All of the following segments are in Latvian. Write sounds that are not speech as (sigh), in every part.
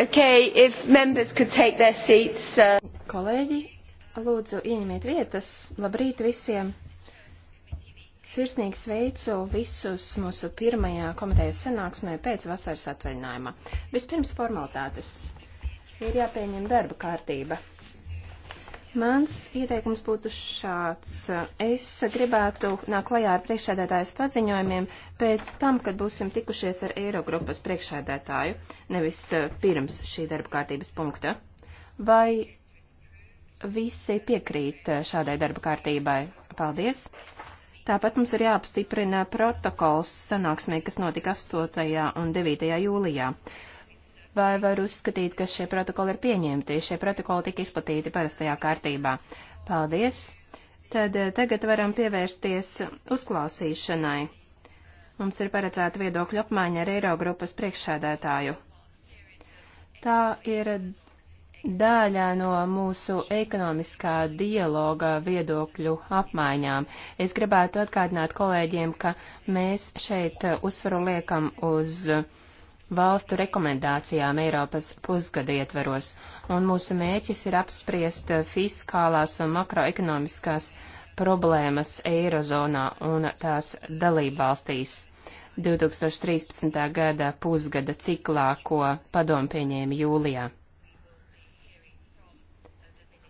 Okay, if members could take their seats. Uh... Kolēģi, lūdzu ieņemiet vietas. Labrīt visiem! Sirsnīgi sveicu visus mūsu pirmajā komitejas sanāksmē pēc vasaras atvaļinājuma. Vispirms formalitātes. Ir jāpieņem darba kārtība. Mans ieteikums būtu šāds. Es gribētu nākt klajā ar priekšēdētājas paziņojumiem pēc tam, kad būsim tikušies ar Eirogrupas priekšēdētāju, nevis eh, pirms šī darba kārtības punkta. Vai visi piekrīt eh, šādai darba kārtībai? Paldies! Tāpat mums ir jāapstiprina protokols sanāksmē, kas notika 8. un 9. jūlijā vai var uzskatīt, ka šie protokoli ir pieņemti. Šie protokoli tika izplatīti parastajā kārtībā. Paldies! Tad eh, tagad varam pievērsties uzklausīšanai. Mums ir paredzēta viedokļa apmaiņa ar Eirogrupas priekšsēdētāju. Tā ir daļā no mūsu ekonomiskā dialoga viedokļu apmaiņām. Es gribētu atkārtināt kolēģiem, ka mēs šeit eh, uzsvaru liekam uz uh, valstu rekomendācijām Eiropas pusgada ietveros, un mūsu mērķis ir apspriest fiskālās un makroekonomiskās problēmas Eirozonā un tās dalībvalstīs 2013. gada pusgada ciklā, ko padomu pieņēma jūlijā.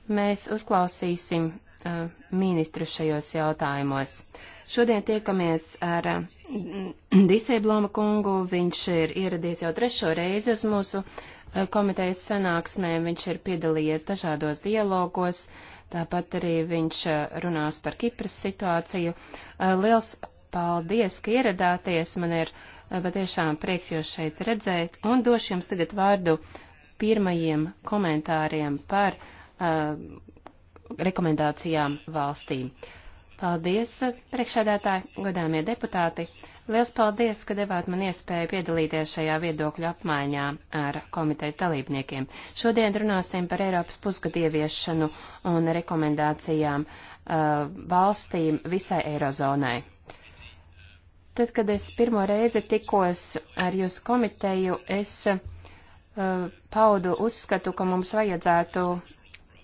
Mēs uzklausīsim uh, ministru šajos jautājumos. Uh, Šodien tiekamies ar mm, Diseibloma kungu. Viņš ir ieradies jau trešo reizi uz mūsu eh, komitejas sanāksmēm. Viņš ir piedalījies dažādos dialogos. Tāpat arī viņš eh, runās par Kipras situāciju. Eh, liels paldies, ka ieradāties. Man ir patiešām prieks jūs šeit redzēt. Un došu jums tagad vārdu pirmajiem komentāriem par uh, rekomendācijām valstīm. Paldies, priekšsēdētāji, godāmie deputāti! Liels paldies, ka devāt man iespēju piedalīties šajā viedokļu apmaiņā ar komitejas dalībniekiem. Šodien runāsim par Eiropas pusgadu ieviešanu un rekomendācijām uh, valstīm visai Eirozonai. Tad, kad es pirmo reizi tikos ar jūsu komiteju, es uh, paudu uzskatu, ka mums vajadzētu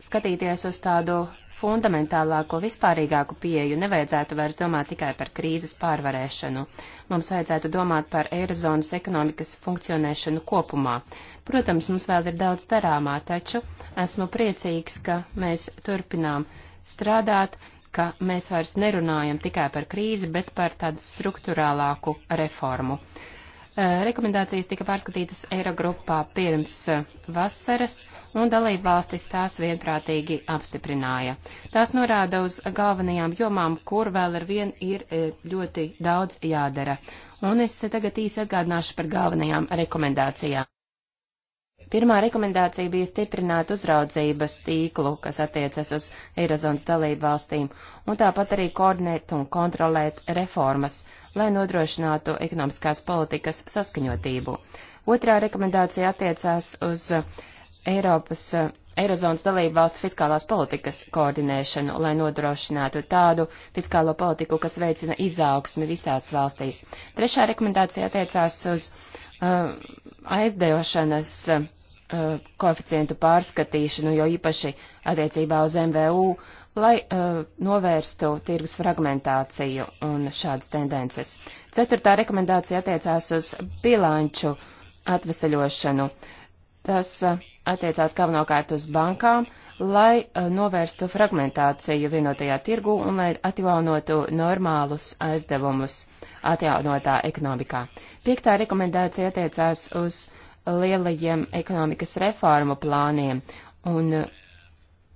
skatīties uz tādu fundamentālāko, vispārīgāku pieju, nevajadzētu vairs domāt tikai par krīzes pārvarēšanu. Mums vajadzētu domāt par eirozonas ekonomikas funkcionēšanu kopumā. Protams, mums vēl ir daudz darāmā, taču esmu priecīgs, ka mēs turpinām strādāt, ka mēs vairs nerunājam tikai par krīzi, bet par tādu struktūrālāku reformu. Eh, rekomendācijas tika pārskatītas Eirogrupā pirms eh, vasaras, un dalību valstis tās vienprātīgi apstiprināja. Tās norāda uz galvenajām jomām, kur vēl ar vien ir eh, ļoti daudz jādara. Un es tagad īsi atgādināšu par galvenajām rekomendācijām. Pirmā rekomendācija bija stiprināt uzraudzības tīklu, kas attiecas uz Eirozonas dalību valstīm, un tāpat arī koordinēt un kontrolēt reformas, lai nodrošinātu ekonomiskās politikas saskaņotību. Otrā rekomendācija attiecās uz Eiropas, Eirozonas dalību valstu fiskālās politikas koordinēšanu, lai nodrošinātu tādu fiskālo politiku, kas veicina izaugsmi visās valstīs. Trešā rekomendācija attiecās uz Uh, aizdejošanas uh, koeficientu pārskatīšanu, jo īpaši attiecībā uz MVU, lai uh, novērstu tirgus fragmentāciju un šādas tendences. Ceturtā rekomendācija attiecās uz bilanču atveseļošanu. Tas attiecās galvenokārt uz bankām, uh, lai eh, novērstu fragmentāciju vienotajā tirgu un lai atjaunotu normālus aizdevumus atjaunotā ekonomikā. Piektā rekomendācija attiecās uz lielajiem ekonomikas reformu plāniem, un eh,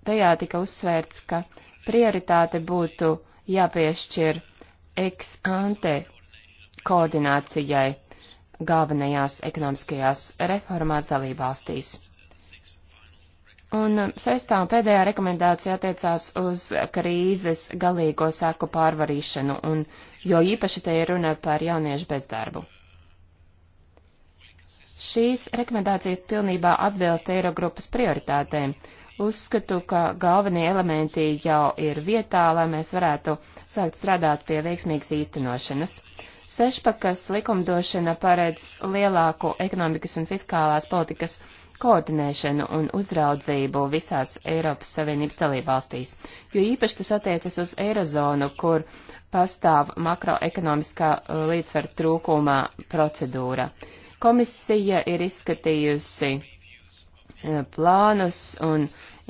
tajā tika uzsvērts, ka prioritāte būtu jāpiešķir ex ante koordinācijai galvenajās ekonomiskajās reformās dalībvalstīs. Un um, sestā un pēdējā rekomendācija attiecās uz krīzes galīgo sēku pārvarīšanu, un jo īpaši te ir runa par jauniešu bezdarbu. Šīs rekomendācijas pilnībā atbilst Eirogrupas prioritātēm. Uzskatu, ka galvenie elementi jau ir vietā, lai mēs varētu sākt strādāt pie veiksmīgas īstenošanas. Sešpakas likumdošana paredz lielāku ekonomikas un fiskālās politikas koordinēšanu un uzraudzību visās Eiropas Savienības dalībvalstīs, jo īpaši tas attiecas uz Eirozonu, kur pastāv makroekonomiskā uh, līdzsvara trūkumā procedūra. Komisija ir izskatījusi E, plānus un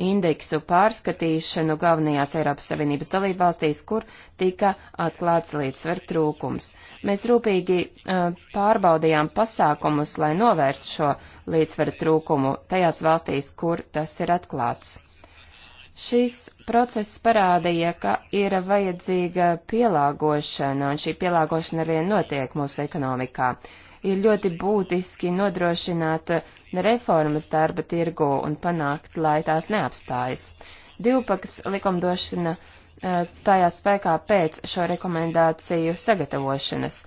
indeksu pārskatīšanu galvenajās Eiropas Savienības dalībvalstīs, kur tika atklāts līdzsver trūkums. Mēs rūpīgi uh, pārbaudījām pasākumus, lai novērstu šo līdzsver trūkumu tajās valstīs, kur tas ir atklāts. Šis process parādīja, ka ir vajadzīga pielāgošana, un šī pielāgošana arvien notiek mūsu ekonomikā. Uh, ir ļoti būtiski nodrošināt reformas darba tirgu un panākt, lai tās neapstājas. Divpakas likumdošana eh, stājās spēkā pēc šo rekomendāciju sagatavošanas,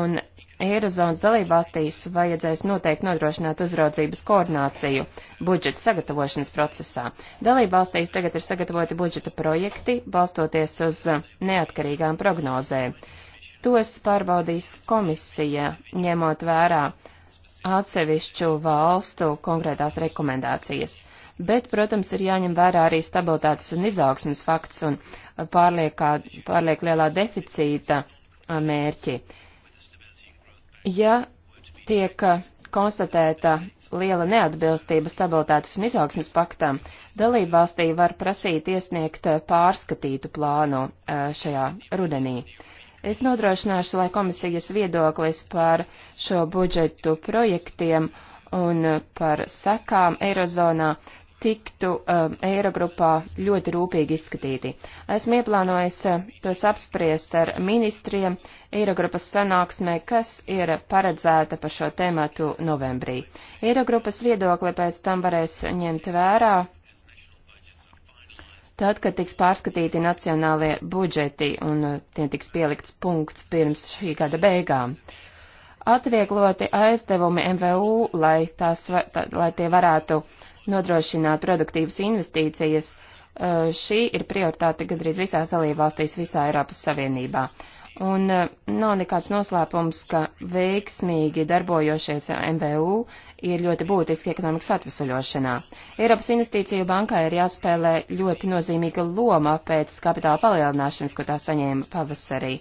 un Eirozonas dalībvalstīs vajadzēs noteikti nodrošināt uzraudzības koordināciju budžeta sagatavošanas procesā. Dalībvalstīs tagad ir sagatavoti budžeta projekti, balstoties uz neatkarīgām prognozēm. Tos pārbaudīs komisija, ņemot vērā atsevišķu valstu konkrētās rekomendācijas. Bet, protams, ir jāņem vērā arī stabilitātes un izaugsmas fakts un pārliekā, pārliek lielā deficīta mērķi. Ja tiek konstatēta liela neatbilstība stabilitātes un izaugsmas paktam, dalībvalstī var prasīt iesniegt pārskatītu plānu šajā rudenī. Es nodrošināšu, lai komisijas viedoklis par šo budžetu projektiem un uh, par sekām Eirozonā tiktu um, Eirogrupā ļoti rūpīgi izskatīti. Esmu ieplānojis uh, tos apspriest ar ministriem Eirogrupas sanāksmē, kas ir paredzēta par šo tēmatu novembrī. Eirogrupas viedokli pēc tam varēs ņemt vērā Tad, kad tiks pārskatīti nacionālie budžeti un uh, tiem tiks pielikts punkts pirms šī gada beigām, atviegloti aizdevumi MVU, lai, tās, tā, lai tie varētu nodrošināt produktīvas investīcijas, uh, šī ir prioritāte gadrīz visās dalībvalstīs visā Eiropas Savienībā. Un eh, nav nekāds noslēpums, ka veiksmīgi darbojošies MBU ir ļoti būtiski ekonomikas atvesaļošanā. Eiropas investīciju bankai ir jāspēlē ļoti nozīmīga loma pēc kapitāla palielināšanas, ko tā saņēma pavasarī.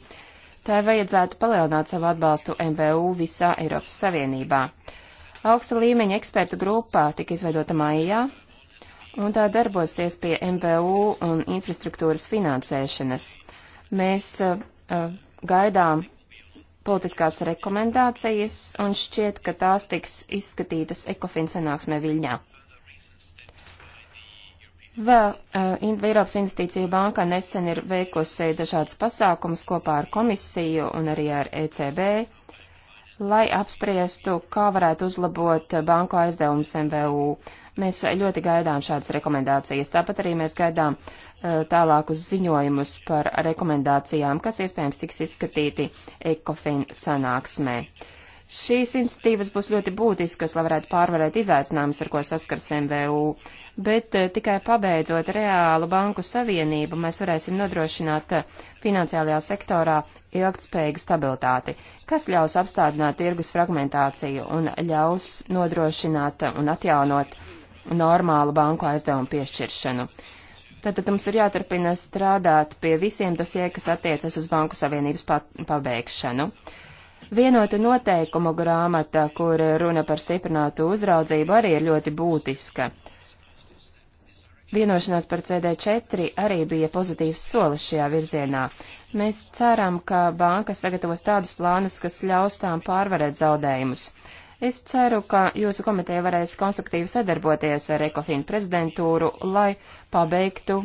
Tā vajadzētu palielināt savu atbalstu MBU visā Eiropas Savienībā. Augsta līmeņa ekspertu grupā tika izveidota maijā, un tā darbosies pie MBU un infrastruktūras finansēšanas mēs uh, uh, gaidām politiskās rekomendācijas, un šķiet, ka tās tiks izskatītas ekofin sanāksmē Viļņā. Vēl uh, Eiropas investīciju banka nesen ir veikusi dažādas pasākumas kopā ar komisiju un arī ar ECB, lai apspriestu, kā varētu uzlabot banku aizdevumus MVU. Uh, Mēs ļoti gaidām šādas rekomendācijas. Tāpat arī mēs gaidām eh, tālākus ziņojumus par rekomendācijām, kas iespējams tiks izskatīti ECOFIN sanāksmē. Šīs iniciatīvas būs ļoti būtiskas, lai varētu pārvarēt izaicinājumus, ar ko saskars MVU, bet eh, tikai pabeidzot reālu banku savienību, mēs varēsim nodrošināt eh, finansiālajā sektorā ilgtspējīgu stabilitāti, kas ļaus apstādināt tirgus fragmentāciju un ļaus nodrošināt un atjaunot normālu banku aizdevumu piešķiršanu. Tātad mums ir jāturpina strādāt pie visiem dosie, kas attiecas uz Banku Savienības pabeigšanu. Vienota noteikumu grāmata, kur runa par stiprinātu uzraudzību, arī ir ļoti būtiska. Vienošanās par CD4 arī bija pozitīvs solis šajā virzienā. Mēs ceram, ka banka sagatavos tādus plānus, kas ļaus tām pārvarēt zaudējumus. Uh, Es ceru, ka jūsu komiteja varēs konstruktīvi sadarboties ar Ekofinu prezidentūru, lai pabeigtu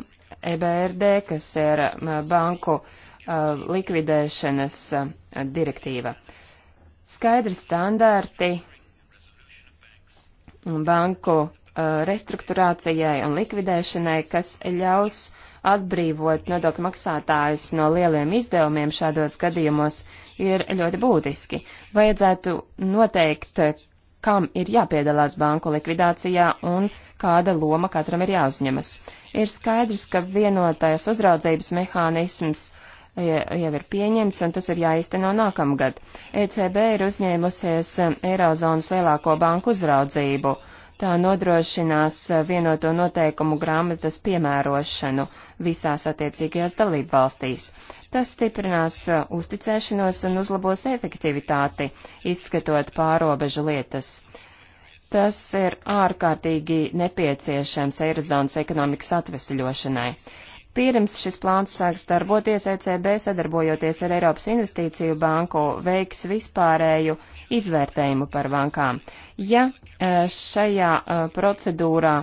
EBRD, kas ir banku uh, likvidēšanas uh, direktīva. Skaidri standārti banku uh, restruktūrācijai un likvidēšanai, kas ļaus uh, atbrīvot nodokļu maksātājus no lieliem izdevumiem šādos gadījumos ir ļoti būtiski. Vajadzētu noteikt, kam ir jāpiedalās banku likvidācijā un kāda loma katram ir jāuzņemas. Ir skaidrs, ka vienotais uzraudzības mehānisms e, jau ir pieņemts, un tas ir jāizteno nākamgad. ECB ir uzņēmusies e, Eirozonas lielāko banku uzraudzību. Tā nodrošinās e, vienoto noteikumu grāmatas piemērošanu visās attiecīgajās dalību valstīs. Tas stiprinās uh, uzticēšanos un uzlabos efektivitāti, izskatot pārobežu lietas. Tas ir ārkārtīgi nepieciešams Eirozonas ekonomikas atvesļošanai. Pirms šis plāns sāks darboties, ECB sadarbojoties ar Eiropas investīciju banku veiks vispārēju izvērtējumu par bankām. Ja uh, šajā uh, procedūrā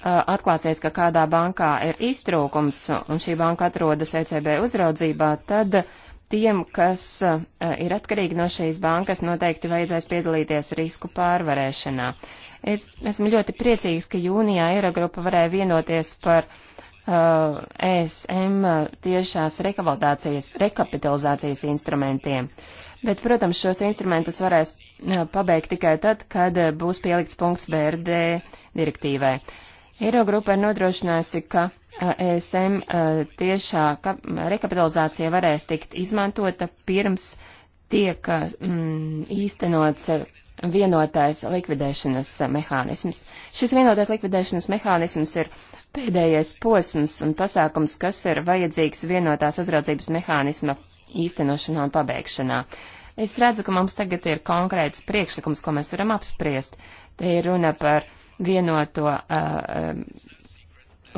Uh, atklāsies, ka kādā bankā ir iztrūkums un šī banka atrodas ECB uzraudzībā, tad tiem, kas uh, ir atkarīgi no šīs bankas, noteikti vajadzēs piedalīties risku pārvarēšanā. Es esmu ļoti priecīgs, ka jūnijā Eirogrupa varēja vienoties par uh, ESM tiešās rekapitalizācijas instrumentiem. Bet, protams, šos instrumentus varēs uh, pabeigt tikai tad, kad būs pielikts punkts BRD direktīvai. Uh, Eirogrupa ir nodrošinājusi, ka ESM tiešā rekapitalizācija varēs tikt izmantota pirms tiek mm, īstenots vienotais likvidēšanas mehānisms. Šis vienotais likvidēšanas mehānisms ir pēdējais posms un pasākums, kas ir vajadzīgs vienotās uzraudzības mehānisma īstenošanā un pabeigšanā. Es redzu, ka mums tagad ir konkrēts priekšlikums, ko mēs varam apspriest. Te ir runa par uh, vienoto uh, um,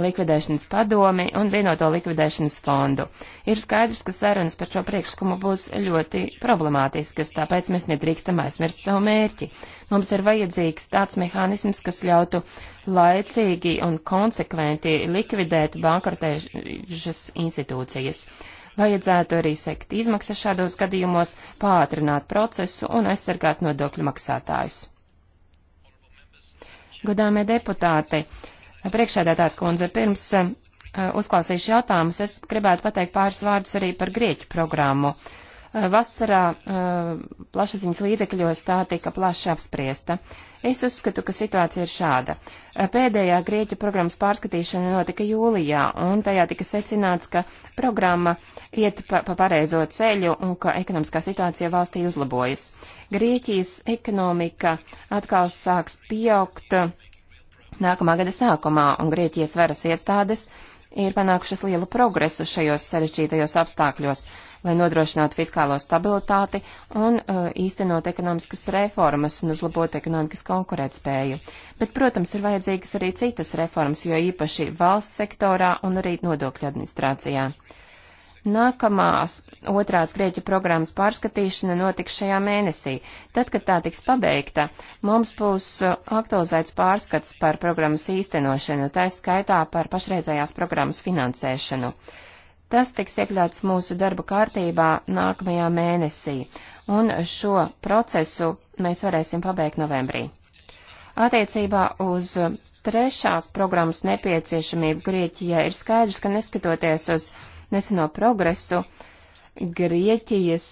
likvidēšanas padomi un vienoto likvidēšanas fondu. Ir skaidrs, ka sarunas par šo priekšlikumu būs ļoti problemātiskas, tāpēc mēs nedrīkstam aizmirst savu mērķi. Mums ir vajadzīgs tāds mehānisms, kas ļautu laicīgi un konsekventi likvidēt bankrotējušas institūcijas. Vajadzētu arī sekt izmaksas šādos gadījumos, pātrināt procesu un aizsargāt nodokļu maksātājus. Godāmie deputāti, priekšsēdētās kundze, pirms eh, uzklausīšu jautājumus, es gribētu pateikt pāris vārdus arī par Grieķu programmu. Uh, Vasarā eh, plašsaziņas līdzekļos tā tika plaši apspriesta. Es uzskatu, ka situācija ir šāda. Eh, pēdējā Grieķu programmas pārskatīšana notika jūlijā, un tajā tika secināts, ka programma iet pa, pa pareizo ceļu un ka ekonomiskā situācija valstī uzlabojas. Grieķijas ekonomika atkal sāks pieaugt eh, nākamā gada sākumā, un Grieķijas varas iestādes ir panākušas lielu progresu šajos sarežģītajos apstākļos, lai nodrošinātu fiskālo stabilitāti un uh, īstenot ekonomiskas reformas un uzlabot ekonomikas konkurētspēju. Bet, protams, ir vajadzīgas arī citas reformas, jo īpaši valsts sektorā un arī nodokļu administrācijā. Nākamās otrās Grieķu programmas pārskatīšana notiks šajā mēnesī. Tad, kad tā tiks pabeigta, mums būs uh, aktualizēts pārskats par programmas īstenošanu, tā skaitā par pašreizējās programmas finansēšanu. Uh, Tas tiks iekļauts mūsu darba kārtībā nākamajā mēnesī, un šo procesu mēs varēsim pabeigt novembrī. Attiecībā uz trešās programmas nepieciešamību Grieķijai ir skaidrs, ka neskatoties uz neseno progresu, Grieķijas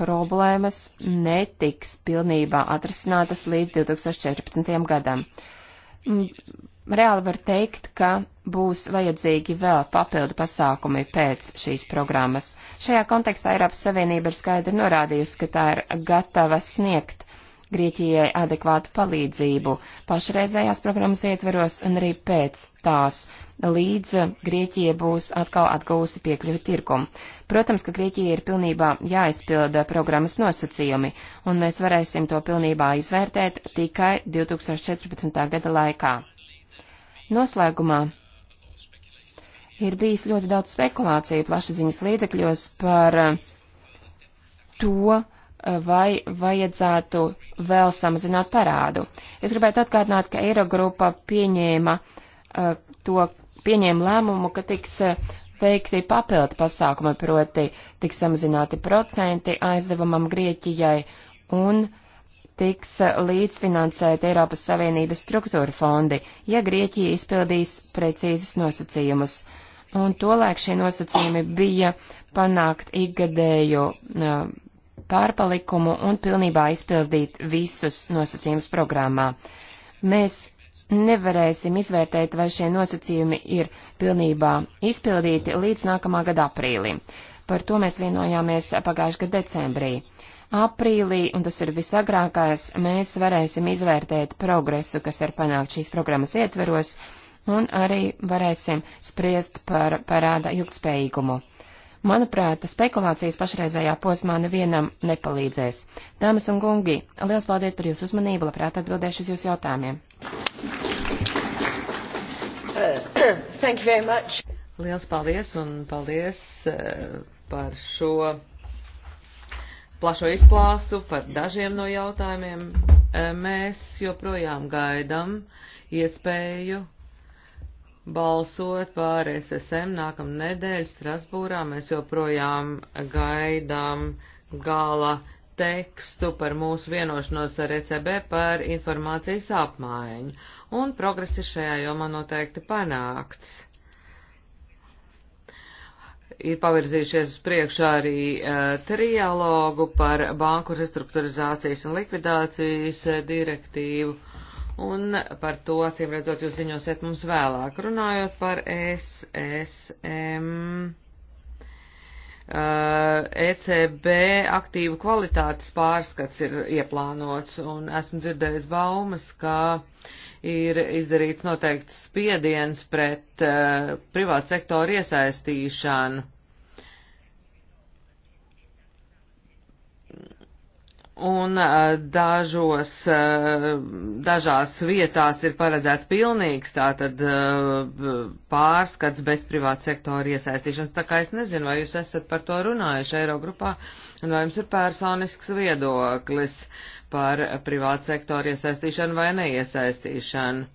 problēmas netiks pilnībā atrisinātas līdz 2014. gadam reāli var teikt, ka būs vajadzīgi vēl papildu pasākumi pēc šīs programmas. Šajā kontekstā Eiropas Savienība ir skaidri norādījusi, ka tā ir gatava sniegt Grieķijai adekvātu palīdzību pašreizējās programmas ietveros un arī pēc tās, līdz Grieķija būs atkal atgūsi piekļuvi tirkumu. Protams, ka Grieķija ir pilnībā jāizpilda programmas nosacījumi, un mēs varēsim to pilnībā izvērtēt tikai 2014. gada laikā. Noslēgumā ir bijis ļoti daudz spekulāciju plašsaziņas līdzekļos par eh, to, eh, vai vajadzētu vēl samazināt parādu. Es gribētu atkārtināt, ka Eirogrupa pieņēma uh, to, pieņēma lēmumu, ka tiks veikti papildu pasākumi, proti tiks samazināti procenti aizdevumam Grieķijai un uh, tiks līdzfinansēti Eiropas Savienības struktūra fondi, ja Grieķija izpildīs precīzus nosacījumus. Un tolēk šie nosacījumi bija panākt ikgadēju uh, pārpalikumu un pilnībā izpildīt visus nosacījumus programmā. Mēs nevarēsim izvērtēt, vai šie nosacījumi ir pilnībā izpildīti līdz nākamā gada aprīlim. Par to mēs vienojāmies pagājušajā gadā decembrī. Aprīlī, un tas ir visagrākais, mēs varēsim izvērtēt progresu, kas ir panākt šīs programmas ietveros, un arī varēsim spriest par parāda ilgtspējīgumu. Manuprāt, spekulācijas pašreizējā posmā nevienam nepalīdzēs. Dāmas un kungi, liels paldies par jūsu uzmanību, labprāt atbildēšu uz jūsu jautājumiem. Liels paldies un paldies eh, par šo plašo izklāstu par dažiem no jautājumiem. Eh, mēs joprojām gaidam iespēju balsot par SSM nākamā nedēļa Strasbūrā. Mēs joprojām gaidām gala tekstu par mūsu vienošanos ar ECB par informācijas apmaiņu, un progress ir šajā jomā noteikti panākts ir pavirzījušies uz priekšu arī uh, trialogu par banku restruktūrizācijas un likvidācijas e, direktīvu, un par to, acīm redzot, jūs ziņosiet mums vēlāk. Runājot par SSM, uh, e, ECB aktīvu kvalitātes pārskats ir ieplānots, un esmu dzirdējis baumas, ka ir izdarīts noteikts spiediens pret uh, privātu sektoru iesaistīšanu un dažos, dažās vietās ir paredzēts pilnīgs tātad pārskats bez privāta sektora iesaistīšanas. Tā kā es nezinu, vai jūs esat par to runājuši Eirogrupā, un vai jums ir personisks viedoklis par privāta sektora iesaistīšanu vai neiesaistīšanu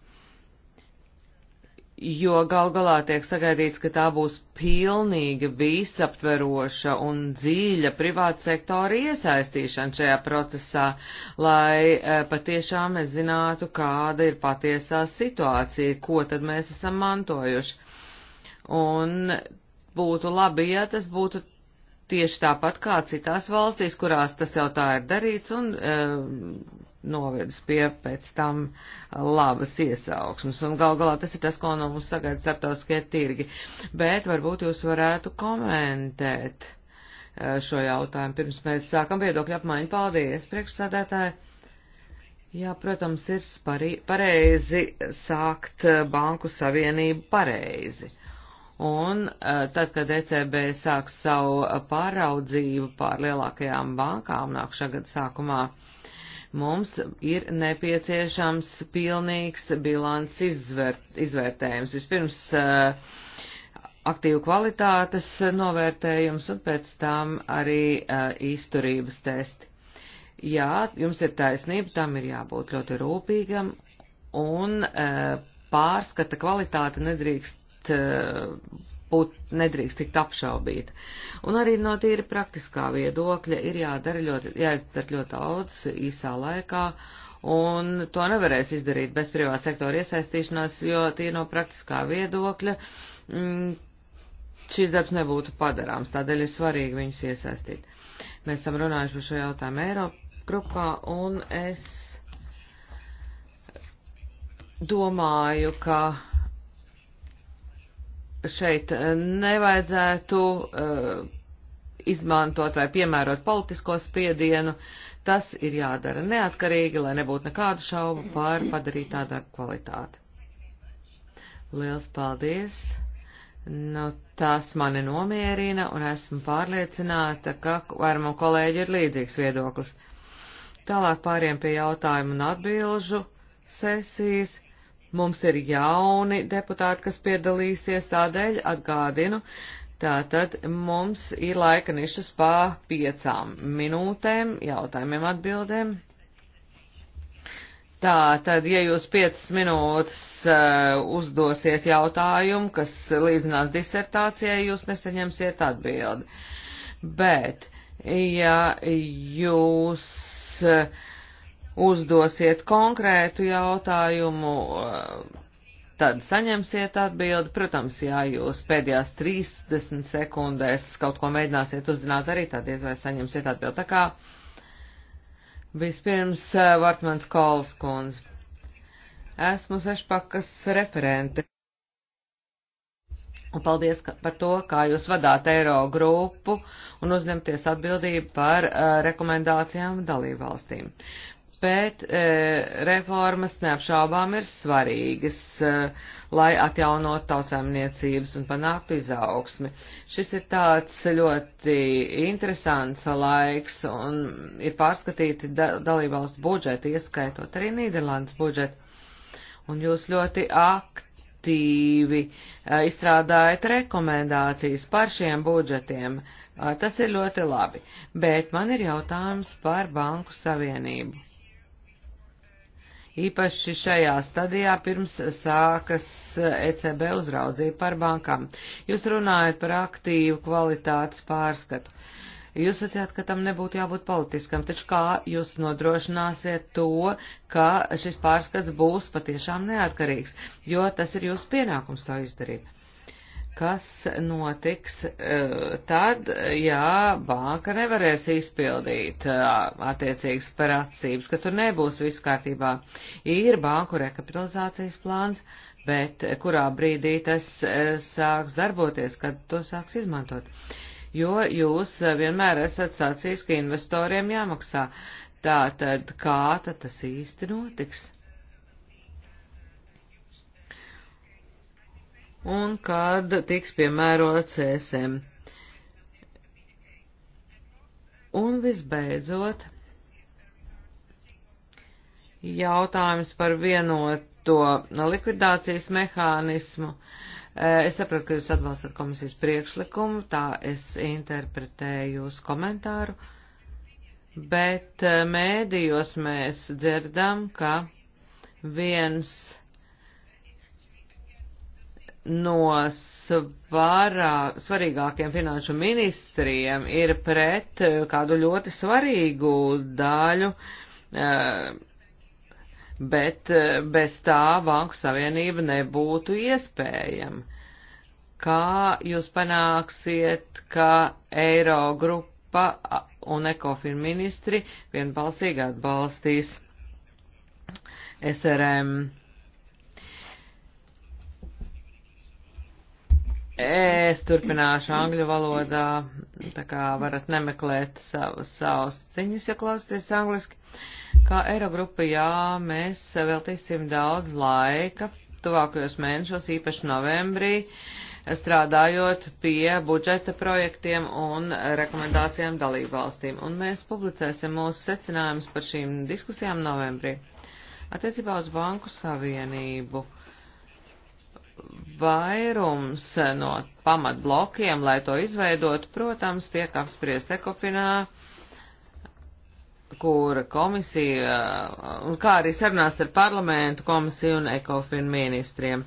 jo gal galā tiek sagaidīts, ka tā būs pilnīga, visaptveroša un dziļa privāta sektora iesaistīšana šajā procesā, lai e, patiešām mēs zinātu, kāda ir patiesā situācija, ko tad mēs esam mantojuši. Un būtu labi, ja tas būtu tieši tāpat kā citās valstīs, kurās tas jau tā ir darīts, un e, novedis pie pēc tam uh, labas iesaugsmas. Un gal galā tas ir tas, ko no mums sagaida starptautiskie tirgi. Bet varbūt jūs varētu komentēt uh, šo jautājumu pirms mēs sākam viedokļu apmaiņu. Paldies, priekšsādētāji! Jā, protams, ir spari, pareizi sākt uh, banku savienību pareizi. Un tad, kad ECB sāks savu pāraudzību pār lielākajām bankām nākšā gada sākumā, uh, Mums ir nepieciešams pilnīgs bilants izvērt, izvērtējums. Vispirms eh, aktīvu kvalitātes novērtējums un pēc tam arī eh, izturības testi. Jā, jums ir taisnība, tam ir jābūt ļoti rūpīgam un eh, pārskata kvalitāte nedrīkst būt, nedrīkst tikt apšaubīta. Un arī no tīri praktiskā viedokļa ir jādara ļoti, jāizdara ļoti daudz īsā laikā, un to nevarēs izdarīt bez privāta sektora iesaistīšanās, jo tīri no praktiskā viedokļa mm, šīs darbs nebūtu padarāms, tādēļ ir svarīgi viņus iesaistīt. Mēs esam runājuši par šo jautājumu Eiropa grupā, un es domāju, ka šeit eh, nevajadzētu uh, izmantot vai piemērot politisko spiedienu. Tas ir jādara neatkarīgi, lai nebūtu nekādu šaubu par padarītā darba kvalitāti. Liels paldies! Nu, tas mani nomierina un esmu pārliecināta, ka vairumam kolēģi ir līdzīgs viedoklis. Tālāk pāriem pie jautājumu un atbilžu sesijas. Mums ir jauni deputāti, kas piedalīsies, tādēļ atgādinu. Tātad mums ir laika nišas pā piecām minūtēm, jautājumiem atbildēm. Tā tad, ja jūs 5 minūtes uh, uzdosiet jautājumu, kas līdzinās disertācijai, jūs nesaņemsiet atbildi. Bet, ja jūs uh, uzdosiet konkrētu jautājumu, eh, tad saņemsiet atbildi. Protams, ja jūs pēdējās 30 sekundēs kaut ko mēģināsiet uzzināt, arī tad diez vai saņemsiet atbildi. Tā kā vispirms eh, Vartmans Kols kundze. Esmu sešpakas referente. Un paldies ka, par to, kā jūs vadāt Eiro grupu un uzņemties atbildību par uh, rekomendācijām dalībvalstīm bet e, reformas neapšaubām ir svarīgas, e, lai atjaunot tautsēmniecības un panāktu izaugsmi. Šis ir tāds ļoti interesants laiks un ir pārskatīti da dalībvalstu budžeti, ieskaitot arī Nīderlandes budžetu. Un jūs ļoti aktīvi e, izstrādājat rekomendācijas par šiem budžetiem. E, tas ir ļoti labi, bet man ir jautājums par Banku Savienību īpaši šajā stadijā pirms sākas ECB uzraudzība par bankām. Jūs runājat par aktīvu kvalitātes pārskatu. Jūs sacījāt, ka tam nebūtu jābūt politiskam, taču kā jūs nodrošināsiet to, ka šis pārskats būs patiešām neatkarīgs, jo tas ir jūsu pienākums to izdarīt? kas notiks eh, tad, ja banka nevarēs izpildīt eh, attiecīgas parādzības, ka tur nebūs viss kārtībā. Ir banku rekapitalizācijas plāns, bet eh, kurā brīdī tas sāks darboties, kad to sāks izmantot. Jo jūs vienmēr esat sacījis, ka investoriem jāmaksā. Tātad, kā tad tas īsti notiks? un kad tiks piemērots ESM. Un visbeidzot, jautājums par vienoto likvidācijas mehānismu. Es saprotu, ka jūs atbalstat komisijas priekšlikumu, tā es interpretēju jūsu komentāru, bet mēdījos mēs dzirdam, ka viens no svarā, svarīgākiem finanšu ministriem ir pret eh, kādu ļoti svarīgu daļu, eh, bet eh, bez tā Banku Savienība nebūtu iespējama. Kā jūs panāksiet, ka Eirogrupa un Ekofin ministri vienbalsīgi atbalstīs SRM? Es turpināšu angļu valodā, tā kā varat nemeklēt savus austiņus, ja klausties angliski. Kā Eirogrupa, jā, mēs veltīsim daudz laika tuvākajos mēnešos, īpaši novembrī, strādājot pie budžeta projektiem un rekomendācijām dalību valstīm. Un mēs publicēsim mūsu secinājumus par šīm diskusijām novembrī. Attiecībā uz Banku Savienību vairums no pamatblokiem, lai to izveidot, protams, tiek apspriest ekofinā, kur komisija, kā arī sarunās ar parlamentu komisiju un ekofinu ministriem.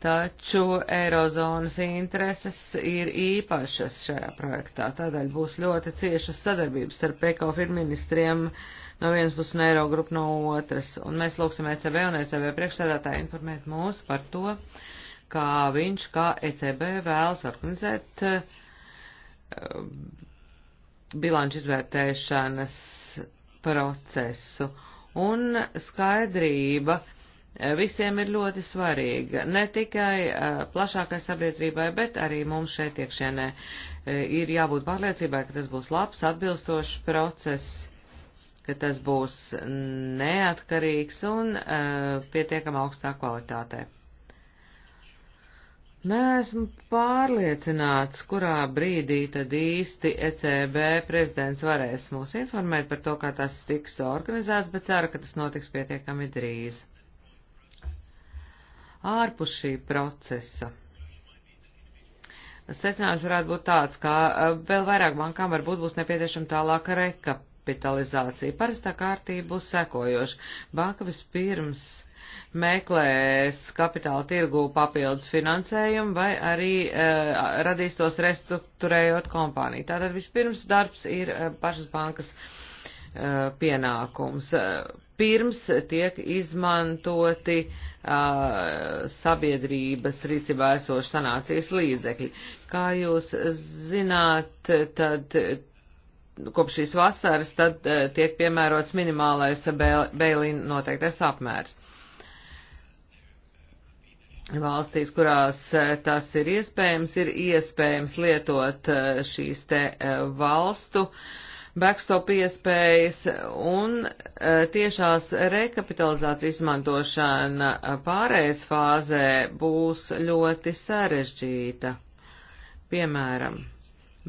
Taču Eirozonas intereses ir īpašas šajā projektā, tādēļ būs ļoti ciešas sadarbības starp ekofinu ministriem uh, no vienas puses un Eirogrupu no otras. Un mēs lūgsim ECB un ECB priekšsēdētāju informēt mūs par to, kā viņš, kā ECB vēlas organizēt eh, bilanču izvērtēšanas procesu. Un skaidrība eh, visiem ir ļoti svarīga. Ne tikai uh, plašākai sabiedrībai, bet arī mums šeit iekšienē uh, ir jābūt pārliecībai, ka tas būs labs, atbilstošs process ka tas būs neatkarīgs un uh, pietiekam augstā kvalitātē. Neesmu pārliecināts, kurā brīdī tad īsti ECB prezidents varēs mūs informēt par to, kā tas tiks organizēts, bet ceru, ka tas notiks pietiekami drīz. Ārpus šī procesa. Secinājums varētu būt tāds, ka eh, vēl vairāk bankām varbūt būs nepieciešama tālāka rekap rekapitalizāciju. Parastā kārtība būs sekojoša. Banka vispirms meklēs kapitāla tirgu papildus finansējumu vai arī uh, radīs tos restruktūrējot kompāniju. Tātad vispirms darbs ir uh, pašas bankas uh, pienākums. Uh, pirms tiek izmantoti uh, sabiedrības rīcībā esoši sanācijas līdzekļi. Kā jūs zināt, tad kopš šīs vasaras, tad e, tiek piemērots minimālais bailīna noteiktais apmērs. Valstīs, kurās e, tas ir iespējams, ir iespējams lietot e, šīs te valstu backstop iespējas un tiešās rekapitalizācijas izmantošana pārējais fāzē būs ļoti sarežģīta. Piemēram,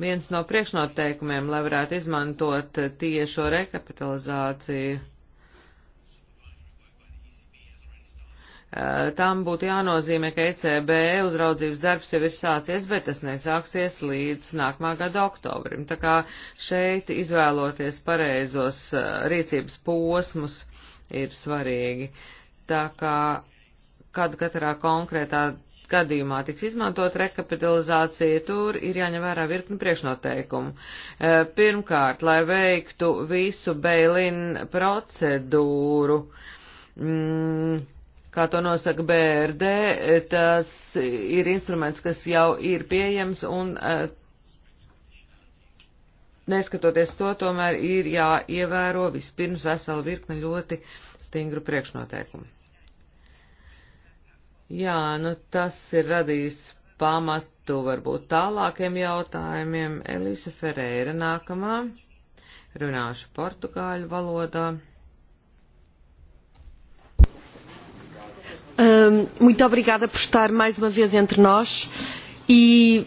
Viens no priekšnoteikumiem, lai varētu izmantot tiešo rekapitalizāciju, tam būtu jānozīmē, ka ECB uzraudzības darbs jau ir sācies, bet tas nesāksies līdz nākamā gada oktobrim. Tā kā šeit izvēloties pareizos rīcības posmus ir svarīgi. Tā kā kad katrā konkrētā gadījumā tiks izmantot rekapitalizācija, tur ir jāņem vērā virkni priekšnoteikumu. E, pirmkārt, lai veiktu visu bailin procedūru, mm, kā to nosaka BRD, e, tas ir instruments, kas jau ir pieejams un e, neskatoties to, tomēr ir jāievēro vispirms vesela virkne ļoti stingru priekšnoteikumu. Jā, nu tas ir radījis pamatu varbūt tālākiem jautājumiem. Elisa Ferēra nākamā. Runāšu portugāļu valodā. Um, muito obrigada por estar mais uma vez entre nós. E...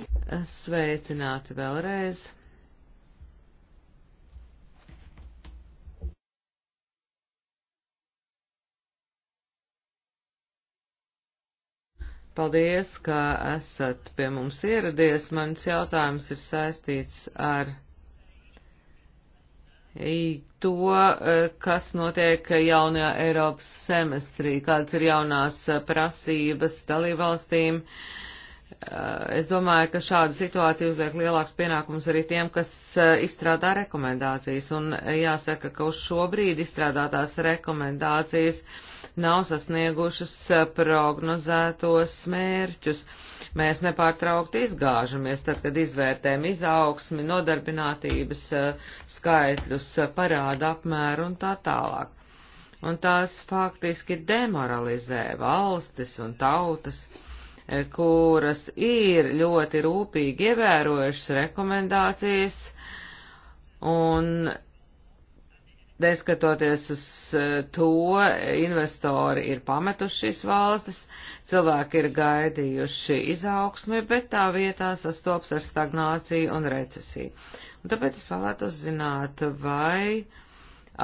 Sveicināti vēlreiz. Paldies, ka esat pie mums ieradies. Mans jautājums ir saistīts ar to, e, kas notiek jaunajā Eiropas semestrī, kādas ir jaunās e, prasības dalībvalstīm. E, es domāju, ka šāda situācija uzliek lielāks pienākums arī tiem, kas izstrādā rekomendācijas. Un jāsaka, ka uz šobrīd izstrādātās rekomendācijas uh, nav sasniegušas eh, prognozētos mērķus. Mēs nepārtraukti izgāžamies, tad, kad izvērtējam izaugsmi, nodarbinātības eh, skaitļus, eh, parāda apmēru un tā tālāk. Un tās faktiski demoralizē valstis un tautas kuras ir ļoti rūpīgi ievērojušas rekomendācijas, un neskatoties uz eh, to, investori ir pametuši šīs valstis, cilvēki ir gaidījuši izaugsmi, bet tā vietā sastops ar stagnāciju un recesiju. Un tāpēc es vēlētos zināt, vai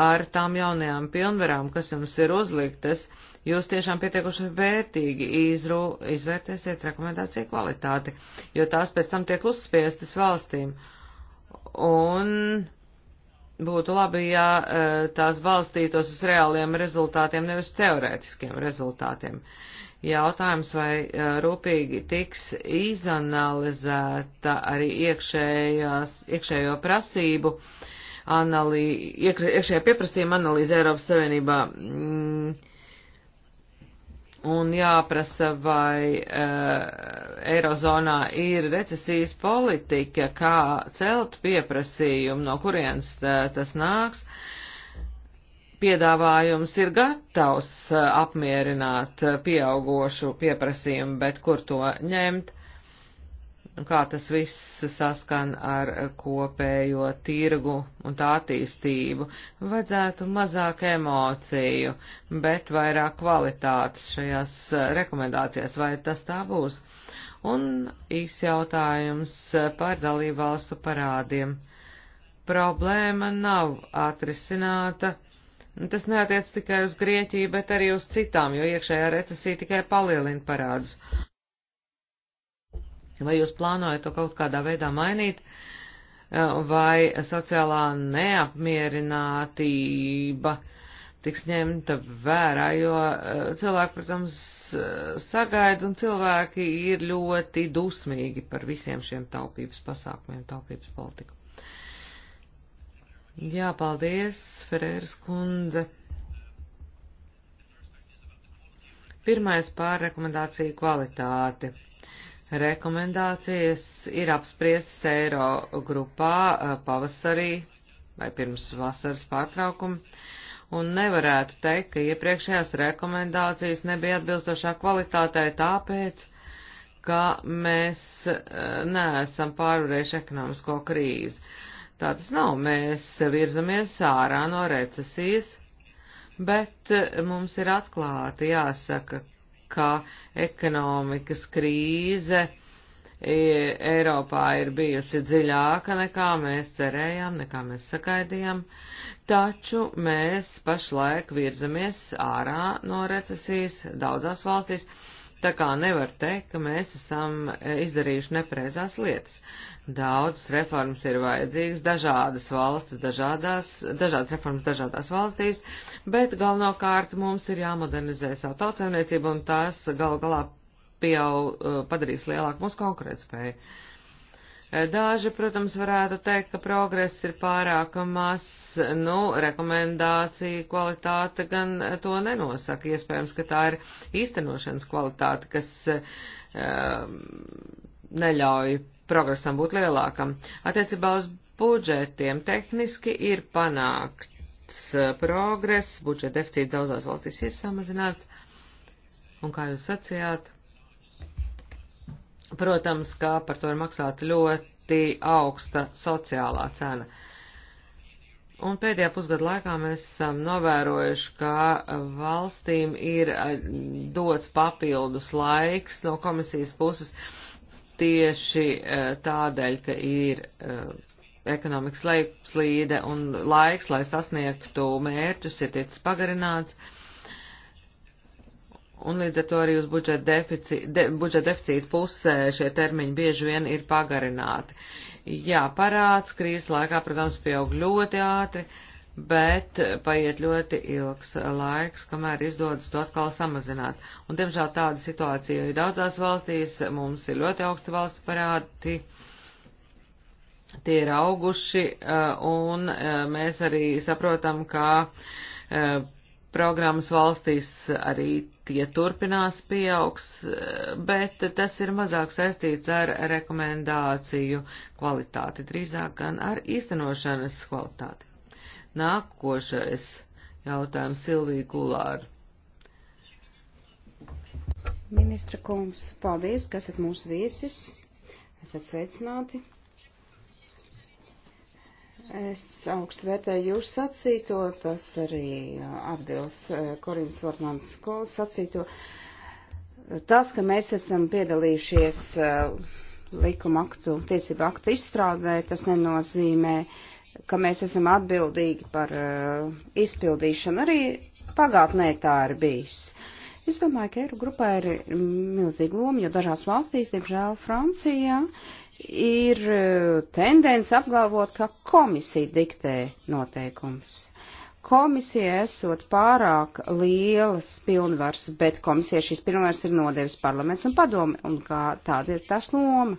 ar tām jaunajām pilnvarām, kas jums ir uzliktas, jūs tiešām pietiekuši vērtīgi izru, izvērtēsiet rekomendāciju kvalitāti, jo tās pēc tam tiek uzspiestas valstīm. Un būtu labi, ja eh, tās balstītos uz reāliem rezultātiem, nevis teorētiskiem rezultātiem. Jautājums, vai eh, rūpīgi tiks izanalizēta arī iekšējās, iekšējo prasību, analī, iekšējā pieprasījuma analīze Eiropas Savienībā. Mm, un jāprasa, vai uh, Eirozonā ir recesijas politika, kā celt pieprasījumu, no kurienes uh, tas nāks. Piedāvājums ir gatavs uh, apmierināt uh, pieaugošu pieprasījumu, bet kur to ņemt? un kā tas viss saskan ar kopējo tirgu un tā attīstību. Vajadzētu mazāk emociju, bet vairāk kvalitātes šajās rekomendācijās, vai tas tā būs. Un īs jautājums par dalību valstu parādiem. Problēma nav atrisināta. Tas neatiec tikai uz Grieķiju, bet arī uz citām, jo iekšējā recesija tikai palielina parādus. Vai jūs plānojat to kaut kādā veidā mainīt, eh, vai sociālā neapmierinātība tiks ņemta vērā, jo eh, cilvēki, protams, eh, sagaida un cilvēki ir ļoti dusmīgi par visiem šiem taupības pasākumiem, taupības politiku. Jā, paldies, Ferēras kundze. Pirmais pār rekomendāciju kvalitāti. Rekomendācijas ir apspriestas Eiro grupā eh, pavasarī vai pirms vasaras pārtraukuma, un nevarētu teikt, ka iepriekšējās rekomendācijas nebija atbilstošā kvalitātē tāpēc, ka mēs eh, neesam pārvarējuši ekonomisko krīzi. Tā tas nav, mēs virzamies ārā no recesijas, bet eh, mums ir atklāti jāsaka, kā ekonomikas krīze e, Eiropā ir bijusi dziļāka nekā mēs cerējām, nekā mēs sagaidījām, taču mēs pašlaik virzamies ārā no recesijas daudzās valstīs Tā kā nevar teikt, ka mēs esam e, izdarījuši nepreizās lietas. Daudzas reformas ir vajadzīgas, dažādas valstis, dažādās, dažādas reformas dažādās valstīs, bet galvenokārt mums ir jāmodernizē savu tautsēmniecību un tās gal galā pieau, e, padarīs lielāku mūsu konkurētspēju. Uh, Daži, protams, varētu teikt, ka progress ir pārāk mazs, nu, rekomendācija kvalitāte gan to nenosaka. Iespējams, ka tā ir īstenošanas kvalitāte, kas um, neļauj progresam būt lielākam. Attiecībā uz budžetiem tehniski ir panākts eh, progress, budžeta deficīts daudzās valstīs ir samazināts, un kā jūs sacījāt, Protams, kā par to ir maksāta ļoti augsta sociālā cena. Un pēdējā pusgada laikā mēs esam novērojuši, ka valstīm ir dots papildus laiks no komisijas puses tieši tādēļ, ka ir ekonomikas lejupslīde un laiks, lai sasniegtu mērķus, ir tiec pagarināts. Un līdz ar to arī uz budžeta deficīta, de, budžet deficīta pusē šie termiņi bieži vien ir pagarināti. Jā, parāds krīzes laikā, protams, pieaug ļoti ātri, bet paiet ļoti ilgs laiks, kamēr izdodas to atkal samazināt. Un, diemžēl, tāda situācija ir daudzās valstīs, mums ir ļoti augsti valsts parādi, tie ir auguši, eh, un eh, mēs arī saprotam, ka eh, programmas valstīs arī tie turpinās pieaugs, bet tas ir mazāk saistīts ar rekomendāciju kvalitāti, drīzāk gan ar īstenošanas kvalitāti. Nākošais jautājums Silvija Gulāra. Ministra kungs, paldies, ka esat mūsu viesis. Esat sveicināti. Es augstu vērtēju jūsu sacīto, tas arī atbilst Korinas Vortmanas skolas sacīto. Tas, ka mēs esam piedalījušies likuma aktu, tiesību aktu izstrādē, tas nenozīmē, ka mēs esam atbildīgi par izpildīšanu. Arī pagātnē tā ir bijis. Es domāju, ka Eiropa grupā ir milzīga loma, jo dažās valstīs, diemžēl Francijā, uh, ir e, tendence apgalvot, ka komisija diktē noteikumus. Komisija esot pārāk lielas pilnvars, bet komisija šīs pilnvars ir nodevis parlaments un padomi, un kā tāda ir tās loma.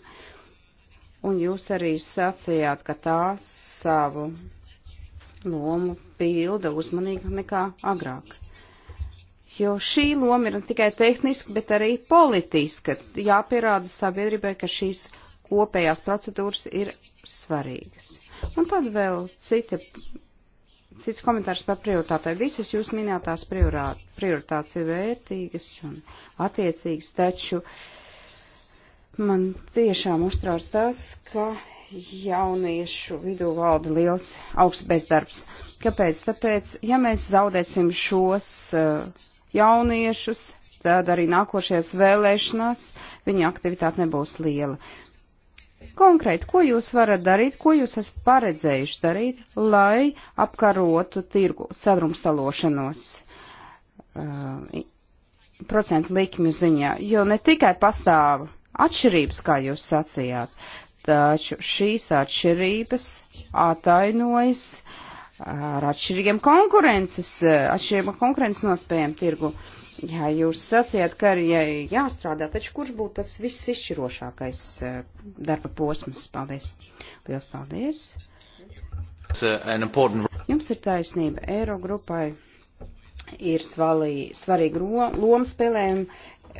Un jūs arī sacījāt, ka tā savu lomu pilda uzmanīgi nekā agrāk. Jo šī loma ir ne tikai tehniska, bet arī politiska. Jāpierāda sabiedrībai, ka šīs kopējās procedūras ir svarīgas. Un tad vēl cita, cits komentārs par prioritātēm. Visas jūs minētās prioritātes ir vērtīgas un attiecīgas, taču man tiešām uztrauc tas, ka jauniešu vidū valda liels augsts bezdarbs. Kāpēc? Tāpēc, ja mēs zaudēsim šos uh, jauniešus, tad arī nākošajās vēlēšanās viņa aktivitāte nebūs liela. Konkrēti, ko jūs varat darīt, ko jūs esat paredzējuši darīt, lai apkarotu tirgu sadrumstalošanos uh, procentu likmju ziņā? Jo ne tikai pastāv atšķirības, kā jūs sacījāt, taču šīs atšķirības atainojas uh, ar atšķirīgiem konkurences, atšķirīgiem konkurences nospējiem tirgu. Jā, jūs sacījāt, ka ir jā, jāstrādā, taču kurš būtu tas viss izšķirošākais eh, darba posms? Paldies. Lielas paldies. Uh, important... Jums ir taisnība. Eirogrupai ir svalī, svarīga loma spēlējuma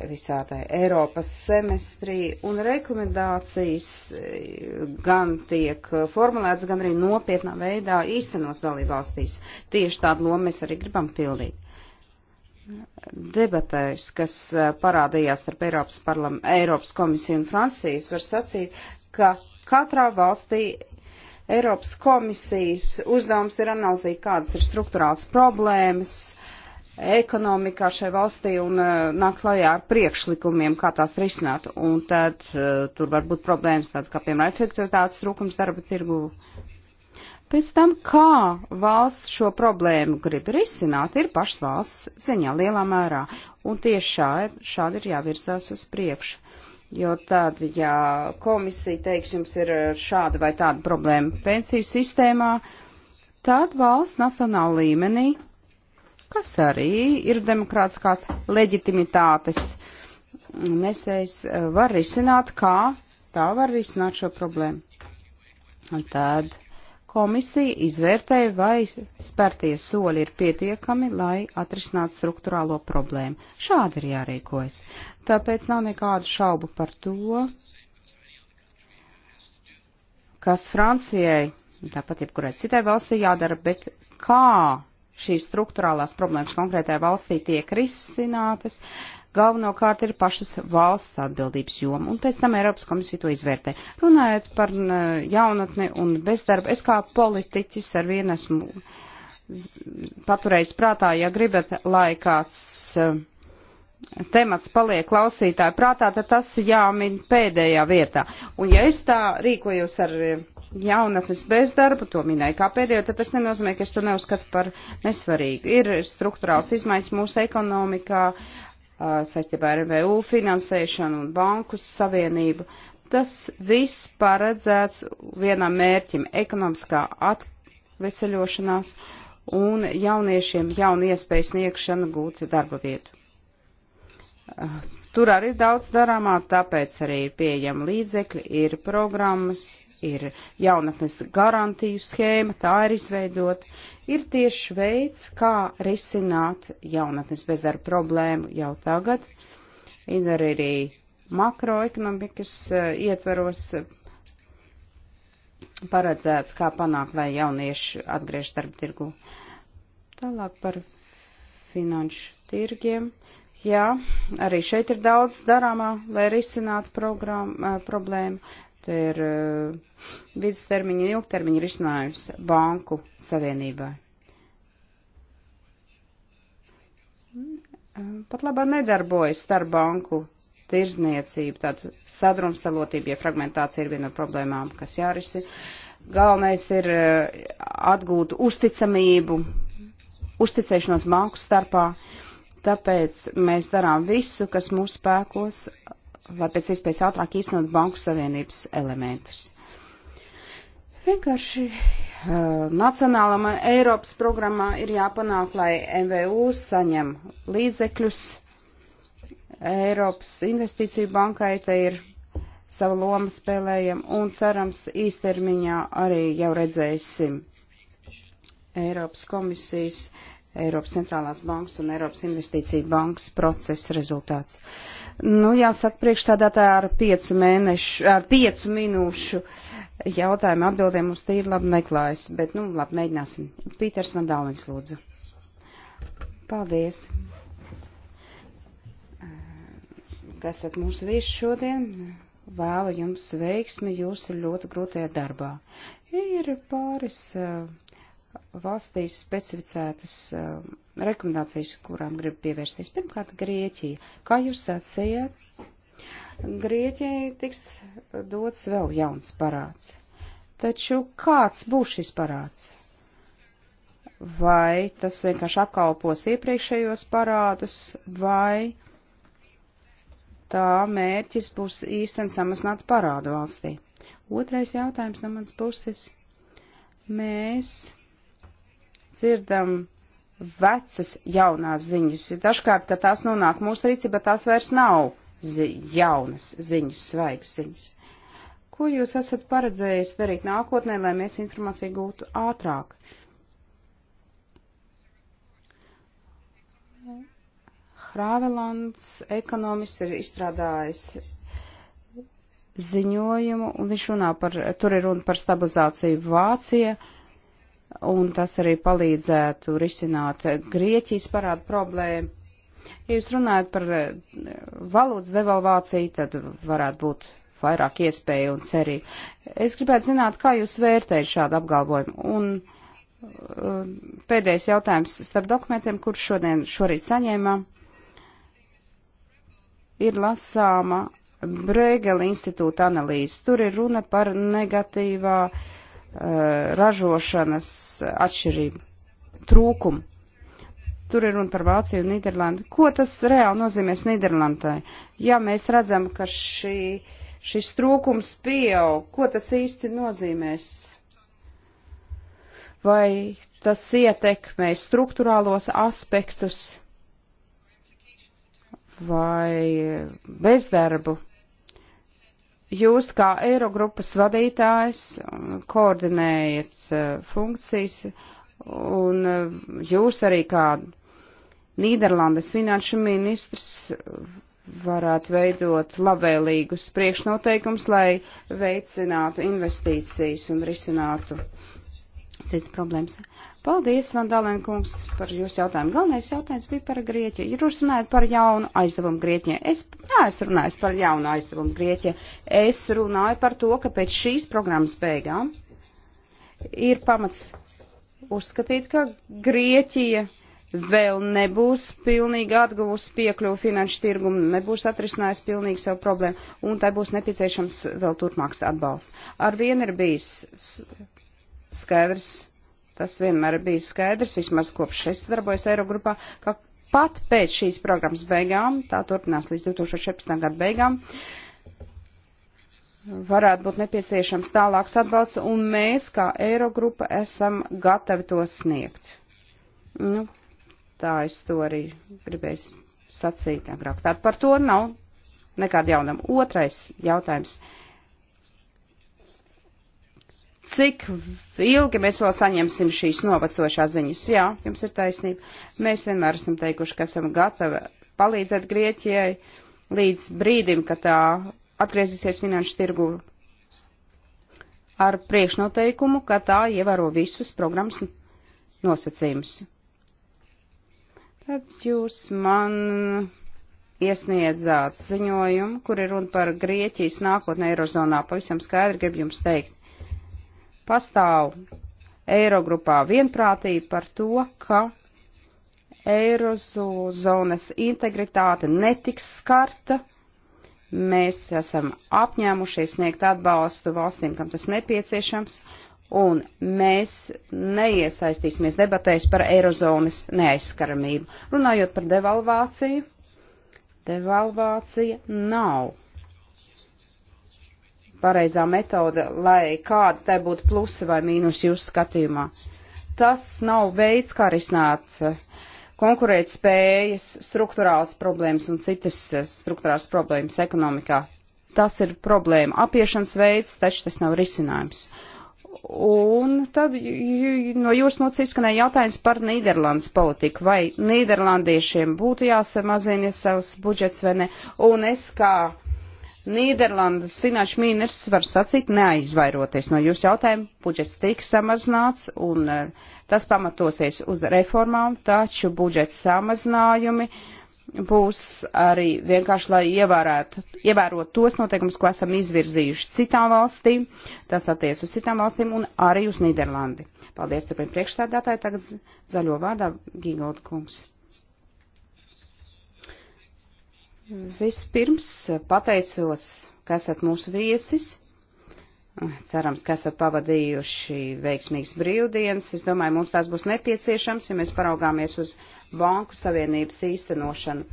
visā tai Eiropas semestrī, un rekomendācijas eh, gan tiek eh, formulētas, gan arī nopietnā veidā īstenos dalībvalstīs. Tieši tādu lomu mēs arī gribam pildīt. Debatēs, kas eh, parādījās starp Eiropas, parlam, Eiropas komisiju un Francijas, var sacīt, ka katrā valstī Eiropas komisijas uzdevums ir analizēt, kādas ir struktūrāls problēmas, ekonomikā šai valstī un uh, nāk klajā ar priekšlikumiem, kā tās risināt. Un tad uh, tur var būt problēmas tādas kā, piemēram, efektivitātes trūkums darba tirgu. Pēc tam, kā valsts šo problēmu grib risināt, ir pašas valsts ziņā lielā mērā. Un tieši šādi, šādi ir jāvirzās uz priekšu. Jo tad, ja komisija, teiks, jums ir eh, šāda vai tāda problēma pensiju sistēmā, tad valsts nacionāla līmenī kas arī ir demokrātiskās leģitimitātes nesējs, eh, var risināt, kā tā var risināt šo problēmu. Un tad komisija izvērtēja, vai spērtie soļi ir pietiekami, lai atrisinātu struktūrālo problēmu. Šādi ir jārīkojas. Tāpēc nav nekādu šaubu par to, kas Francijai, tāpat jebkurai citai valstī jādara, bet kā šīs struktūrālās problēmas konkrētajā valstī tiek risinātas, galvenokārt ir pašas valsts atbildības joma, un pēc tam Eiropas komisija to izvērtē. Runājot par jaunatni un bezdarbu, es kā politiķis ar vienu esmu paturējis prātā, ja gribat, lai kāds e, temats paliek klausītāju prātā, tad tas jāmin pēdējā vietā. Un ja es tā rīkojos ar e, jaunatnes bezdarbu, to minēju kā pēdējo, tad tas nenozīmē, ka es to neuzskatu par nesvarīgu. Ir struktūrāls izmaiņas mūsu ekonomikā saistībā ar MVU finansēšanu un banku savienību. Tas viss paredzēts vienam mērķim - ekonomiskā atveseļošanās un jauniešiem jaunu iespēju sniegšanu gūt darba vietu. Tur arī ir daudz darāmā, tāpēc arī ir pieejama līdzekļi, ir programmas, ir jaunatnes garantiju schēma, tā ir izveidot, ir tieši veids, kā risināt jaunatnes bezdarba problēmu jau tagad. Ir arī makroekonomikas eh, ietveros eh, paredzēts, kā panākt, lai jaunieši atgriež starp tirgu. Tālāk par finanšu tirgiem. Jā, arī šeit ir daudz darāmā, lai risinātu programmu, eh, problēmu. Te ir uh, vidustermiņa un ilgtermiņa risinājums banku savienībai. Eh, pat labā nedarbojas starp banku tirzniecību, tad sadrumstalotība, ja fragmentācija ir viena no problēmām, kas jārisi. Galvenais ir uh, atgūt uzticamību, uzticēšanos banku starpā, tāpēc mēs darām visu, kas mūsu spēkos, lai pēc iespējas ātrāk īstenot Banku Savienības elementus. Vienkārši uh, nacionālam Eiropas programmā ir jāpanāk, lai MVU saņem līdzekļus. Eiropas investīciju bankai te ir savu lomu spēlējam un cerams īstermiņā arī jau redzēsim Eiropas komisijas uh, Eiropas centrālās bankas un Eiropas investīcija bankas procesa rezultāts. Nu, jāsaka, priekšsādātāji ar piecu mēnešu, ar piecu minūšu jautājumu atbildēm mums tīri labi neklājas, bet, nu, labi, mēģināsim. Pīters man dālins lūdzu. Paldies, ka esat mūsu viesi šodien. Vēlu jums veiksmi jūsu ļoti grūtajā darbā. Ir pāris uh, valstīs specificētas uh, rekomendācijas, kurām grib pievērsties. Pirmkārt, Grieķija. Kā jūs sacījāt, Grieķijai tiks dots vēl jauns parāds. Taču kāds būs šis parāds? Vai tas vienkārši apkalpos iepriekšējos parādus, vai tā mērķis būs īsten samazināt parādu valstī? Otrais jautājums no manas puses. Mēs dzirdam vecas jaunās ziņas. Dažkārt, kad tās nonāk mūsu rīcībā, tās vairs nav zi jaunas ziņas, svaigas ziņas. Ko jūs esat paredzējis darīt nākotnē, lai mēs informāciju gūtu ātrāk? Hrāvelands ekonomists ir izstrādājis ziņojumu, un viņš runā par, tur ir runa par stabilizāciju Vācija. Uh, un tas arī palīdzētu risināt Grieķijas parādu problēmu. Ja jūs runājat par eh, valūtas devalvāciju, tad varētu būt vairāk iespēju un cerību. Es gribētu zināt, kā jūs vērtējat šādu apgalvojumu. Un eh, pēdējais jautājums starp dokumentiem, kurus šodien šorīt saņēmām, ir lasāma Brēgela institūta analīze. Tur ir runa par negatīvā uh, Eh, ražošanas atšķirību, trūkumu. Tur ir runa par Vāciju un Nīderlandi. Ko tas reāli nozīmēs Nīderlandai? Ja mēs redzam, ka šī, šis trūkums pieaug, ko tas īsti nozīmēs? Vai tas ietekmē struktūrālos aspektus vai bezdarbu? jūs kā Eirogrupas vadītājs koordinējat uh, funkcijas, un uh, jūs arī kā Nīderlandes finanšu ministrs varētu veidot labvēlīgus priekšnoteikums, lai veicinātu investīcijas un risinātu citas problēmas. Paldies, Vandālēnkungs, par jūsu jautājumu. Galvenais jautājums bija par Grieķiju. Jūs runājat par jaunu aizdevumu Grieķijai. Es neesmu runājis par jaunu aizdevumu Grieķijai. Es runāju par to, ka pēc šīs programmas beigām ir pamats uzskatīt, ka Grieķija vēl nebūs pilnīgi atguvusi piekļuvu finanšu tirgumu, nebūs atrisinājusi pilnīgi savu problēmu, un tai būs nepieciešams vēl turpmāks atbalsts. Ar vienu ir bijis skaidrs Tas vienmēr bija skaidrs, vismaz kopš es darbojos Eirogrupā, ka pat pēc šīs programmas beigām, tā turpinās līdz 2014. gada beigām, varētu būt nepieciešams tālāks atbalsts, un mēs, kā Eirogrupa, esam gatavi to sniegt. Nu, tā es to arī gribēju sacīt agrāk. Tātad par to nav nekāda jaunuma. Otrais jautājums. Uh, cik ilgi mēs vēl saņemsim šīs novecošās ziņas. Jā, jums ir taisnība. Mēs vienmēr esam teikuši, ka esam gatavi palīdzēt Grieķijai līdz brīdim, kad tā atgriezīsies finanšu tirgu ar priekšnoteikumu, ka tā ievēro visus programmas nosacījumus. Tad jūs man iesniedzāt ziņojumu, kur ir runa par Grieķijas nākotnē Eirozonā. Pavisam skaidri gribu jums teikt, pastāv Eirogrupā vienprātība par to, ka Eirozonas integritāte netiks skarta. Mēs esam apņēmušies sniegt atbalstu valstīm, kam tas nepieciešams, un mēs neiesaistīsimies debatēs par Eirozonas neaizskaramību. Runājot par devalvāciju, devalvācija nav pareizā metode, lai kāda tai būtu plusi vai mīnusi jūsu skatījumā. Tas nav veids, kā risināt eh, konkurēt spējas, struktūrāls problēmas un citas eh, struktūrāls problēmas ekonomikā. Tas ir problēma apiešanas veids, taču tas nav risinājums. Un tad no jūras nots izskanēja jautājums par Nīderlandes politiku. Vai Nīderlandiešiem būtu jāsamazina savs budžets vai ne? Un es kā Nīderlandes finanšu ministrs var sacīt neaizvairoties no jūsu jautājuma, budžets tiks samazināts un eh, tas pamatosies uz reformām, taču budžets samazinājumi būs arī vienkārši, lai ievērētu, ievērot tos noteikumus, ko esam izvirzījuši citām valstīm, tas attiec uz citām valstīm un arī uz Nīderlandi. Paldies, turpin priekšstādātāji, tagad zaļo vārdā Gigolda kungs. Vispirms eh, pateicos, ka esat mūsu viesis. Eh, cerams, ka esat pavadījuši veiksmīgas brīvdienas. Es domāju, mums tās būs nepieciešams, ja mēs paraugāmies uz Banku Savienības īstenošanu.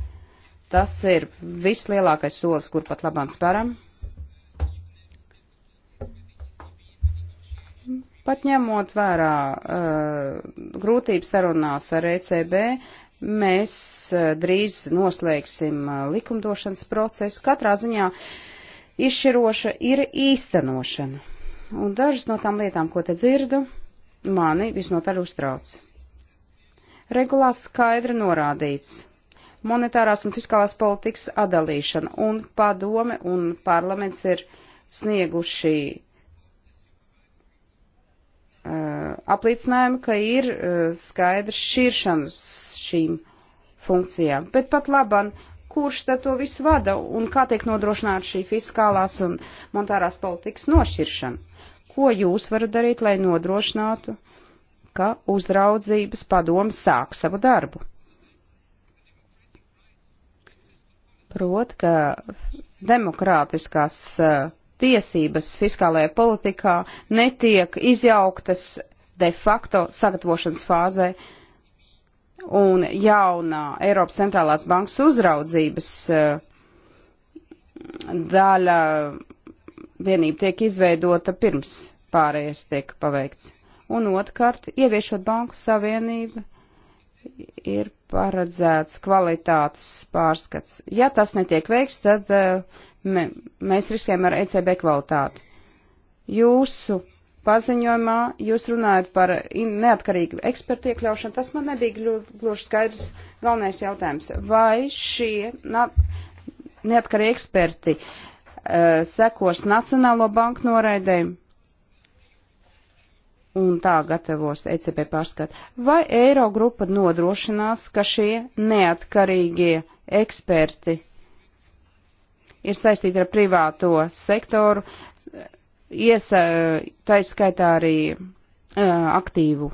Tas ir vislielākais solis, kur pat labāk spēram. Pat ņemot vērā uh, grūtības sarunās ar ECB, mēs eh, drīz noslēgsim eh, likumdošanas procesu. Katrā ziņā izšķiroša ir īstenošana. Un dažas no tām lietām, ko te dzirdu, mani visnotaļ uztrauc. Regulā skaidri norādīts monetārās un fiskālās politikas atdalīšana, un padome un parlaments ir snieguši apliecinājumi, ka ir e, skaidrs šķiršanas šīm funkcijām. Bet pat laban, kurš tad to visu vada un kā tiek nodrošināta šī fiskālās un monetārās politikas nošķiršana? Ko jūs varat darīt, lai nodrošinātu, ka uzraudzības padomi sāk savu darbu? Prot, ka demokrātiskās e, tiesības fiskālajā politikā netiek izjauktas de facto sagatavošanas fāzē. Un jaunā Eiropas centrālās bankas uzraudzības eh, daļa vienība tiek izveidota pirms pārējais tiek paveikts. Un otrkārt, ieviešot banku savienību, ir paredzēts kvalitātes pārskats. Ja tas netiek veikts, tad eh, me, mēs riskējam ar ECB kvalitāti. Jūsu paziņojumā jūs runājat par neatkarīgu ekspertu iekļaušanu. Tas man nebija gluži skaidrs galvenais jautājums. Vai šie neatkarīgi eksperti uh, sekos Nacionālo banku noraidēm un tā gatavos ECB pārskatu? Vai Eirogrupa nodrošinās, ka šie neatkarīgie eksperti ir saistīti ar privāto sektoru? Uh, taiskaitā arī aktīvu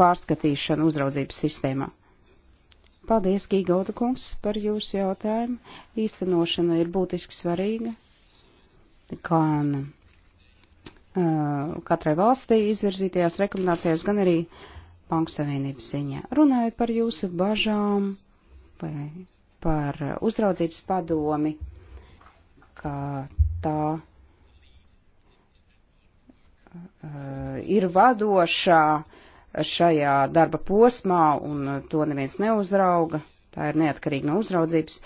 pārskatīšanu uzraudzības sistēmā. Paldies, Gīgauda kungs, par jūsu jautājumu. Īstenošana ir būtiski svarīga. Gan uh, katrai valstī izvirzītajās rekomendācijās, gan arī Banku Savienības ziņā. Runājot par jūsu bažām vai par uzraudzības padomi, ka tā ir vadošā šajā darba posmā, un to neviens neuzrauga, tā ir neatkarīga no uzraudzības,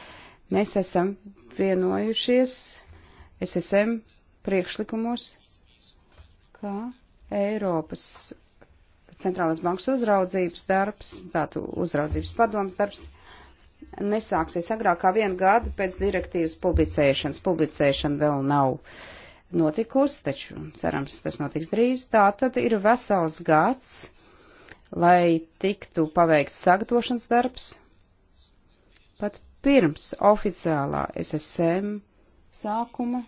mēs esam vienojušies SSM priekšlikumos, ka Eiropas centrālās bankas uzraudzības darbs, tātad uzraudzības padomas darbs, nesāksies agrāk kā vienu gadu pēc direktīvas publicēšanas. Publicēšana vēl nav uh, notikusi, taču cerams, tas notiks drīz. Tā tad ir vesels gads, lai tiktu paveikts sagatavošanas darbs. Pat pirms oficiālā SSM sākuma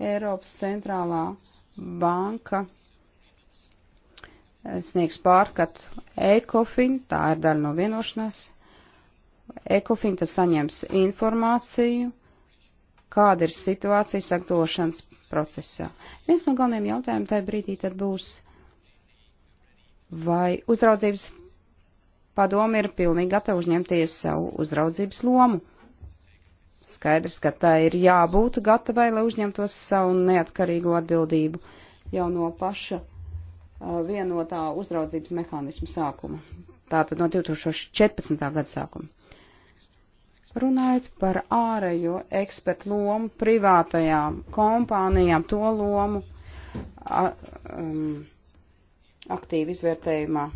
Eiropas centrālā banka sniegs pārskatu ECOFIN, tā ir daļa no vienošanās. ECOFIN tas saņems informāciju kāda ir situācija sagatavošanas procesā. Viens no galvenajiem jautājumiem tajā brīdī tad būs, vai uzraudzības padomi ir pilnīgi gatavi uzņemties savu uzraudzības lomu. Skaidrs, ka tā ir jābūt gatavai, lai uzņemtos savu neatkarīgo atbildību jau no paša uh, vienotā uzraudzības mehānisma sākuma. Tātad no 2014. gada sākuma. Runājot par ārējo ekspertu lomu privātajām kompānijām, to lomu a, um, aktīvi izvērtējumā.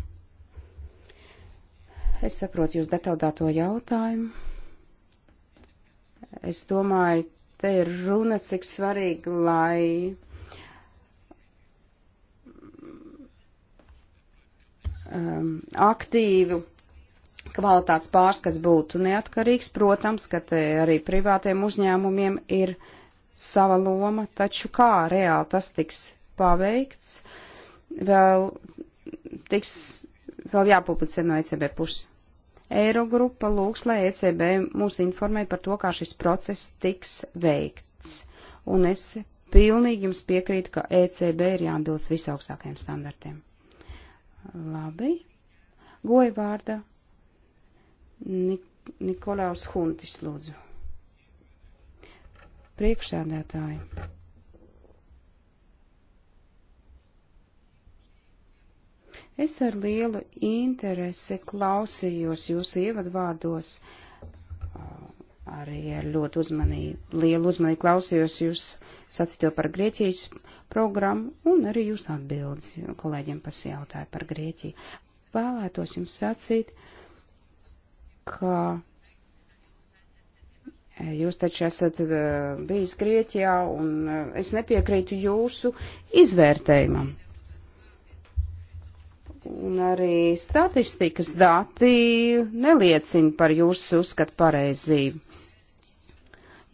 Es saprotu jūs detaldāto jautājumu. Es domāju, te ir runa, cik svarīgi, lai um, aktīvu kvalitātes pārskats būtu neatkarīgs. Protams, ka arī privātiem uzņēmumiem ir sava loma, taču kā reāli tas tiks paveikts, vēl tiks vēl jāpublicē no ECB puses. Eirogrupa lūgs, lai ECB mūs informē par to, kā šis process tiks veikts. Un es pilnīgi jums piekrītu, ka ECB ir jāatbilst visaugstākajiem standartiem. Labi. Goja vārda Nik Nikolaus Huntis, lūdzu. Priekšsēdētāji. Es ar lielu interesi klausījos jūsu ievadvārdos, arī ar ļoti uzmanību, lielu uzmanību klausījos jūs sacīto par Grieķijas programmu un arī jūs atbildes kolēģiem pasijautāju par Grieķiju. Vēlētos jums sacīt, ka Jūs taču esat uh, bijis Grieķijā, un uh, es nepiekrītu jūsu izvērtējumam. Un arī statistikas dati neliecina par jūsu uzskatu pareizību.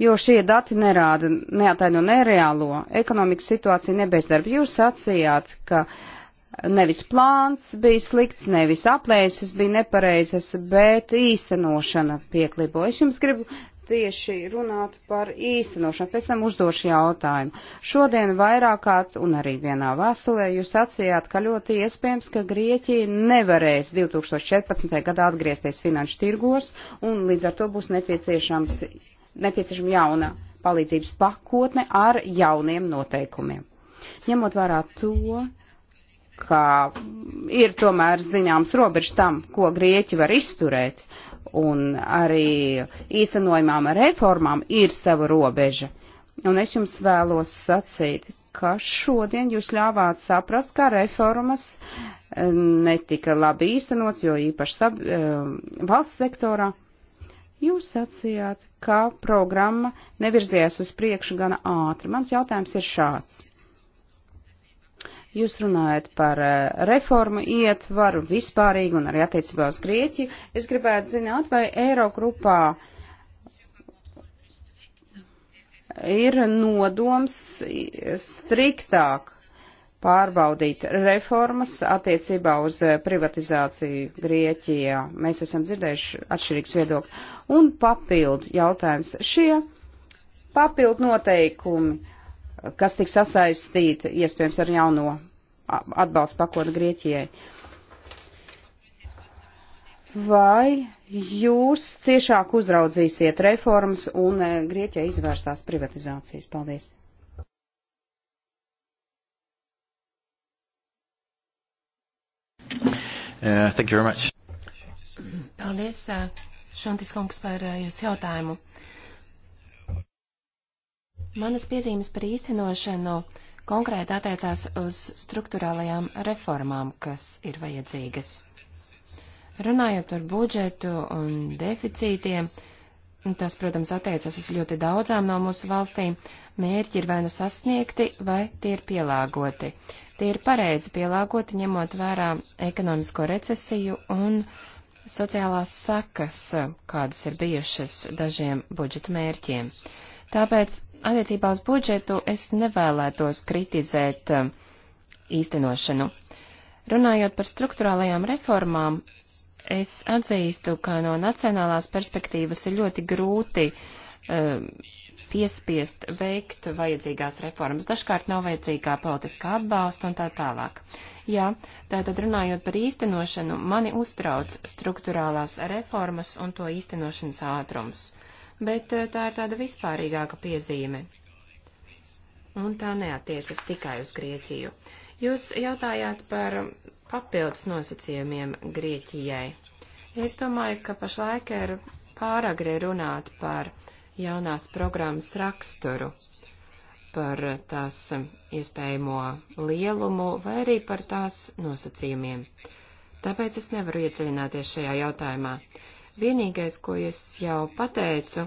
Jo šie dati nerāda, neataino nereālo ekonomikas situāciju, nebezdarbu. Jūs sacījāt, ka uh, Nevis plāns bija slikts, nevis aplēses bija nepareizas, bet īstenošana pieklibo. Es jums gribu tieši runāt par īstenošanu, pēc tam uzdošu jautājumu. Šodien vairākāt un arī vienā vēstulē jūs atsījāt, ka ļoti iespējams, ka Grieķija nevarēs 2014. gadā atgriezties finanšu tirgos un līdz ar to būs nepieciešams, nepieciešama jauna palīdzības pakotne ar jauniem noteikumiem. Ņemot vērā to, ka ir tomēr zināms robežs tam, ko Grieķi var izturēt, un arī īstenojumām reformām ir sava robeža. Un es jums vēlos sacīt, ka šodien jūs ļāvāt saprast, ka reformas eh, netika labi īstenots, jo īpaši sab, eh, valsts sektorā. Jūs sacījāt, ka programma nevirzījās uz priekšu gana ātri. Mans jautājums ir šāds. Jūs runājat par eh, reformu ietvaru vispārīgi un arī attiecībā uz Grieķiju. Es gribētu zināt, vai Eirogrupā ir nodoms striktāk pārbaudīt reformas attiecībā uz eh, privatizāciju Grieķijā. Mēs esam dzirdējuši atšķirīgs viedokļi. Un papildu jautājums. Šie papildu noteikumi kas tiks sasaistīti iespējams ar jauno atbalstu pakotni Grieķijai. Vai jūs ciešāk uzraudzīsiet reformas un e, Grieķijai izvērstās privatizācijas? Paldies! Uh, thank you very much. Paldies, uh, Šontis kungs, par uh, jūsu jautājumu. Uh, Manas piezīmes par īstenošanu konkrēti attiecās uz struktūrālajām reformām, kas ir vajadzīgas. Runājot par budžetu un deficītiem, tas, protams, attiecas uz ļoti daudzām no mūsu valstīm, mērķi ir vai nu sasniegti, vai tie ir pielāgoti. Tie ir pareizi pielāgoti, ņemot vērā ekonomisko recesiju un sociālās sakas, kādas ir bijušas dažiem budžeta mērķiem. Tāpēc attiecībā uz budžetu es nevēlētos kritizēt um, īstenošanu. Runājot par struktūrālajām reformām, es atzīstu, ka no nacionālās perspektīvas ir ļoti grūti um, piespiest veikt vajadzīgās reformas. Dažkārt nav vajadzīgā politiskā atbalsta un tā tālāk. Jā, tātad runājot par īstenošanu, mani uztrauc struktūrālās reformas un to īstenošanas ātrums. Uh, bet eh, tā ir tāda vispārīgāka piezīme. Un tā neatiecas tikai uz Grieķiju. Jūs jautājāt par papildus nosacījumiem Grieķijai. Es domāju, ka pašlaik ir pāragri runāt par jaunās programmas raksturu, par tās iespējamo lielumu vai arī par tās nosacījumiem. Tāpēc es nevaru iedziļināties šajā jautājumā. Vienīgais, ko es jau pateicu,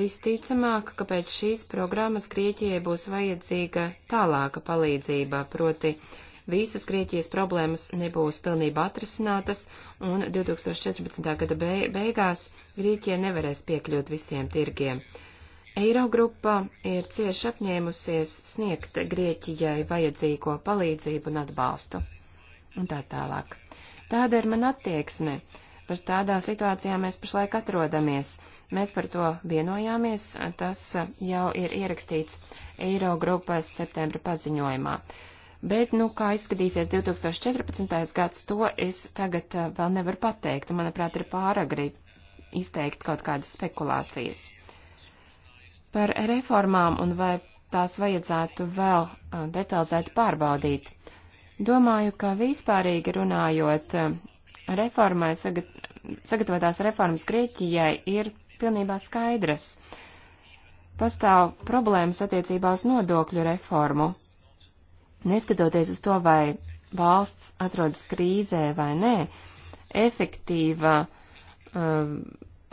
visticamāk, ka pēc šīs programmas Grieķijai būs vajadzīga tālāka palīdzība, proti visas Grieķijas problēmas nebūs pilnībā atrisinātas, un 2014. gada beigās Grieķija nevarēs piekļūt visiem tirgiem. Eirogrupa ir cieši apņēmusies sniegt Grieķijai vajadzīgo palīdzību un atbalstu. Un tā tālāk. Tāda ir man attieksme. Par tādā situācijā mēs pašlaik atrodamies. Mēs par to vienojāmies, tas jau ir ierakstīts Eiro grupas septembra paziņojumā. Bet, nu, kā izskatīsies 2014. gads, to es tagad eh, vēl nevaru pateikt, un, manuprāt, ir pāragri izteikt kaut kādas spekulācijas. Par reformām un vai tās vajadzētu vēl eh, detalizēti pārbaudīt. Domāju, ka vispārīgi runājot, reformai, sagat, sagatavotās reformas Grieķijai ir pilnībā skaidras. Pastāv problēmas attiecībā uz nodokļu reformu. Neskatoties uz to, vai valsts atrodas krīzē vai nē, efektīva um,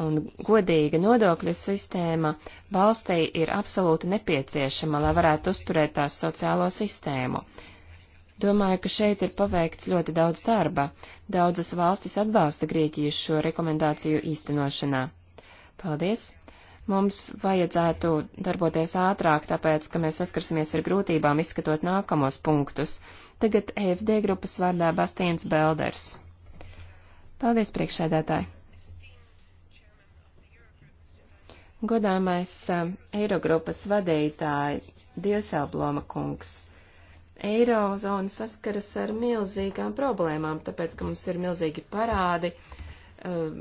un godīga nodokļu sistēma valstī ir absolūti nepieciešama, lai varētu uzturēt tās sociālo sistēmu. Domāju, ka šeit ir paveikts ļoti daudz darba. Daudzas valstis atbalsta Grieķiju šo rekomendāciju īstenošanā. Paldies! Mums vajadzētu darboties ātrāk, tāpēc, ka mēs saskarsimies ar grūtībām izskatot nākamos punktus. Tagad EFD grupas vārdā Bastiens Belders. Paldies, priekšsēdētāji! Godāmais um, Eirogrupas vadītāji Dieselbloma kungs. Eirozona saskaras ar milzīgām problēmām, tāpēc, ka mums ir milzīgi parādi, um,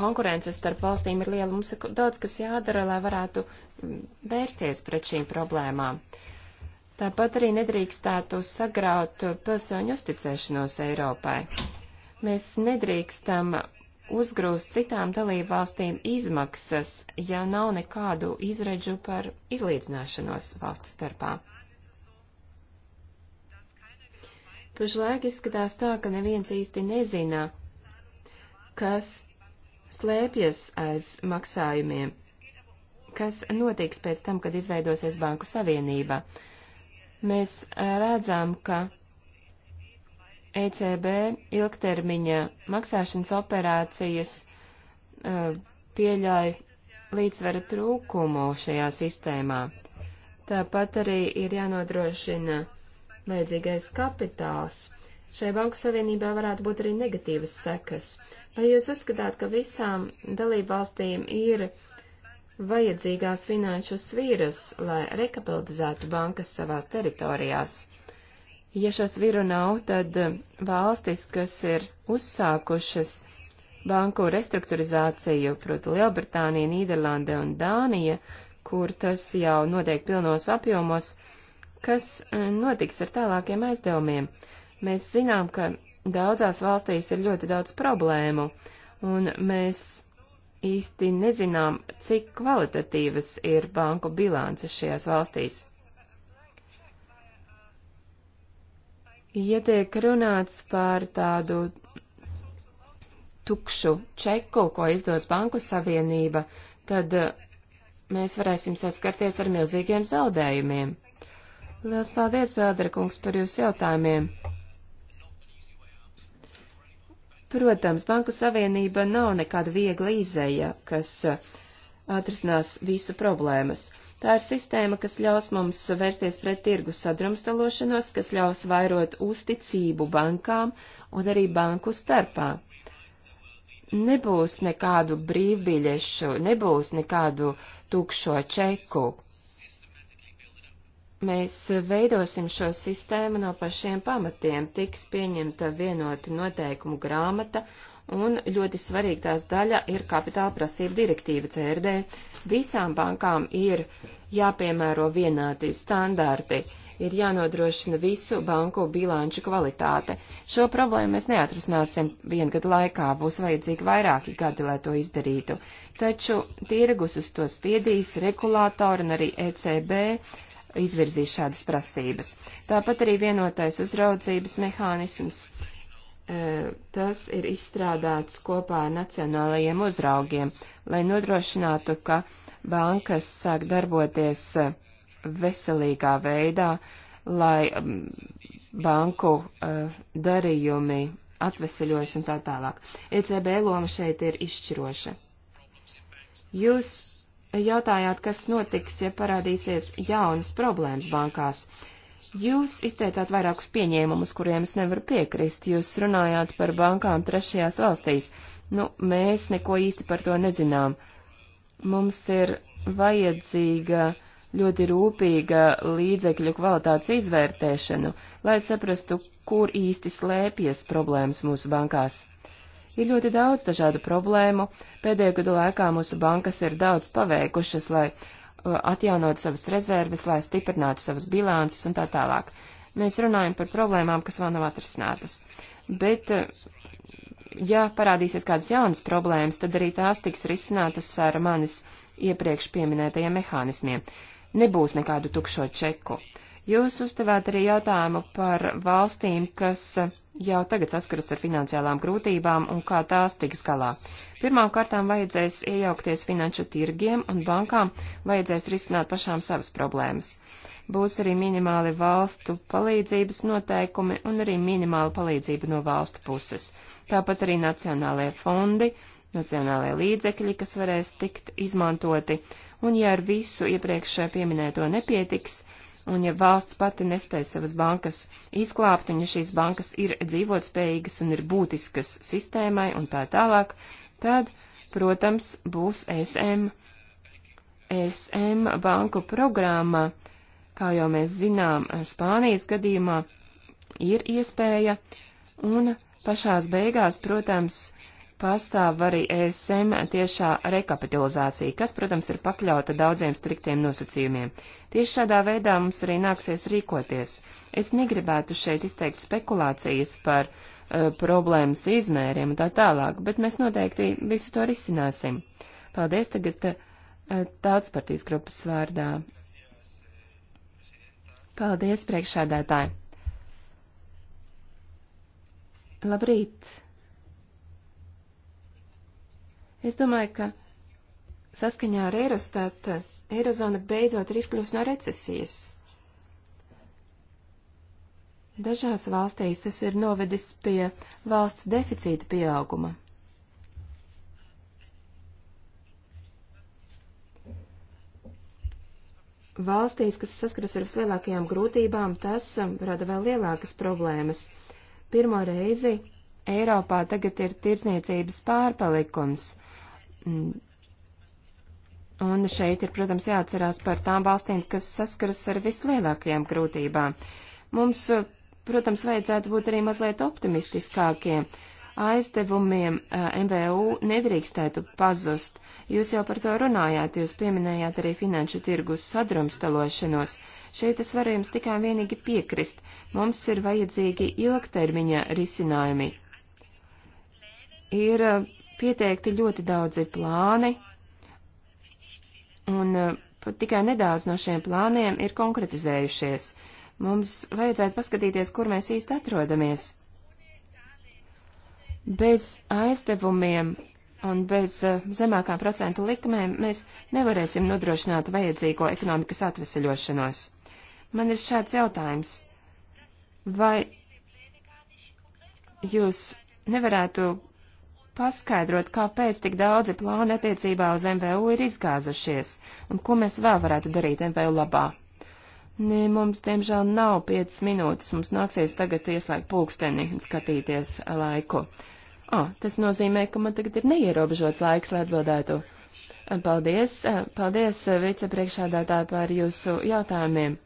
konkurence starp valstīm ir liela, mums ir daudz, kas jādara, lai varētu um, vērsties pret šīm problēmām. Tāpat arī nedrīkstētu sagraut pilsoņu uzticēšanos Eiropai. Mēs nedrīkstam uzgrūst citām dalībvalstīm izmaksas, ja nav nekādu izredžu par izlīdzināšanos valstu starpā. Pašlaik izskatās tā, ka neviens īsti nezina, kas slēpjas aiz maksājumiem, kas notiks pēc tam, kad izveidosies Banku Savienība. Mēs redzam, ka ECB ilgtermiņa maksāšanas operācijas uh, pieļauj līdzsvera trūkumu šajā sistēmā. Tāpat arī ir jānodrošina vajadzīgais kapitāls. Šai banku savienībā varētu būt arī negatīvas sekas. Vai jūs uzskatāt, ka visām dalībvalstīm ir vajadzīgās finanšu svīras, lai rekapitalizētu bankas savās teritorijās? Ja šo svīru nav, tad valstis, kas ir uzsākušas banku restruktūrizāciju, proti Lielbritānija, Nīderlande un Dānija, kur tas jau notiek pilnos apjomos, Kas eh, notiks ar tālākiem aizdevumiem? Mēs zinām, ka daudzās valstīs ir ļoti daudz problēmu, un mēs īsti nezinām, cik kvalitatīvas ir banku bilances šajās valstīs. Ja tiek runāts par tādu tukšu čeku, ko izdos Banku Savienība, tad eh, mēs varēsim saskarties ar milzīgiem zaudējumiem. Lielas paldies, Vēldera kungs, par jūsu jautājumiem. Protams, Banku Savienība nav nekāda viegla izēja, kas uh, atrisinās visu problēmas. Tā ir sistēma, kas ļaus mums vērsties pret tirgu sadrumstalošanos, kas ļaus vairot uzticību bankām un arī banku starpā. Nebūs nekādu brīvbiļešu, nebūs nekādu tukšo čeku Mēs veidosim šo sistēmu no pašiem pamatiem, tiks pieņemta vienota noteikumu grāmata, un ļoti svarīga tās daļa ir kapitāla prasība direktīva CRD. Visām bankām ir jāpiemēro vienādi standarti, ir jānodrošina visu banku bilanču kvalitāte. Šo problēmu mēs neatrisināsim vienu gadu laikā, būs vajadzīgi vairāki gadi, lai to izdarītu. Taču tirgus uz to spiedīs, regulātori un arī ECB izvirzīs šādas prasības. Tāpat arī vienotais uzraudzības mehānisms. E, tas ir izstrādāts kopā ar nacionālajiem uzraugiem, lai nodrošinātu, ka bankas sāk darboties e, veselīgā veidā, lai banku e, darījumi atveseļojas un tā tālāk. ECB loma šeit ir izšķiroša. Jūs jautājāt, kas notiks, ja parādīsies jaunas problēmas bankās. Jūs izteicāt vairākus pieņēmumus, kuriem es nevaru piekrist. Jūs runājāt par bankām trešajās valstīs. Nu, mēs neko īsti par to nezinām. Mums ir vajadzīga ļoti rūpīga līdzekļu kvalitātes izvērtēšanu, lai saprastu, kur īsti slēpjas problēmas mūsu bankās. Ir ļoti daudz dažādu problēmu. Pēdējo gadu laikā mūsu bankas ir daudz paveikušas, lai uh, atjaunot savas rezerves, lai stiprinātu savas bilances un tā tālāk. Mēs runājam par problēmām, kas vēl nav atrisinātas. Bet, uh, ja parādīsies kādas jaunas problēmas, tad arī tās tiks risinātas ar manis iepriekš pieminētajiem mehānismiem. Nebūs nekādu tukšo čeku. Jūs uzdevāt arī jautājumu par valstīm, kas jau tagad saskaras ar finansiālām grūtībām un kā tās tiks galā. Pirmām kārtām vajadzēs iejaukties finanšu tirgiem un bankām, vajadzēs risināt pašām savas problēmas. Būs arī minimāli valstu palīdzības noteikumi un arī minimāla palīdzība no valstu puses. Tāpat arī nacionālajie fondi, nacionālajie līdzekļi, kas varēs tikt izmantoti, un ja ar visu iepriekš pieminēto nepietiks, un ja valsts pati nespēja savas bankas izklāpt, un ja šīs bankas ir dzīvotspējīgas un ir būtiskas sistēmai un tā tālāk, tad, protams, būs SM. SM banku programma, kā jau mēs zinām, Spānijas gadījumā ir iespēja, un pašās beigās, protams, pastāv arī ESM tiešā rekapitalizācija, kas, protams, ir pakļauta daudziem striktiem nosacījumiem. Tieši šādā veidā mums arī nāksies rīkoties. Es negribētu šeit izteikt spekulācijas par uh, problēmas izmēriem un tā tālāk, bet mēs noteikti visu to risināsim. Paldies tagad uh, eh, tāds partijas grupas vārdā. Paldies, priekšādātāji! Labrīt! Es domāju, ka saskaņā ar Eirostat, Eirozona beidzot ir izkļūst no recesijas. Dažās valstīs tas ir novedis pie valsts deficīta pieauguma. Valstīs, kas saskaras ar vislielākajām grūtībām, tas um, rada vēl lielākas problēmas. Pirmo reizi Eiropā tagad ir tirdzniecības pārpalikums Un šeit ir, protams, jāatcerās par tām valstīm, kas saskaras ar vislielākajām grūtībām. Mums, protams, vajadzētu būt arī mazliet optimistiskākiem. Aizdevumiem eh, MVU nedrīkstētu pazust. Jūs jau par to runājāt, jūs pieminējāt arī finanšu tirgus sadrumstalošanos. Šeit es varu jums tikai vienīgi piekrist. Mums ir vajadzīgi ilgtermiņa risinājumi. Ir eh, pieteikti ļoti daudzi plāni, un eh, pat tikai nedaudz no šiem plāniem ir konkretizējušies. Mums vajadzētu paskatīties, kur mēs īsti atrodamies. Bez aizdevumiem un bez eh, zemākām procentu likmēm mēs nevarēsim nodrošināt vajadzīgo ekonomikas atveseļošanos. Man ir šāds jautājums. Vai jūs nevarētu paskaidrot, kāpēc tik daudzi plāni attiecībā uz MVU ir izgāzušies un ko mēs vēl varētu darīt MVU labā. Nē, mums, diemžēl, nav 5 minūtes, mums nāksies tagad ieslēgt pulksteni un skatīties laiku. O, oh, tas nozīmē, ka man tagad ir neierobežots laiks, lai atbildētu. Paldies, paldies vicepriekšādātāji par jūsu jautājumiem.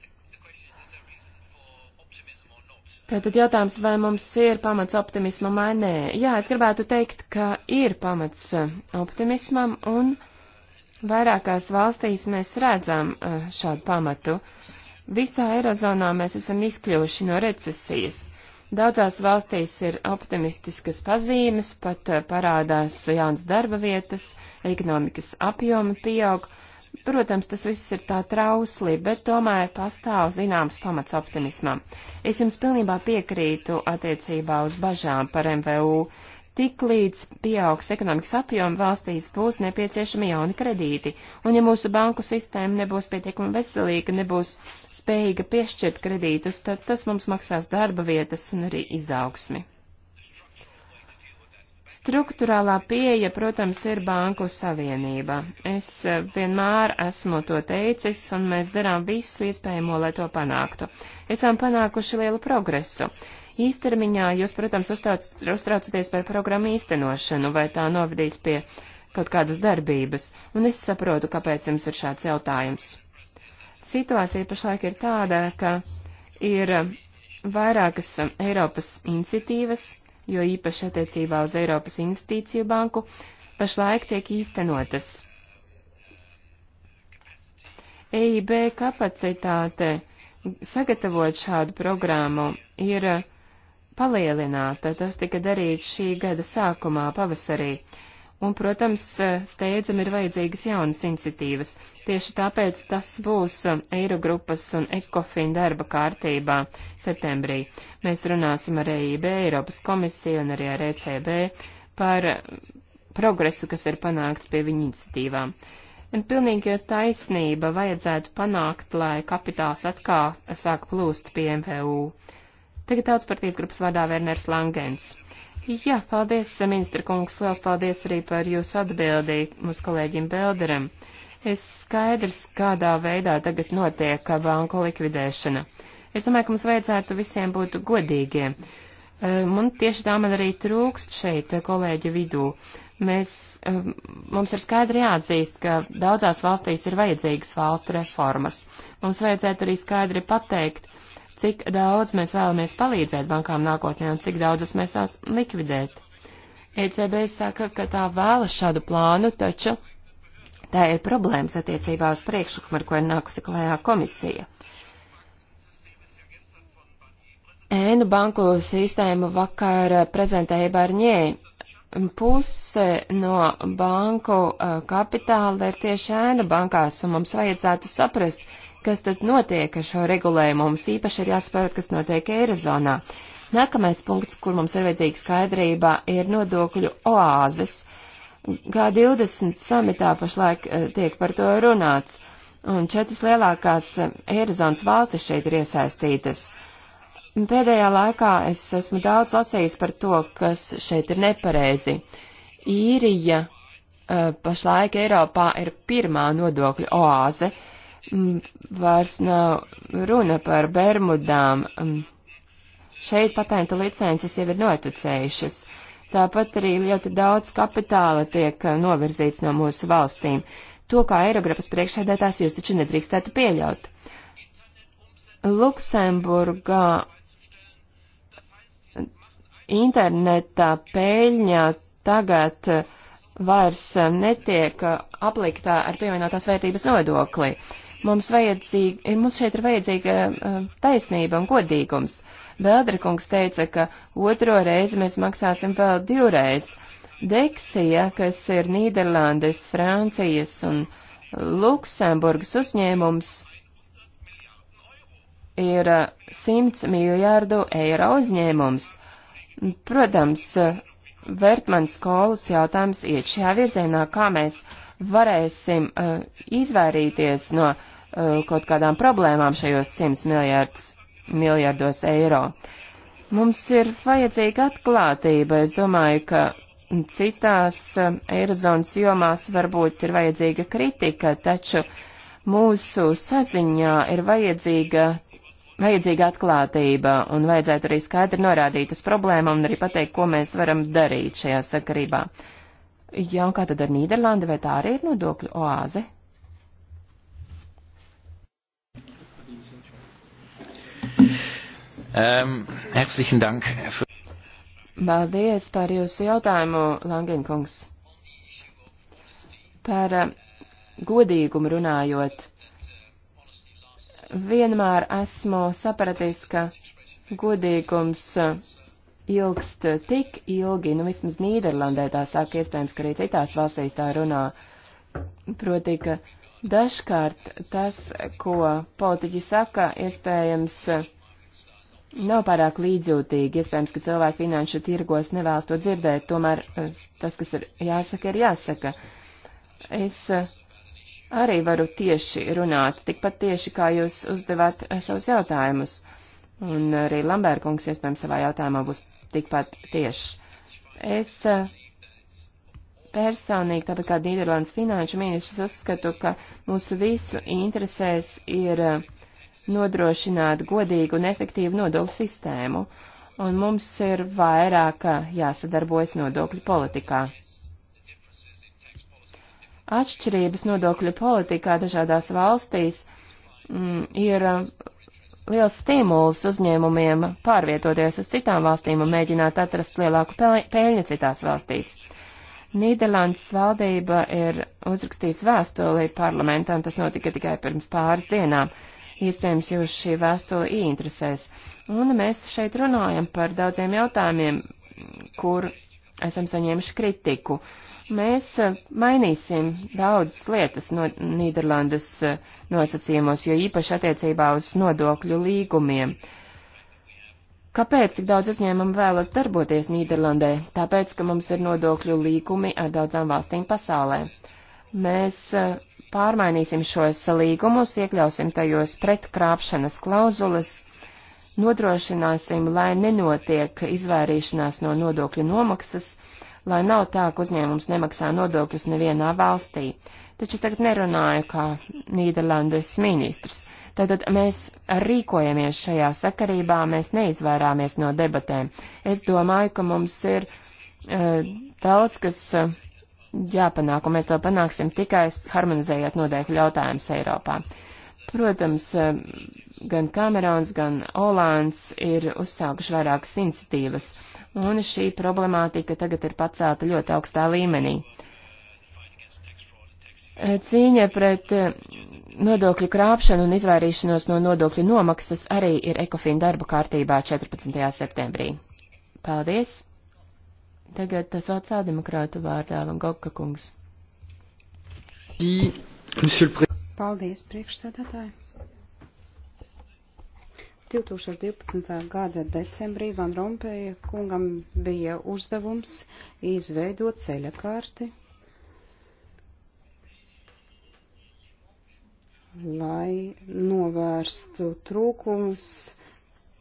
Tātad jautājums, vai mums ir pamats optimismam vai nē? Jā, es gribētu teikt, ka ir pamats eh, optimismam un vairākās valstīs mēs redzam eh, šādu pamatu. Visā Eirozonā mēs esam izkļuvuši no recesijas. Daudzās valstīs ir optimistiskas pazīmes, pat eh, parādās jauns darba vietas, ekonomikas apjoma pieaug, Protams, tas viss ir tā trausli, bet tomēr pastāv zināms pamats optimismam. Es jums pilnībā piekrītu attiecībā uz bažām par MVU. Tik līdz pieaugs ekonomikas apjoma valstīs būs nepieciešami jauni kredīti, un ja mūsu banku sistēma nebūs pietiekami veselīga, nebūs spējīga piešķirt kredītus, tad tas mums maksās darba vietas un arī izaugsmi. Struktūrālā pieeja, protams, ir banku savienība. Es eh, vienmēr esmu to teicis, un mēs darām visu iespējamo, lai to panāktu. Esam panākuši lielu progresu. Īstermiņā jūs, protams, uztraucaties par programmu īstenošanu, vai tā novadīs pie kaut kādas darbības, un es saprotu, kāpēc jums ir šāds jautājums. Situācija pašlaik ir tāda, ka ir eh, vairākas eh, Eiropas iniciatīvas, jo īpaši attiecībā uz Eiropas investīciju banku, pašlaik tiek īstenotas. EIB kapacitāte sagatavot šādu programmu ir palielināta, tas tika darīts šī gada sākumā pavasarī un, protams, e, steidzam ir vajadzīgas jaunas iniciatīvas. Tieši tāpēc tas būs e, Eirogrupas un Ekofin darba kārtībā septembrī. Mēs runāsim ar EIB, Eiropas komisiju un arī ar ECB par e, progresu, kas ir panākts pie viņa iniciatīvām. Un pilnīgi taisnība vajadzētu panākt, lai kapitāls atkal sāk plūst pie MVU. Tagad tautas partijas grupas vadā Werners Langens. Jā, paldies, ministra kungs, liels paldies arī par jūsu atbildi mūsu kolēģim Belderam. Es skaidrs, kādā veidā tagad notiek banku likvidēšana. Es domāju, ka mums vajadzētu visiem būt godīgiem. Man e, tieši tā man arī trūkst šeit e, kolēģi vidū. Mēs, e, mums ir skaidri jāatzīst, ka daudzās valstīs ir vajadzīgas valstu reformas. Mums vajadzētu arī skaidri pateikt, cik daudz mēs vēlamies palīdzēt bankām nākotnē un cik daudzas mēs tās likvidēt. ECB saka, ka tā vēlas šādu plānu, taču tā ir problēmas attiecībā uz priekšlikumu, ar ko ir nākusi klējā komisija. Ēnu banku sistēmu vakar prezentēja Barņē. Puse no banku eh, kapitāla ir tieši ēnu bankās, un mums vajadzētu saprast, kas tad notiek ar šo regulējumu. Mums īpaši ir jāsaprot, kas notiek Eirozonā. Nākamais punkts, kur mums ir vajadzīga skaidrība, ir nodokļu oāzes. G20 samitā pašlaik eh, tiek par to runāts, un četras lielākās eh, Eirozonas valstis šeit ir iesaistītas. Pēdējā laikā es esmu daudz lasījis par to, kas šeit ir nepareizi. Īrija eh, pašlaik Eiropā ir pirmā nodokļu oāze, uh, Mm, vairs nav runa par bermudām. Mm, šeit patentu licences jau ir noticējušas. Tāpat arī ļoti daudz kapitāla tiek eh, novirzīts no mūsu valstīm. To, kā Eirogrupas priekšsēdētājs, jūs taču nedrīkstētu pieļaut. Luksemburgā internetā peļņā tagad eh, vairs eh, netiek apliktā ar pievienotās vērtības nodokli. Uh, Mums, vajadzīga, eh, mums šeit ir vajadzīga eh, taisnība un godīgums. Vēldrikungs teica, ka otro reizi mēs maksāsim vēl divreiz. Deksija, kas ir Nīderlandes, Francijas un Luksemburgas uzņēmums, ir 100 eh, miljārdu eiro uzņēmums. Protams, Vertmanas skolas jautājums iet šajā virzienā, kā mēs varēsim uh, izvairīties no uh, kaut kādām problēmām šajos 100 miljārdus, miljārdos eiro. Mums ir vajadzīga atklātība. Es domāju, ka citās uh, eirozonas jomās varbūt ir vajadzīga kritika, taču mūsu saziņā ir vajadzīga vajadzīga atklātība un vajadzētu arī skaidri norādīt uz problēmām un arī pateikt, ko mēs varam darīt šajā sakarībā. Jā, un kā tad ar Nīderlandi, vai tā arī ir nodokļu oāze? Um, herzlichen Dank. Paldies par jūsu jautājumu, Langenkungs. Par um, godīgumu runājot, vienmēr esmu sapratījis, ka godīgums ilgst eh, tik ilgi, nu vismaz Nīderlandē tā sāk, iespējams, ka arī citās valstīs tā runā. Proti, ka dažkārt tas, ko politiķi saka, iespējams, eh, nav pārāk līdzjūtīgi, iespējams, ka cilvēki finanšu tirgos nevēlas to dzirdēt, tomēr eh, tas, kas ir jāsaka, ir jāsaka. Es arī varu tieši runāt, tikpat tieši, kā jūs uzdevāt savus jautājumus un arī Lambērkungs, iespējams, savā jautājumā būs tikpat tieši. Es eh, personīgi, tāpat kā Nīderlandes finanšu ministrs, uzskatu, ka mūsu visu interesēs ir eh, nodrošināt godīgu un efektīvu nodokļu sistēmu, un mums ir vairāk eh, jāsadarbojas nodokļu politikā. Atšķirības nodokļu politikā dažādās valstīs mm, ir liels stimuls uzņēmumiem pārvietoties uz citām valstīm un mēģināt atrast lielāku peļņu citās valstīs. Nīderlandes valdība ir uzrakstījusi vēstuli parlamentam, tas notika tikai pirms pāris dienām. Iespējams, jūs šī vēstule ieinteresēs. Un mēs šeit runājam par daudziem jautājumiem, kur esam saņēmuši kritiku. Uh, Mēs eh, mainīsim daudzas lietas no Nīderlandes eh, nosacījumos, jo īpaši attiecībā uz nodokļu līgumiem. Kāpēc tik daudz uzņēmumu vēlas darboties Nīderlandē? Tāpēc, ka mums ir nodokļu līgumi ar daudzām valstīm pasaulē. Mēs eh, pārmainīsim šos līgumus, iekļausim tajos pretkrāpšanas klauzulas, nodrošināsim, lai nenotiek izvairīšanās no nodokļu nomaksas lai nav tā, ka uzņēmums nemaksā nodokļus nevienā valstī. Taču es tagad nerunāju kā Nīderlandes ministrs. Tātad mēs rīkojamies šajā sakarībā, mēs neizvairāmies no debatēm. Es domāju, ka mums ir e, daudz, kas e, jāpanāk, un mēs to panāksim tikai harmonizējot nodēkļu jautājumus Eiropā. E, Protams, eh, gan Kamerons, gan Olāns ir uzsākuši vairākas iniciatīvas, un šī problemātika tagad ir pacelta ļoti augstā līmenī. Eh, cīņa pret eh, nodokļu krāpšanu un izvairīšanos no nodokļu nomaksas arī ir ekofīna darba kārtībā 14. septembrī. Paldies! Tagad sociāldemokrātu vārdā Van Gogka kungs. Monsieur le Président. Paldies, priekšsēdētāji! 2012. gada decembrī Van Rompēja kungam bija uzdevums izveidot ceļakārti, lai novērstu trūkumus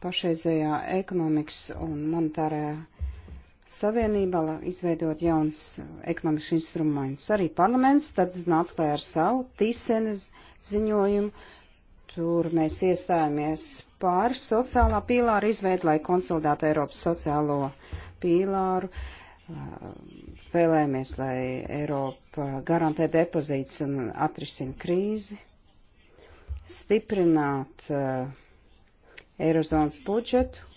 pašreizējā ekonomikas un monetārajā Savienībā, lai izveidot jauns uh, ekonomikas instrumentus. Arī parlaments tad nāca klē ar savu tīsenes ziņojumu. Tur mēs iestājāmies pār sociālā pīlāra izveidu, lai konsolidētu Eiropas sociālo pīlāru. Uh, Vēlēmies, lai Eiropa garantē depozīts un atrisina krīzi. Stiprināt uh, Eirozonas budžetu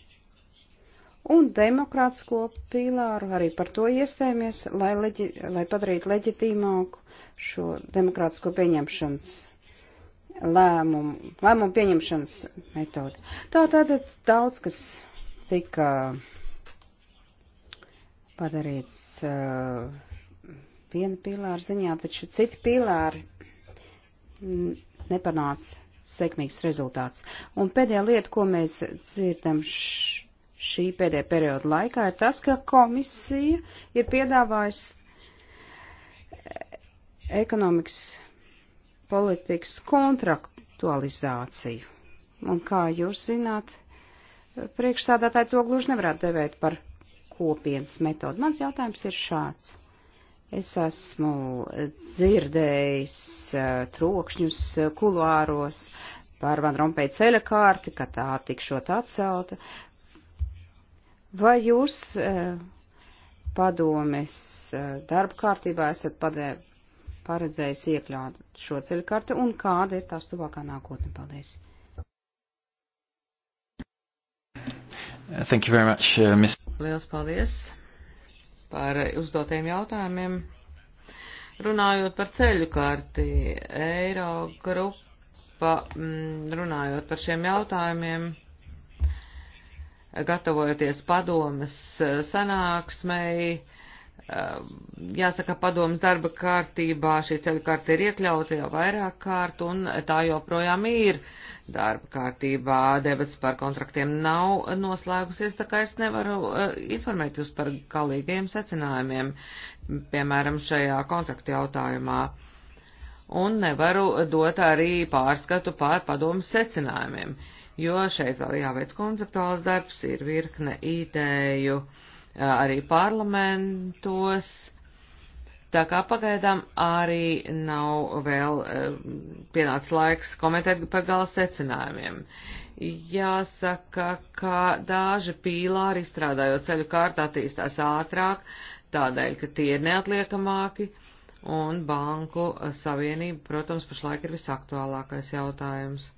un demokrātisko pīlāru arī par to iestājāmies, lai, leģi, lai padarītu leģitīmāku šo demokrātisko pieņemšanas lēmumu, lēmumu pieņemšanas metodi. Tā tātad daudz, kas tika padarīts uh, viena pīlāra ziņā, taču citi pīlāri nepanāca sekmīgs rezultāts. Un pēdējā lieta, ko mēs dzirdam š šī pēdējā perioda laikā, ir tas, ka komisija ir piedāvājusi eh, ekonomikas politikas kontraktualizāciju. Un kā jūs zināt, priekšsādātāji to gluži nevarētu devēt par kopienas metodu. Mans jautājums ir šāds. Es esmu dzirdējis uh, trokšņus eh, kuluāros par Van Rompēja ceļa kārti, ka tā tikšot atcelta, Vai jūs eh, padomes eh, darba kārtībā esat padē, paredzējis iekļaut šo ceļu karti un kāda ir tās tuvākā nākotne? Paldies! Thank you very much, uh, Ms. Liels paldies par uzdotiem jautājumiem. Runājot par ceļu karti, Eiro grupa, mm, runājot par šiem jautājumiem, gatavojoties padomas eh, sanāksmei, eh, jāsaka, padomas darba kārtībā šī ceļu karta ir iekļauta jau vairāk kārt, un tā joprojām ir darba kārtībā. Debats par kontraktiem nav noslēgusies, tā kā es nevaru eh, informēt jūs par galīgajiem secinājumiem, piemēram, šajā kontraktu jautājumā. Un nevaru dot arī pārskatu pār padomas secinājumiem. Uh, jo šeit vēl jāveic konceptuāls darbs, ir virkne ideju arī parlamentos. Tā kā pagaidām arī nav vēl pienācis laiks komentēt par gala secinājumiem. Jāsaka, ka daži pīlāri izstrādājot ceļu kārtu attīstās ātrāk, tādēļ, ka tie ir neatliekamāki, un banku savienība, protams, pašlaik ir visaktuālākais jautājums.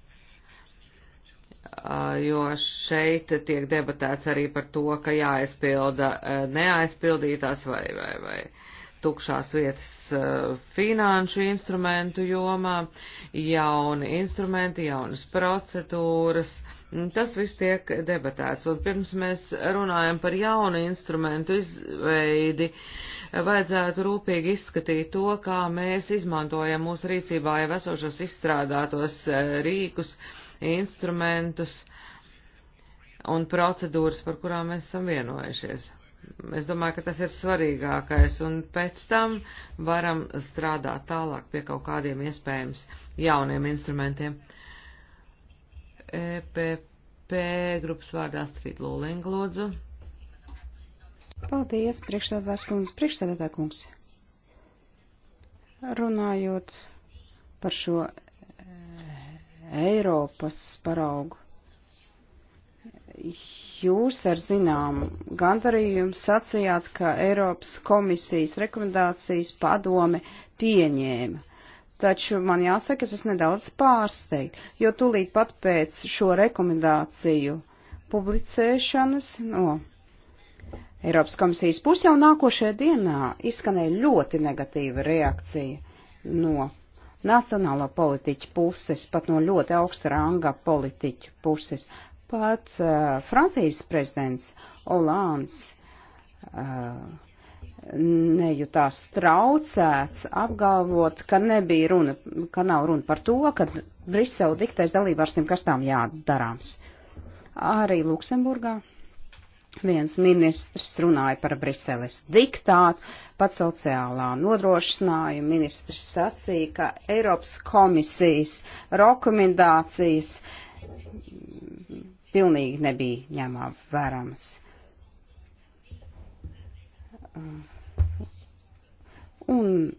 Uh, jo šeit tiek debatēts arī par to, ka jāaizpilda uh, neaizpildītās vai, vai, vai tukšās vietas uh, finanšu instrumentu jomā, jauni instrumenti, jaunas procedūras. Mm, tas viss tiek debatēts, un pirms mēs runājam par jaunu instrumentu izveidi, vajadzētu rūpīgi izskatīt to, kā mēs izmantojam mūsu rīcībā jau esošos izstrādātos rīkus, uh, instrumentus un procedūras, par kurām mēs esam vienojušies. Es domāju, ka tas ir svarīgākais, un pēc tam varam strādāt tālāk pie kaut kādiem iespējams jauniem instrumentiem. EPP grupas vārdā Strīt Lūlinga lūdzu. Paldies, priekšstādātājs kungs, priekšstādātājs kungs. Runājot par šo Eiropas paraugu. Jūs ar zinām gandarījumu sacījāt, ka Eiropas komisijas rekomendācijas padome pieņēma. Taču man jāsaka, es esmu nedaudz pārsteigts, jo tūlīt pat pēc šo rekomendāciju publicēšanas no Eiropas komisijas puses jau nākošajā dienā izskanēja ļoti negatīva reakcija no nacionālā politiķa puses, pat no ļoti augsta ranga politiķa puses. Pat uh, Francijas prezidents Olāns uh, nejūtās traucēts apgalvot, ka nebija runa, ka nav runa par to, ka Brisele diktēs dalībvalstīm, kas tām jādarāms. Arī Luksemburgā Viens ministrs runāja par Briseles diktātu, pats sociālā nodrošinājuma ministrs sacīja, ka Eiropas komisijas rekomendācijas pilnīgi nebija ņemā vēramas. Un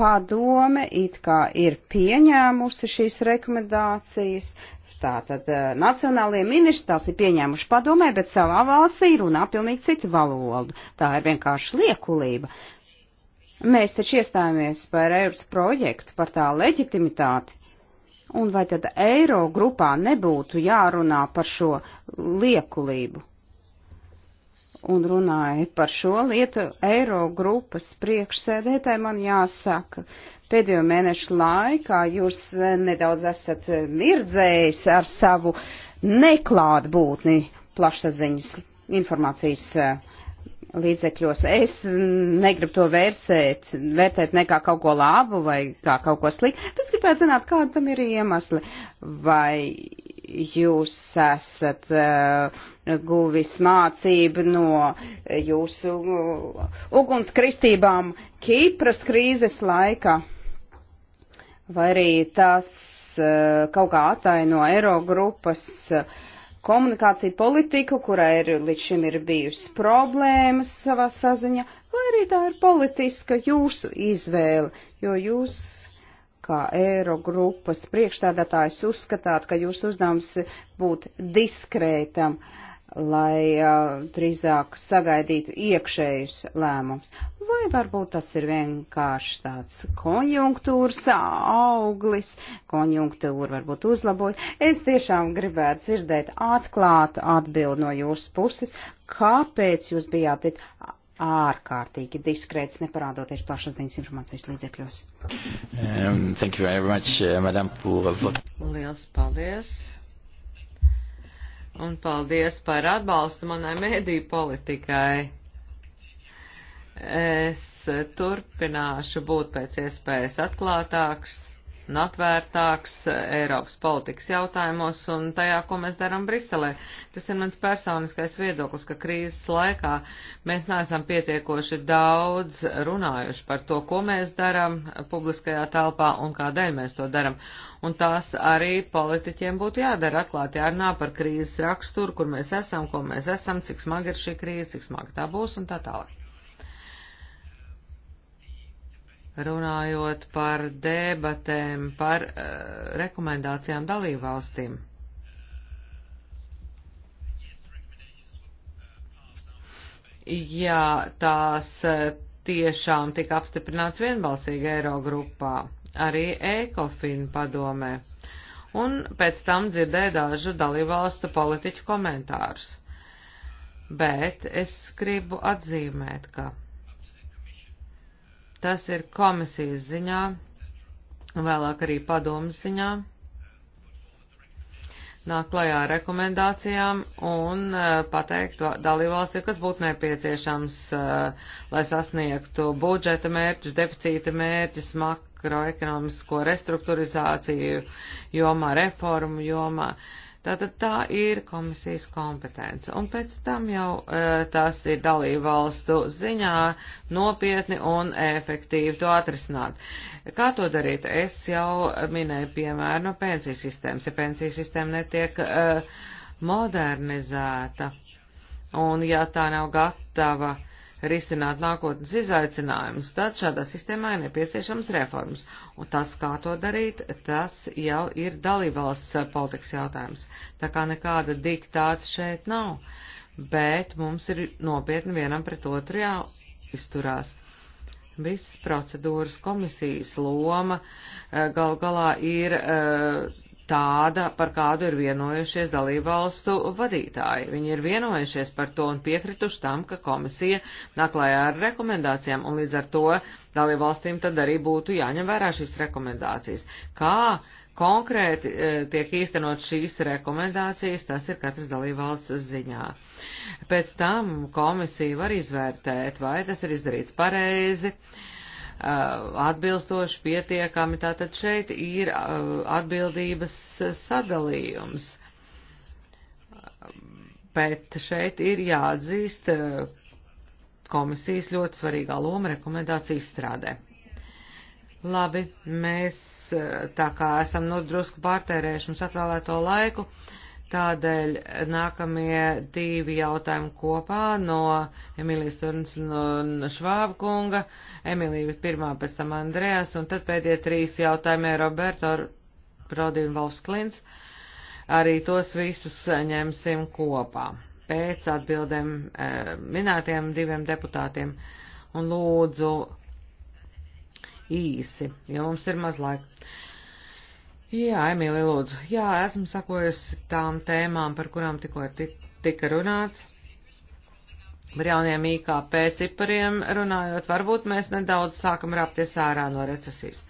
padome it kā ir pieņēmusi šīs rekomendācijas, Tātad eh, nacionālajie ministri tās ir pieņēmuši padomē, bet savā valstī runā pilnīgi citu valodu. Tā ir vienkārši liekulība. Mēs taču iestājāmies par Eiropas projektu, par tā leģitimitāti. Un vai tad Eiro grupā nebūtu jārunā par šo liekulību? un runājot par šo lietu, Eiro grupas priekšsēdētāji man jāsaka, pēdējo mēnešu laikā jūs nedaudz esat mirdzējis ar savu neklātbūtni plašsaziņas informācijas eh, līdzekļos. Es negribu to vērsēt, vērtēt ne kā kaut ko labu vai kā kaut ko sliktu, bet gribētu zināt, kāda tam ir iemesli. Vai jūs esat uh, guvis mācību no jūsu uh, ugunskristībām Kīpras krīzes laikā? Vai arī tas uh, kaut kā ataino Eiro grupas uh, eh, komunikāciju politiku, kurai ir līdz šim ir bijusi problēmas savā saziņā, vai arī tā ir politiska jūsu izvēle, jo jūs kā Eirogrupas priekšstādātājs uzskatāt, ka jūsu uzdevums būt diskrētam. Uh, lai uh, drīzāk sagaidītu iekšējus lēmumus. Vai varbūt tas ir vienkārši tāds konjunktūras auglis, konjunktūra varbūt uzlaboja. Es tiešām gribētu dzirdēt atklātu atbildi no jūsu puses, kāpēc jūs bijāt tik ārkārtīgi diskrēts, neparādoties plašsaziņas informācijas līdzekļos. Um, thank you very much, uh, madam, pour... Liels paldies un paldies par atbalstu manai mēdīju politikai. Es turpināšu būt pēc iespējas atklātāks un atvērtāks Eiropas politikas jautājumos un tajā, ko mēs darām Briselē. Tas ir mans personiskais viedoklis, ka krīzes laikā mēs neesam pietiekoši daudz runājuši par to, ko mēs darām publiskajā telpā un kādēļ mēs to darām. Un tās arī politiķiem būtu jādara atklāti jārunā par krīzes raksturu, kur mēs esam, ko mēs esam, cik smagi ir šī krīze, cik smagi tā būs un tā tālāk. runājot par debatēm, par uh, rekomendācijām dalībvalstīm. Jā, tās eh, tiešām tika apstiprināts vienbalsīgi Eirogrupā, arī ECOFIN padomē, un pēc tam dzirdēju dažu dalībvalstu politiķu komentārus. Bet es gribu atzīmēt, ka Tas ir komisijas ziņā, vēlāk arī padomas ziņā. Nāk klajā ar rekomendācijām un eh, pateikt dalībvalstī, kas būtu nepieciešams, eh, lai sasniegtu budžeta mērķus, deficīta mērķus, makroekonomisko restruktūrizāciju jomā, reformu jomā. Uh, Tātad tā ir komisijas kompetence, un pēc tam jau e, tas ir dalību valstu ziņā nopietni un efektīvi to atrisināt. Kā to darīt? Es jau minēju piemēru no pensijas sistēmas. Ja pensijas sistēma netiek e, modernizēta, un ja tā nav gatava, e, risināt nākotnes izaicinājumus, tad šādā sistēmā ir nepieciešams reformas. Un tas, kā to darīt, tas jau ir dalībvalsts politikas jautājums. Tā kā nekāda diktāta šeit nav, bet mums ir nopietni vienam pret otru jāizturās. Visas procedūras komisijas loma eh, gal galā ir eh, tāda, par kādu ir vienojušies dalībvalstu vadītāji. Viņi ir vienojušies par to un piekrituši tam, ka komisija naklājā ar rekomendācijām, un līdz ar to dalībvalstīm tad arī būtu jāņem vērā šīs rekomendācijas. Kā konkrēti e, tiek īstenot šīs rekomendācijas, tas ir katras dalībvalsts ziņā. Pēc tam komisija var izvērtēt, vai tas ir izdarīts pareizi, uh, Uh, atbilstoši pietiekami. Tātad šeit ir uh, atbildības sadalījums. Bet šeit ir jāatzīst uh, komisijas ļoti svarīgā loma rekomendāciju izstrādē. Labi, mēs tā kā esam nu drusku pārtērējuši mums atvēlēto laiku. Uh, Tādēļ nākamie divi jautājumi kopā no Emīlijas Turns un Švāba kunga. Emīlija bija pirmā, pēc tam Andrejas, un tad pēdējie trīs jautājumi Roberto Prodi un Valfs Klins. Arī tos visus ņemsim kopā pēc atbildēm eh, minētiem diviem deputātiem. Un lūdzu īsi, jo mums ir maz laika. Jā, Emīlija, lūdzu. Jā, esmu sakojusi tām tēmām, par kurām tikko tika runāts. Par jauniem IKP cipariem runājot, varbūt mēs nedaudz sākam rāpties ārā no recesijas.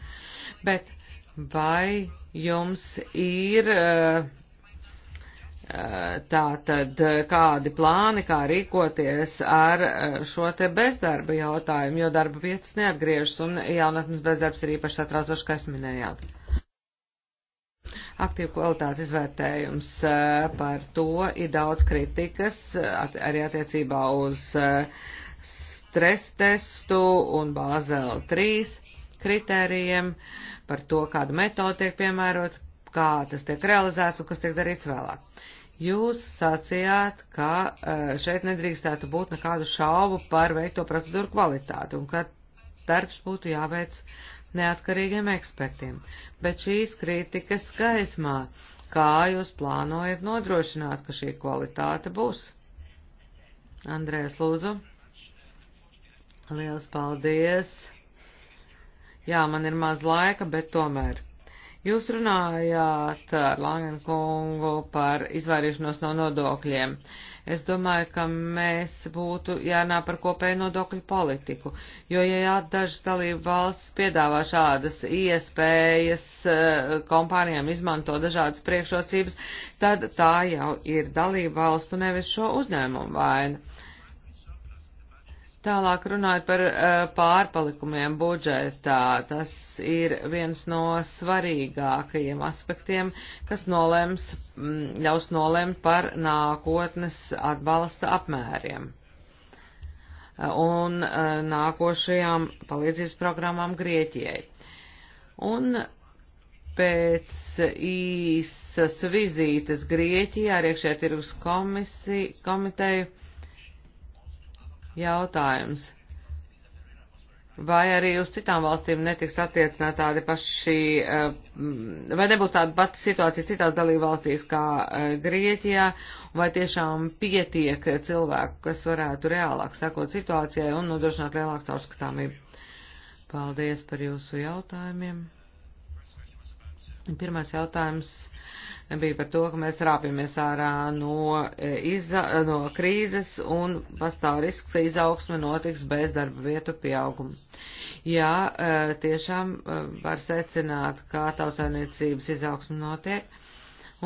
Bet vai jums ir uh, tā tad kādi plāni, kā rīkoties ar eh, šo te bezdarba jautājumu, jo darba vietas neatgriežas un jaunatnes bezdarbs ir īpaši satraucoši, kā es minējāt. Aktīvu kvalitātes izvērtējums eh, par to ir daudz kritikas, at, arī attiecībā uz eh, stres testu un Bāzela 3 kritērijiem, par to, kādu metodu tiek piemērot, kā tas tiek realizēts un kas tiek darīts vēlāk. Jūs sacījāt, ka eh, šeit nedrīkstētu būt nekādu šaubu par veikto procedūru kvalitāti un ka darbs būtu jāveic neatkarīgiem ekspertiem, bet šīs kritikas gaismā, kā jūs plānojat nodrošināt, ka šī kvalitāte būs? Andrēs, lūdzu. Liels paldies! Jā, man ir maz laika, bet tomēr. Jūs runājāt ar Langenkungu par izvairīšanos no nodokļiem. Uh, Es domāju, ka mēs būtu jārunā par kopēju nodokļu politiku, jo, ja dažas dalību valsts piedāvā šādas iespējas eh, kompānijām izmanto dažādas priekšrocības, tad tā jau ir dalību valstu nevis šo uzņēmumu vaina. Tālāk runājot par eh, pārpalikumiem budžetā, tas ir viens no svarīgākajiem aspektiem, kas nolems, mm, ļaus nolemt par nākotnes atbalsta apmēriem eh, un eh, nākošajām palīdzības programmām Grieķijai. Un pēc īsas vizītes Grieķijā ar iekšē tirgus komiteju jautājums. Vai arī uz citām valstīm netiks attiecināt tādi paši, eh, vai nebūs tāda pati situācija citās dalībvalstīs kā eh, Grieķijā, vai tiešām pietiek cilvēku, kas varētu reālāk sakot situācijai un nodrošināt lielāku caurskatāmību? Paldies par jūsu jautājumiem! Pirmais jautājums bija par to, ka mēs rāpjamies ārā no, e, iza, no krīzes un pastāv risks, ka izaugsme notiks bez darba vietu pieauguma. Jā, e, tiešām e, var secināt, kā tautsainiecības izaugsme notiek.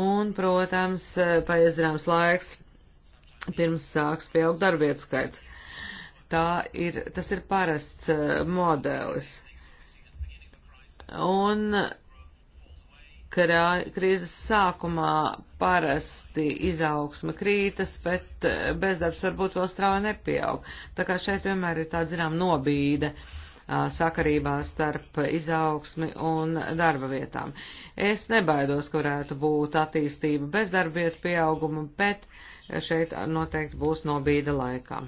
Un, protams, paies zināms laiks, pirms sāks pieaugt darba vietu skaits. Tā ir, tas ir parasts modelis. Un krīzes sākumā parasti izaugsme krītas, bet eh, bezdarbs varbūt vēl strauji nepieaug. Tā kā šeit vienmēr ir tā, zinām, nobīde sakarībā starp izaugsmi un darba vietām. Es nebaidos, ka varētu būt attīstība bezdarba vietu pieauguma, bet šeit noteikti būs nobīde laikā.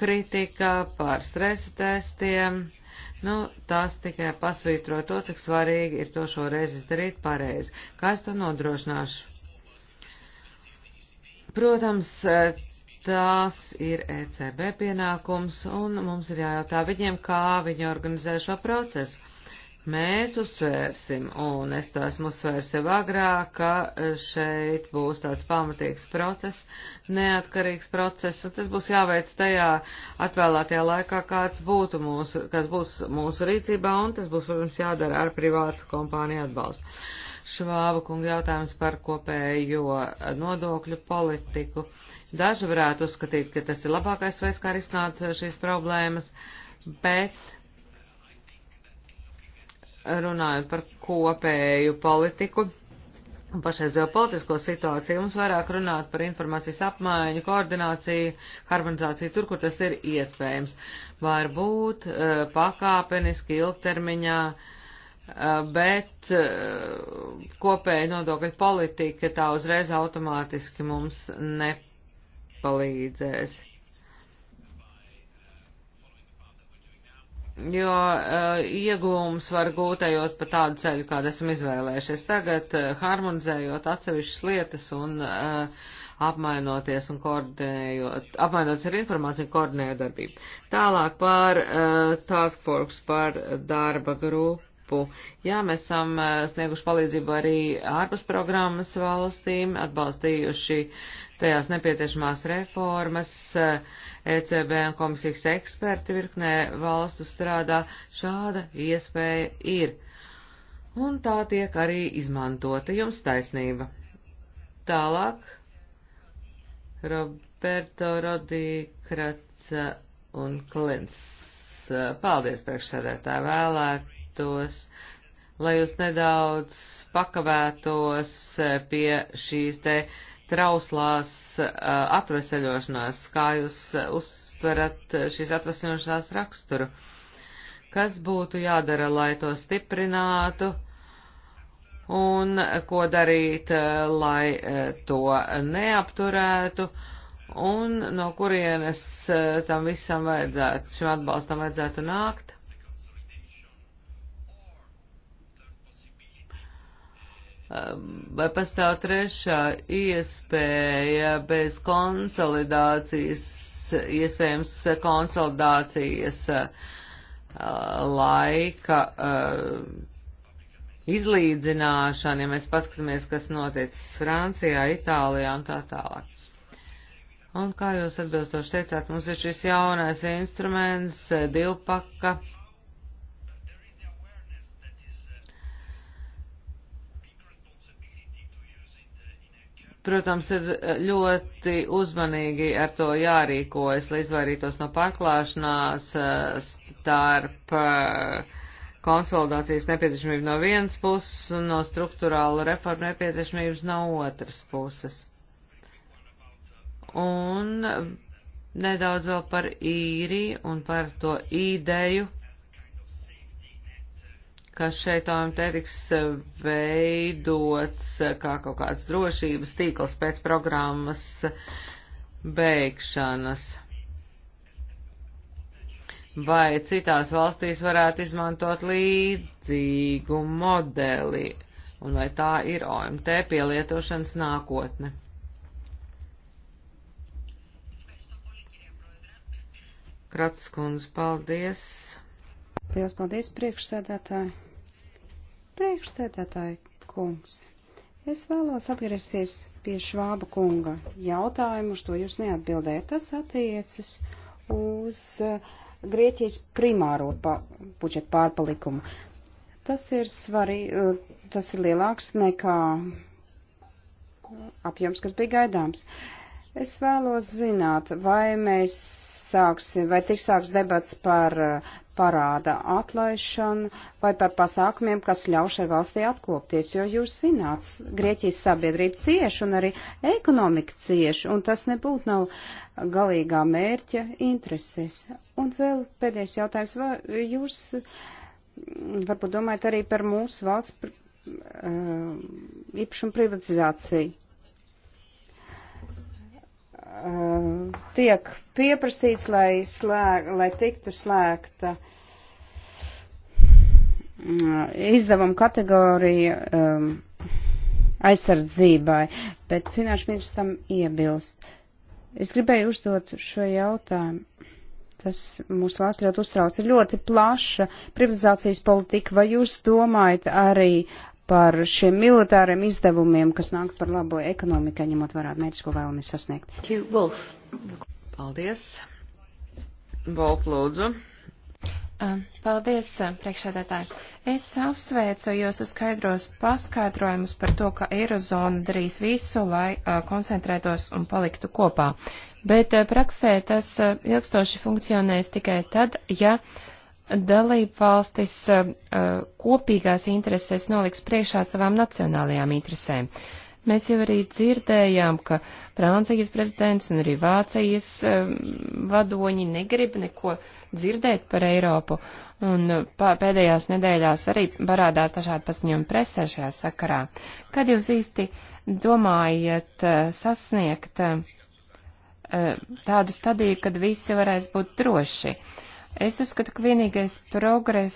Kritika par stresa testiem Nu, tās tikai pasvītro to, cik svarīgi ir to šoreiz izdarīt pareizi. Kā es to nodrošināšu? Protams, tās ir ECB pienākums, un mums ir jājautā viņiem, kā viņi organizē šo procesu mēs uzsvērsim, un es to esmu uzsvērs jau agrāk, ka šeit būs tāds pamatīgs process, neatkarīgs process, un tas būs jāveic tajā atvēlētajā laikā, kāds būtu mūsu, kas būs mūsu rīcībā, un tas būs, protams, jādara ar privātu kompāniju atbalstu. Švāba kunga jautājums par kopējo nodokļu politiku. Daži varētu uzskatīt, ka tas ir labākais veids, kā risināt šīs problēmas, bet runājot par kopēju politiku un pašreizējo politisko situāciju, mums vairāk runāt par informācijas apmaiņu, koordināciju, harmonizāciju tur, kur tas ir iespējams. Varbūt eh, pakāpeniski ilgtermiņā, eh, bet eh, kopēja nodokļa politika tā uzreiz automātiski mums nepalīdzēs. jo uh, iegūmus var gūt ejot pa tādu ceļu, kādu esam izvēlējušies tagad, uh, harmonizējot atsevišķas lietas un uh, apmainoties un koordinējot, apmainoties ar informāciju un koordinējot darbību. Tālāk par uh, task force, par darba grupu. Jā, mēs esam uh, snieguši palīdzību arī ārpus programmas valstīm, atbalstījuši tajās nepieciešamās reformas. Uh, ECB un komisijas eksperti virknē valstu strādā, šāda iespēja ir. Un tā tiek arī izmantota, jums taisnība. Tālāk, Roberto Rodi, Kratsa un Klins. Paldies, priekšsēdētāji, vēlētos lai jūs nedaudz pakavētos pie šīs te trauslās atveseļošanās, kā jūs uztverat šīs atveseļošanās raksturu. Kas būtu jādara, lai to stiprinātu? Un ko darīt, lai to neapturētu? Un no kurienes tam visam vajadzētu, šim atbalstam vajadzētu nākt? Ehm, vai pastāv trešā iespēja bez konsolidācijas, iespējams konsolidācijas eh, laika eh, izlīdzināšana, ja mēs paskatāmies, kas noticis Francijā, Itālijā un tā tālāk. Un kā jūs atbilstoši teicāt, mums ir šis jaunais instruments, eh, divpaka. Uh, Protams, ir ļoti uzmanīgi ar to jārīkojas, lai izvairītos no pārklāšanās eh, starp eh, konsolidācijas nepieciešamību no vienas puses un no struktūrālu reformu nepieciešamības no otras puses. Un eh, nedaudz vēl par īriju un par to ideju, ka šeit OMT tiks veidots kā kaut kāds drošības tīkls pēc programmas beigšanas. Vai citās valstīs varētu izmantot līdzīgu modeli, un vai tā ir OMT pielietošanas nākotne? Kratskundz, paldies! Lielas paldies priekšsēdētāji! Priekšsēdētāji kungs, es vēlos atgriezties pie Švāba kunga jautājumu, uz to jūs neatbildējat. Tas attiecas uz uh, Grieķijas primāro pa, budžeta pārpalikumu. Tas ir svarīgi, uh, tas ir lielāks nekā apjoms, kas bija gaidāms. Uh, Es vēlos zināt, vai mēs sāksim, vai tiks sāks debats par eh, parāda atlaišanu vai par pasākumiem, kas ļaušai valstī atkopties, jo jūs zināt, Grieķijas sabiedrība cieši un arī ekonomika cieši, un tas nebūtu nav galīgā mērķa intereses. Un vēl pēdējais jautājums, vai jūs varbūt domājat arī par mūsu valsts eh, īpašumu privatizāciju? Um, tiek pieprasīts, lai, slēg, lai tiktu slēgta uh, izdevuma kategorija um, aizsardzībai, bet finanšu ministrs tam iebilst. Es gribēju uzdot šo jautājumu. Tas mūsu valsts ļoti uztrauc. Ir ļoti plaša privatizācijas politika. Vai jūs domājat arī par šiem militāriem izdevumiem, kas nāk par labo ekonomikai, ņemot vērā mērķus, ko vēlamies sasniegt. Wolf. Paldies. Wolf, lūdzu. Paldies, priekšsēdētāji. Es apsveicu jūsu skaidros paskaidrojumus par to, ka Eirozona darīs visu, lai koncentrētos un paliktu kopā. Bet praksē tas ilgstoši funkcionēs tikai tad, ja uh, dalību valstis uh, kopīgās intereses noliks priekšā savām nacionālajām interesēm. Mēs jau arī dzirdējām, ka Francijas prezidents un arī Vācijas uh, vadoņi negrib neko dzirdēt par Eiropu, un pēdējās nedēļās arī parādās dažādi paziņojumi presē šajā sakarā. Kad jūs īsti domājat uh, sasniegt tādu stadiju, kad visi varēs būt droši? Uh, Es uzskatu, ka vienīgais progress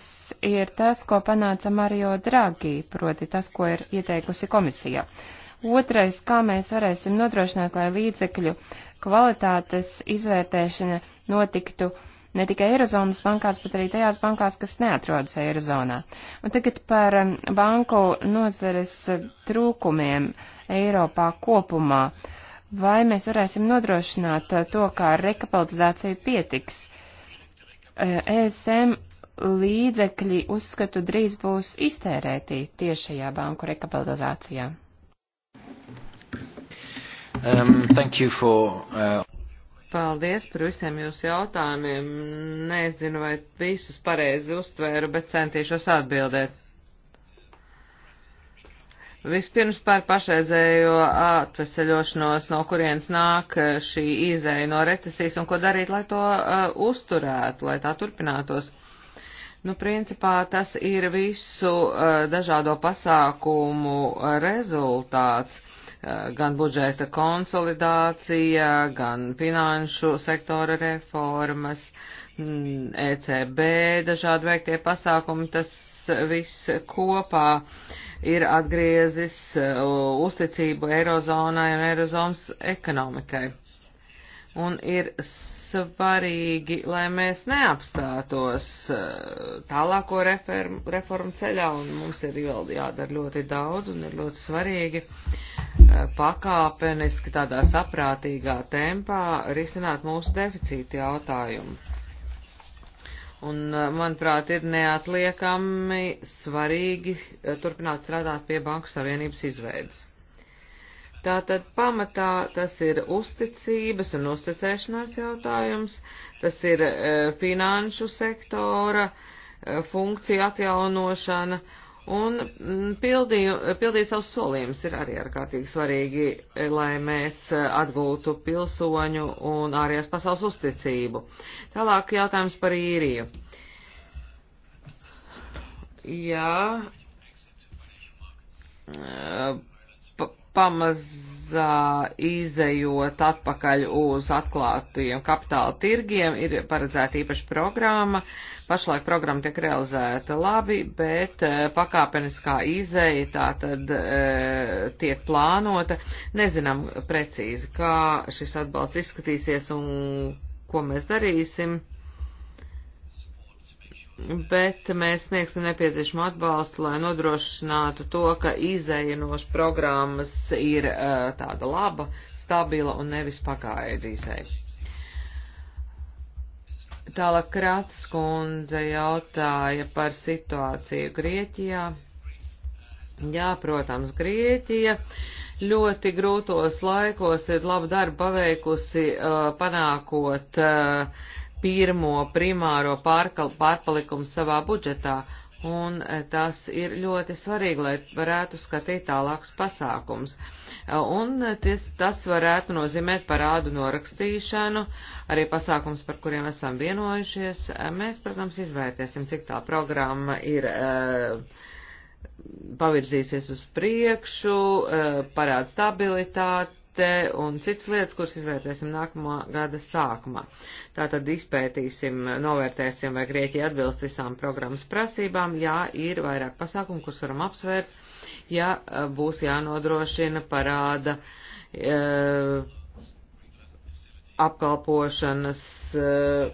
ir tas, ko panāca Mario Draghi, proti tas, ko ir ieteikusi komisija. Otrais, kā mēs varēsim nodrošināt, lai līdzekļu kvalitātes izvērtēšana notiktu ne tikai Eirozonas bankās, bet arī tajās bankās, kas neatrodas Eirozonā. Un tagad par um, banku nozares trūkumiem Eiropā kopumā. Vai mēs varēsim nodrošināt to, kā rekapitalizācija pietiks? ESM līdzekļi, uzskatu, drīz būs iztērēti tiešajā banku rekapitalizācijā. Um, for, uh... Paldies par visiem jūsu jautājumiem. Nezinu, vai visus pareizi uztvēru, bet centīšos atbildēt. Vispirms par pašreizējo atveseļošanos, no kurienes nāk eh, šī izēja no recesijas un ko darīt, lai to uh, uzturētu, lai tā turpinātos. Nu, principā tas ir visu uh, dažādo pasākumu uh, rezultāts, uh, gan budžeta konsolidācija, gan finanšu sektora reformas, mm, ECB, dažādi veiktie pasākumi, tas viss kopā. Uh, ir atgriezis uh, uzticību Eirozonai un Eirozonas ekonomikai. Un ir svarīgi, lai mēs neapstātos uh, tālāko reformu, reformu ceļā, un mums ir vēl jādara ļoti daudz, un ir ļoti svarīgi uh, pakāpeniski tādā saprātīgā tempā risināt mūsu deficīta jautājumu. Un, eh, manuprāt, ir neatliekami svarīgi eh, turpināt strādāt pie Banku Savienības izveidas. Tātad pamatā tas ir uzticības un uzticēšanās jautājums, tas ir e, finanšu sektora e, funkcija atjaunošana Un mm, pildīju, pildīt savus solījumus ir arī ārkārtīgi svarīgi, eh, lai mēs eh, atgūtu pilsoņu un ārējās pasaules uzticību. Tālāk jautājums par īriju. Jā, eh, pamazā izējot atpakaļ uz atklātajiem kapitāla tirgiem, ir paredzēta īpaša programma. Pašlaik programma tiek realizēta labi, bet eh, pakāpeniskā izēja tā tad e, tiek plānota. Nezinām precīzi, kā šis atbalsts izskatīsies un ko mēs darīsim bet mēs sniegsim nepieciešamo atbalstu, lai nodrošinātu to, ka izēja no programmas ir uh, tāda laba, stabila un nevis pagaidu izēja. Tālāk Krāts kundze jautāja par situāciju Grieķijā. Jā, protams, Grieķija ļoti grūtos laikos ir labu darbu paveikusi, uh, panākot uh, pirmo primāro pārkal, pārpalikumu savā budžetā, un e, tas ir ļoti svarīgi, lai varētu skatīt tālākus pasākums. E, un e, tis, tas varētu nozīmēt parādu norakstīšanu, arī pasākums, par kuriem esam vienojušies. Mēs, protams, izvērtēsim, cik tā programma ir. Uh, pavirzīsies uz priekšu, parāda stabilitāti, izpēte un citas lietas, kuras izvērtēsim nākamā gada sākumā. Tātad izpētīsim, novērtēsim, vai Grieķija atbilst visām programmas prasībām. Jā, ir vairāk pasākumu, kurus varam apsvērt, ja eh, būs jānodrošina parāda e, apkalpošanas. E,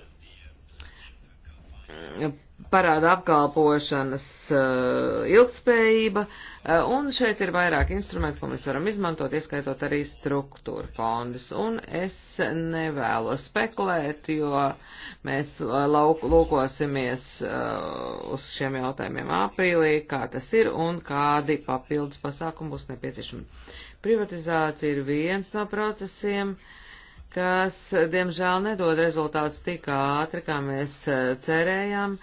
parāda apkalpošanas uh, eh, ilgspējība, uh, eh, un šeit ir vairāk instrumentu, ko mēs varam izmantot, ieskaitot arī struktūra fondus. Un es nevēlos spekulēt, jo mēs eh, lauk, lūkosimies uh, uz šiem jautājumiem aprīlī, kā tas ir un kādi papildus pasākumi būs nepieciešami. Privatizācija ir viens no procesiem. Uh, kas, diemžēl, nedod rezultātus tik ātri, kā mēs eh, cerējām.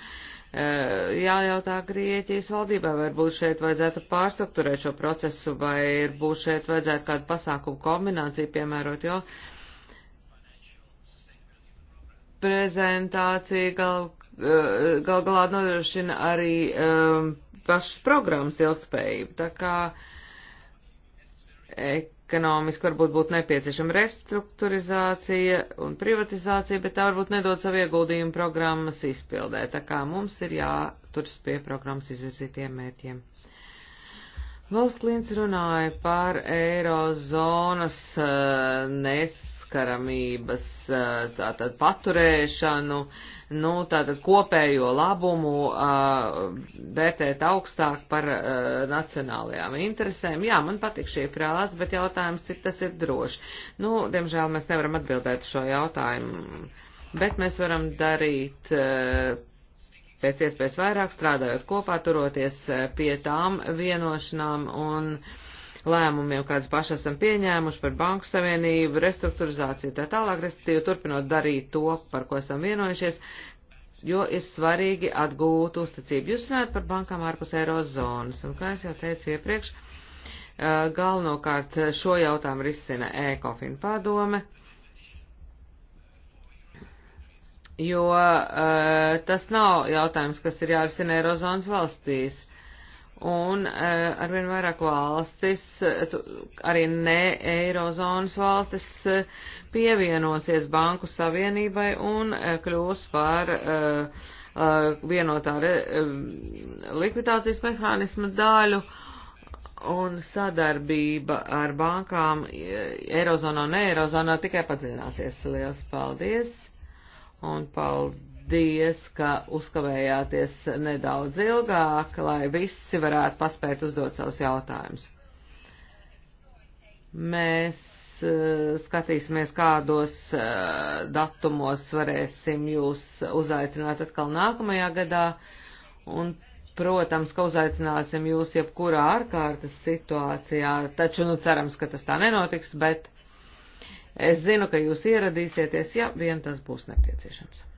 Eh, jājautā Grieķijas valdībā, varbūt šeit vajadzētu pārstruktūrēt šo procesu, vai varbūt šeit vajadzētu kādu pasākumu kombināciju piemērot, jo prezentācija gal, eh, gal galā nodrošina arī um, pašas programmas ilgspējību. Tā kā ek, ekonomiski varbūt būtu nepieciešama restruktūrizācija un privatizācija, bet tā varbūt nedod savu ieguldījumu programmas izpildē. Tā kā mums ir jāturas pie programmas izvirzītiem mērķiem. Valstlīns runāja par eirozonas eh, neskaramības eh, tātad paturēšanu nu, tātad kopējo labumu vērtēt augstāk par nacionālajām interesēm. Jā, man patīk šī frāze, bet jautājums, cik tas ir droši. Nu, diemžēl mēs nevaram atbildēt šo jautājumu, bet mēs varam darīt pēc iespējas vairāk strādājot kopā, turoties pie tām vienošanām un uh, lēmumiem, kādas paši esam pieņēmuši par banku savienību, restruktūrizāciju tā tālāk, respektīvi turpinot darīt to, par ko esam vienojušies, jo ir svarīgi atgūt uzticību. Jūs runājat par bankām ārpus eirozonas, un kā es jau teicu iepriekš, galvenokārt šo jautājumu risina ECOFIN padome. jo uh, tas nav jautājums, kas ir jārisina Eirozonas valstīs un eh, arvien vairāk valstis, eh, arī ne eirozonas valstis, eh, pievienosies banku savienībai un kļūs par vienotā likvidācijas mehānisma daļu. Un sadarbība ar bankām Eirozonā un Eirozonā tikai padzināsies. Lielas paldies! Un paldies! Paldies, ka uzkavējāties nedaudz ilgāk, lai visi varētu paspēt uzdot savus jautājumus. Mēs uh, skatīsimies, kādos uh, datumos varēsim jūs uzaicināt atkal nākamajā gadā, un, protams, ka uzaicināsim jūs jebkurā ārkārtas situācijā, taču, nu, cerams, ka tas tā nenotiks, bet es zinu, ka jūs ieradīsieties, ja vien tas būs nepieciešams.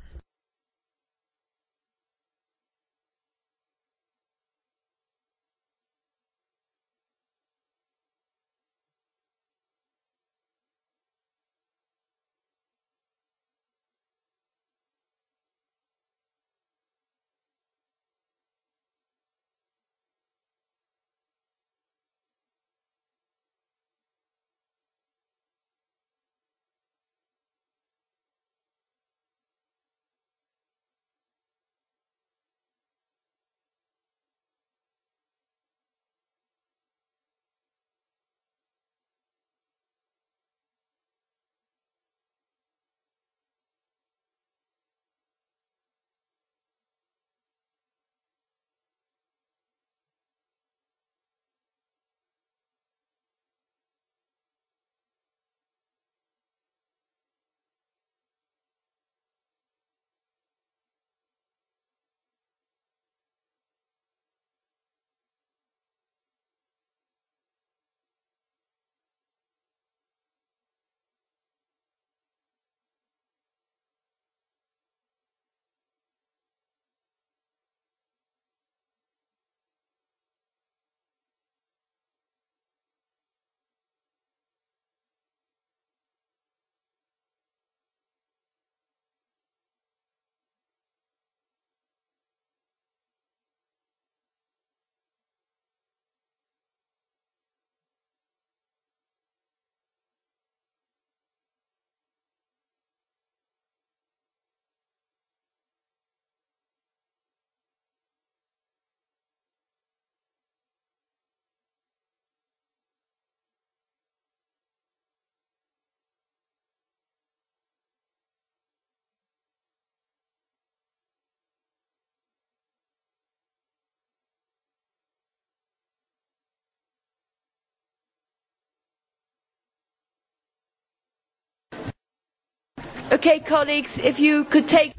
Okay, colleagues, if you could take...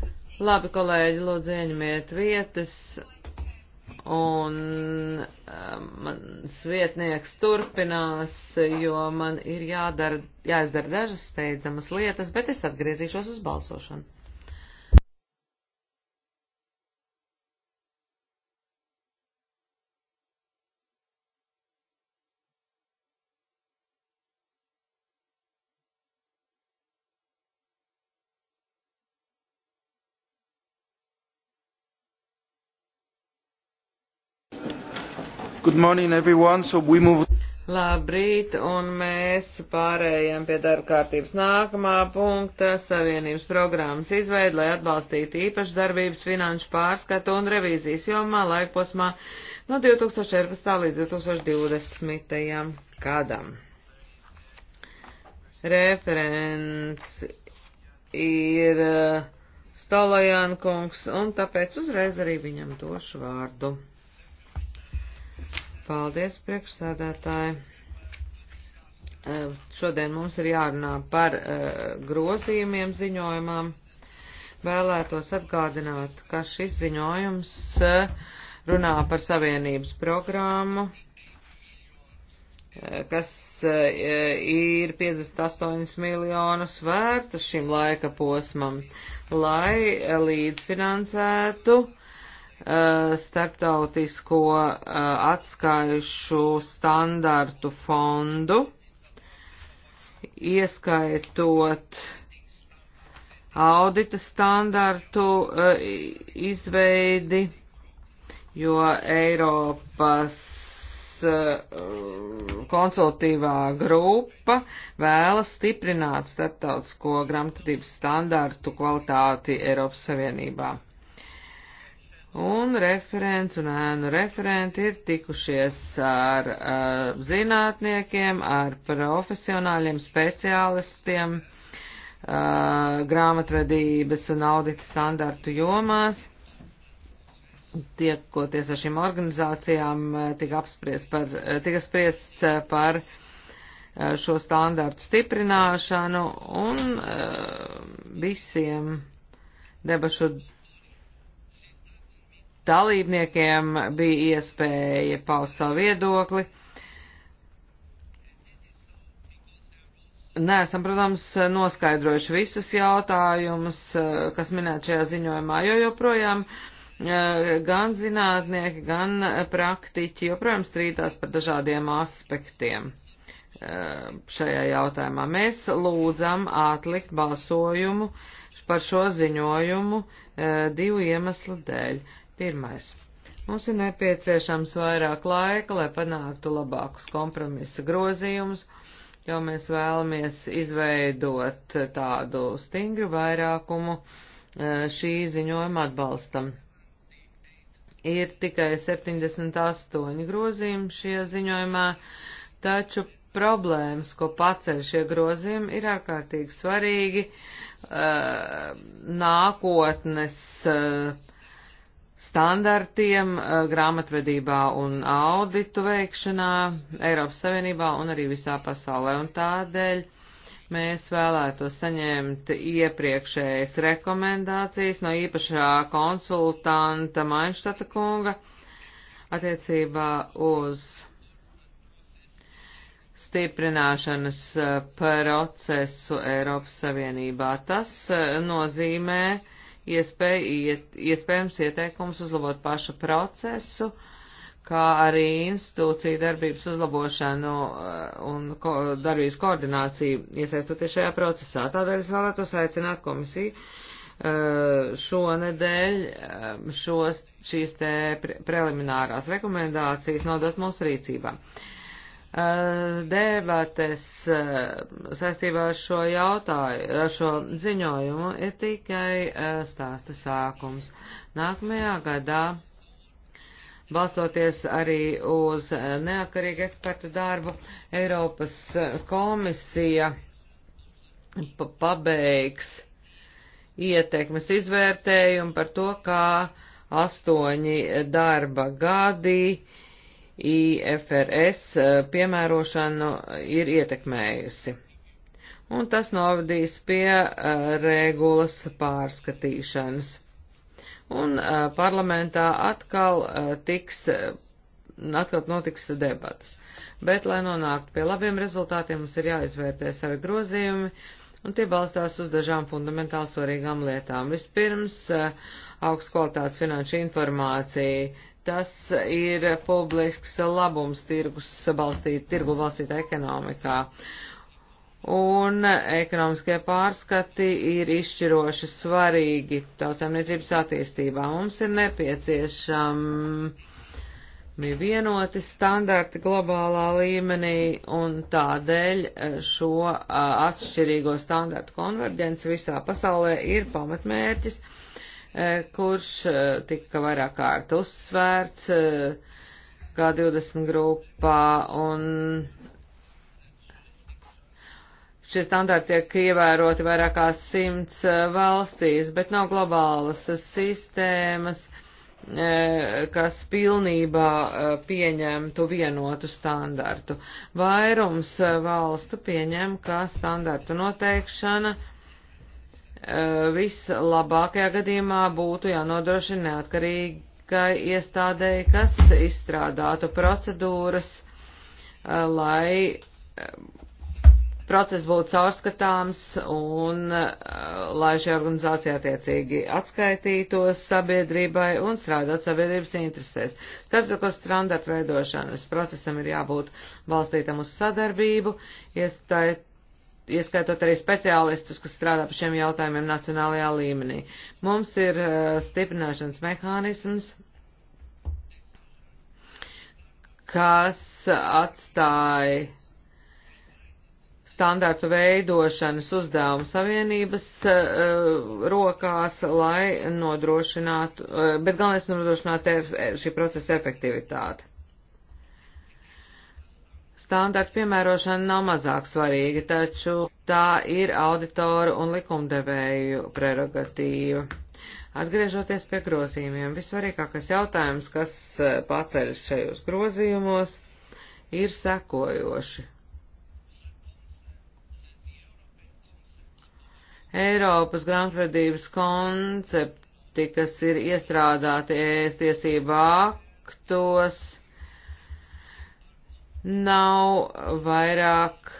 Labi, kolēģi, lūdzu ieņemiet vietas, un um, mans vietnieks turpinās, jo man ir jādara, jāizdara dažas steidzamas lietas, bet es atgriezīšos uz balsošanu. Good morning everyone, so we move. Labrīt, un mēs pārējām pie darba kārtības nākamā punkta - Savienības programmas izveid, lai atbalstītu īpašas darbības finanšu pārskatu un revīzijas jomā laikposmā no 2014. līdz 2020. gadam. Referents ir eh, Stolajankungs, un tāpēc uzreiz arī viņam došu vārdu. Paldies, priekšsēdētāji. Šodien mums ir jārunā par e, grozījumiem ziņojumam. Vēlētos atgādināt, ka šis ziņojums e, runā par savienības programmu, e, kas ir 58 miljonus vērta šim laika posmam, lai līdzfinansētu Uh, starptautisko uh, atskaišu standartu fondu, ieskaitot audita standartu uh, izveidi, jo Eiropas konsultīvā grupa vēlas stiprināt starptautisko grāmatvedības standartu kvalitāti Eiropas Savienībā. Un referents un ēnu referenti ir tikušies ar uh, zinātniekiem, ar profesionāļiem, speciālistiem uh, grāmatvedības un audita standartu jomās. Tiekoties ar šīm organizācijām, eh, tika apspriests par, tika spriests par uh, šo standartu stiprināšanu un uh, visiem debašu dalībniekiem bija iespēja paust savu viedokli. Nesam, protams, noskaidrojuši visus jautājumus, kas minēt šajā ziņojumā, jo joprojām e, gan zinātnieki, gan praktiķi joprojām strīdās par dažādiem aspektiem e, šajā jautājumā. Mēs lūdzam atlikt balsojumu par šo ziņojumu e, divu iemeslu dēļ. Pirmais. Mums ir nepieciešams vairāk laika, lai panāktu labākus kompromisa grozījumus, jo mēs vēlamies izveidot tādu stingru vairākumu e, šī ziņojuma atbalstam. Ir tikai 78 grozījumi šajā ziņojumā, taču problēmas, ko paceļ šie grozījumi, ir ārkārtīgi svarīgi uh, nākotnes uh, standartiem eh, grāmatvedībā un auditu veikšanā Eiropas Savienībā un arī visā pasaulē. Un tādēļ mēs vēlētos saņemt iepriekšējas rekomendācijas no īpašā konsultanta Mainštata kunga attiecībā uz stiprināšanas eh, procesu Eiropas Savienībā. Tas eh, nozīmē, iespēja, iet, iespējams ieteikums uzlabot pašu procesu, kā arī institūciju darbības uzlabošanu uh, un ko, darbības koordināciju iesaistoties šajā procesā. Tādēļ es vēlētos aicināt komisiju uh, šonedēļ um, šos, šīs te pre preliminārās rekomendācijas nodot mūsu rīcībā. Uh, Eh, debates eh, saistībā ar šo jautāju, ar šo ziņojumu ir tikai eh, stāsta sākums. Nākamajā gadā, balstoties arī uz neatkarīgu ekspertu darbu, Eiropas komisija pabeigs ietekmes izvērtējumu par to, kā astoņi darba gadi uh, IFRS eh, piemērošanu eh, ir ietekmējusi. Un tas novadīs pie uh, regulas pārskatīšanas. Un uh, parlamentā atkal uh, tiks, atkal notiks debatas. Bet, lai nonāktu pie labiem rezultātiem, mums ir jāizvērtē savi grozījumi, un tie balstās uz dažām fundamentāli svarīgām lietām. Vispirms, augsts kvalitātes finanšu informācija Tas ir publisks labums tirgus balstīt, tirgu balstītā ekonomikā. Un ekonomiskie pārskati ir izšķiroši svarīgi tautsēmniecības attīstībā. Mums ir nepieciešami vienoti standarti globālā līmenī, un tādēļ šo atšķirīgo standartu konverģence visā pasaulē ir pamatmērķis Eh, kurš eh, tika vairāk kārt uzsvērts G20 eh, grupā un šie standarti tiek ievēroti vairākās simts valstīs, bet nav globālas sistēmas, kas pilnībā pieņemtu vienotu standartu. Vairums valstu pieņem, ka standartu noteikšana Eh, vislabākajā gadījumā būtu jānodrošina neatkarīgai iestādēji, kas izstrādātu procedūras, eh, lai eh, process būtu caurskatāms un lai šī organizācija attiecīgi atskaitītos sabiedrībai un strādāt sabiedrības interesēs. Starptautiskā standarta veidošanas procesam ir jābūt balstītam uz sadarbību, iestait ieskaitot arī speciālistus, kas strādā par šiem jautājumiem nacionālajā līmenī. Mums ir uh, stiprināšanas mehānisms, kas atstāja standārtu veidošanas uzdevumu savienības uh, rokās, lai nodrošinātu, uh, bet galvenais nodrošināt e, šī procesa efektivitāti standartu piemērošana nav mazāk svarīga, taču tā ir auditoru un likumdevēju prerogatīva. Atgriežoties pie grozījumiem, visvarīgākais jautājums, kas eh, paceļas šajos grozījumos, ir sekojoši. Eiropas grāmatvedības koncepti, kas ir iestrādāti ēst tiesību aktos, nav vairāk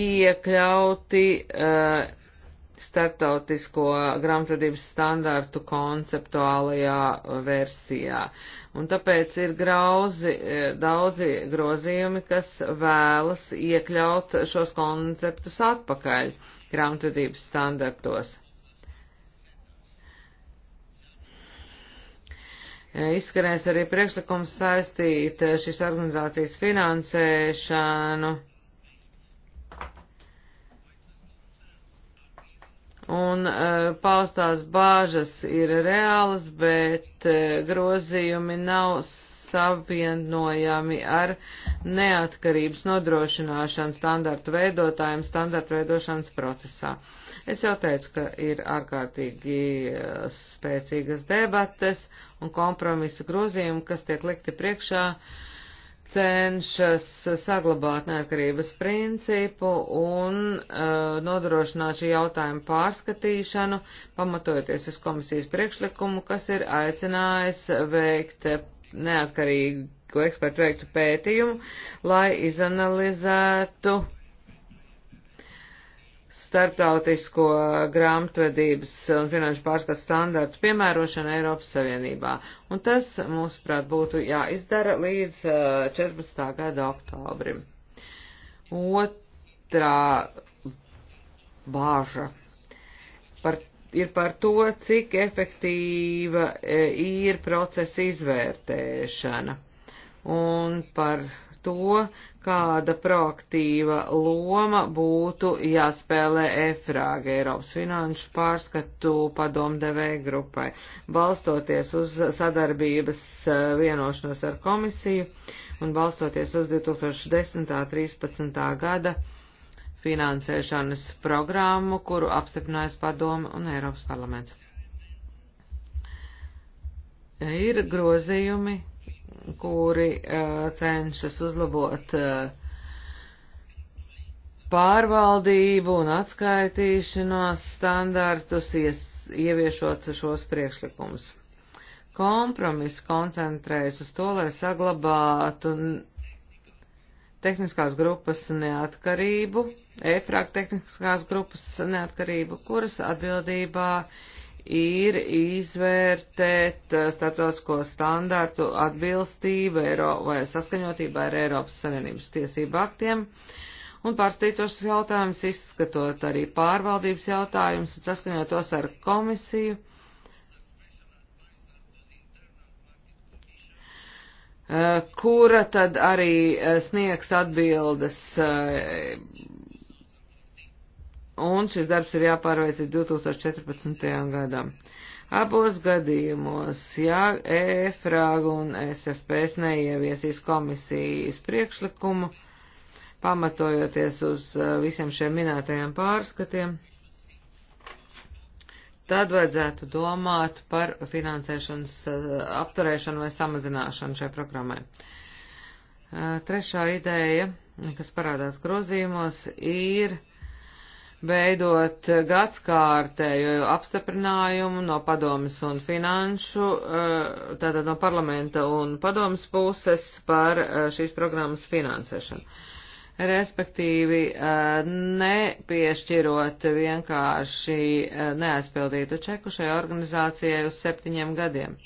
iekļauti uh, eh, startautisko grāmatvedības standartu konceptuālajā versijā. Un tāpēc ir grauzi, eh, daudzi grozījumi, kas vēlas iekļaut šos konceptus atpakaļ grāmatvedības standartos. Izskanēs arī priekšlikums saistīt eh, šīs organizācijas finansēšanu. Un eh, paustās bāžas ir reālas, bet eh, grozījumi nav savienojami ar neatkarības nodrošināšanu standartu veidotājiem standartu veidošanas procesā. Uh, Es jau teicu, ka ir ārkārtīgi eh, spēcīgas debates un kompromisa grozījumi, kas tiek likti priekšā, cenšas saglabāt neatkarības principu un uh, nodrošināt šī jautājuma pārskatīšanu, pamatojoties uz komisijas priekšlikumu, kas ir aicinājis veikt neatkarīgu ekspertu veiktu pētījumu, lai izanalizētu uh, starptautisko grāmatvedības un finanšu pārskatu standartu piemērošana Eiropas Savienībā. Un tas, mūsuprāt, būtu jāizdara līdz 14. gada oktobrim. Otrā bāža par, ir par to, cik efektīva ir procesa izvērtēšana un par to, kāda proaktīva loma būtu jāspēlē EFRAG Eiropas finanšu pārskatu padomdevēja grupai, balstoties uz sadarbības eh, vienošanos ar komisiju un balstoties uz 2010.13. gada finansēšanas programmu, kuru apstiprinājas padome un Eiropas parlaments. Ir grozījumi, kuri uh, cenšas uzlabot uh, pārvaldību un atskaitīšanos standartus, ies, ieviešot šos priekšlikumus. Kompromiss koncentrējas uz to, lai saglabātu tehniskās grupas neatkarību, EFRAG tehniskās grupas neatkarību, kuras atbildībā ir izvērtēt eh, starptautisko standārtu atbilstību Eiro vai saskaņotību ar Eiropas Savienības tiesību aktiem. Un pārstītos jautājumus izskatot arī pārvaldības jautājumus un saskaņotos ar komisiju. Eh, kura tad arī eh, sniegs atbildes un šis darbs ir jāpārveic līdz 2014. gadam. Abos gadījumos, ja EFRAG un SFPS neieviesīs komisijas priekšlikumu, pamatojoties uz uh, visiem šiem minētajiem pārskatiem, tad vajadzētu domāt par finansēšanas uh, apturēšanu vai samazināšanu šai programmai. Uh, trešā ideja, kas parādās grozījumos, ir veidot gadskārtēju apstiprinājumu no padomas un finanšu, eh, tātad no parlamenta un padomas puses par eh, šīs programmas finansēšanu. Respektīvi, eh, nepiešķirot vienkārši neaizpildītu čeku šai organizācijai uz septiņiem gadiem.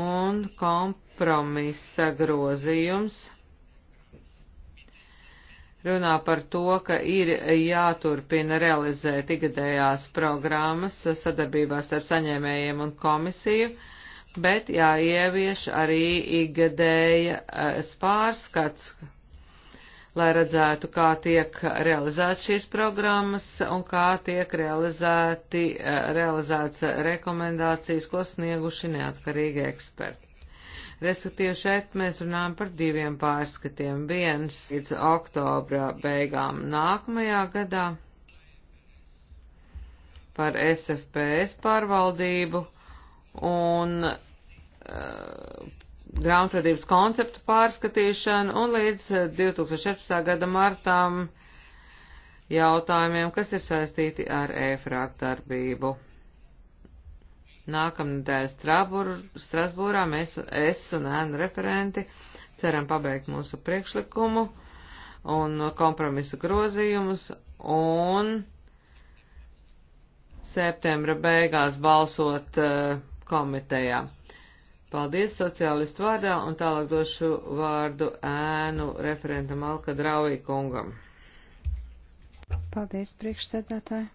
Un kompromisa grozījums runā par to, ka ir jāturpina realizēt ikgadējās programmas sadarbībās ar saņēmējiem un komisiju, bet jāievieš arī ikgadējas eh, pārskats, lai redzētu, kā tiek realizētas šīs programmas un kā tiek realizēti, eh, realizētas rekomendācijas, ko snieguši neatkarīgi eksperti. Respektīvi šeit mēs runājam par diviem pārskatiem. Viens līdz oktobra beigām nākamajā gadā par SFPS pārvaldību un uh, grāmatvedības konceptu pārskatīšanu un līdz 2014. Eh, gada martām jautājumiem, kas ir saistīti ar EFRāk darbību. Nākamnedēļ Strasbūrā mēs, es un ēnu referenti, ceram pabeigt mūsu priekšlikumu un kompromisu grozījumus un septembra beigās balsot uh, komitejā. Paldies sociālistu vārdā un tālāk došu vārdu ēnu referentam Alka Draujī kungam. Paldies, priekšsēdētāji.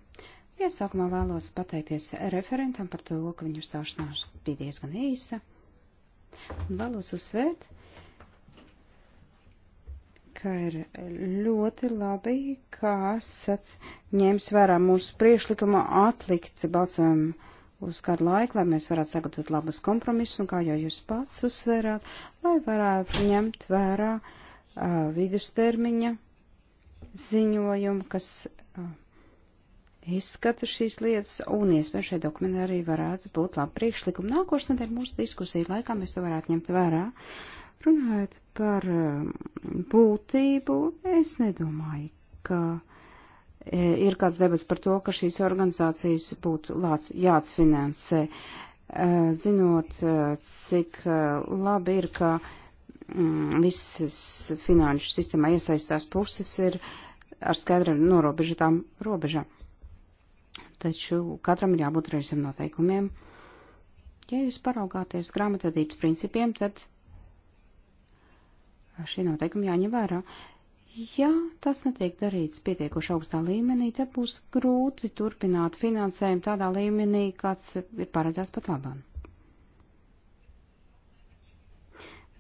Iesākumā vēlos pateikties referentam par to, ka viņu stāšanās bija diezgan īsa. Un vēlos uzsvērt, ka ir ļoti labi, ka esat ņēmis vērā mūsu priešlikumu atlikt balsojumu uz kādu laiku, lai mēs varētu sagatavot labus kompromisus, un kā jau jūs pats uzsvērāt, lai varētu ņemt vērā uh, vidustermiņa ziņojumu, kas uh, izskata šīs lietas, un iespējams šai dokumentā arī varētu būt labi priekšlikumi. Nākošais nedēļ mūsu diskusiju laikā mēs to varētu ņemt vērā. Runājot par um, būtību, es nedomāju, ka e, ir kāds debats par to, ka šīs organizācijas būtu lāc, jāatsfinansē, e, zinot, e, cik labi ir, ka mm, visas finanšu sistēmā iesaistās puses ir ar skaidriem norobežotām robežām taču katram ir jābūt režim noteikumiem. Ja jūs paraugāties grāmatvedības principiem, tad šī noteikuma jāņem vērā. Ja tas netiek darīts pietiekoši augstā līmenī, tad būs grūti turpināt finansējumu tādā līmenī, kāds ir paredzēts pat labam.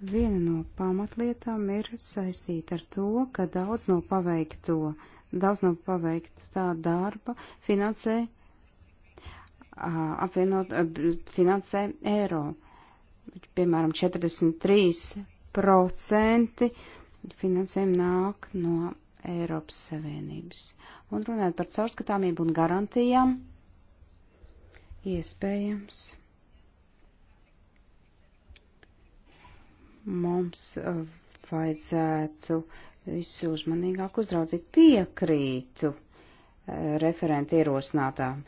Viena no pamatlietām ir saistīta ar to, ka daudz no paveikto uh, daudz nav paveikt tā darba, finansē, apvienot, finansē eiro. Piemēram, 43% finansējumi nāk no Eiropas Savienības. Un runājot par caurskatāmību un garantijām, iespējams, mums vajadzētu uh, visu uzmanīgāk uzraudzīt. Piekrītu eh, referenta ierosinātām.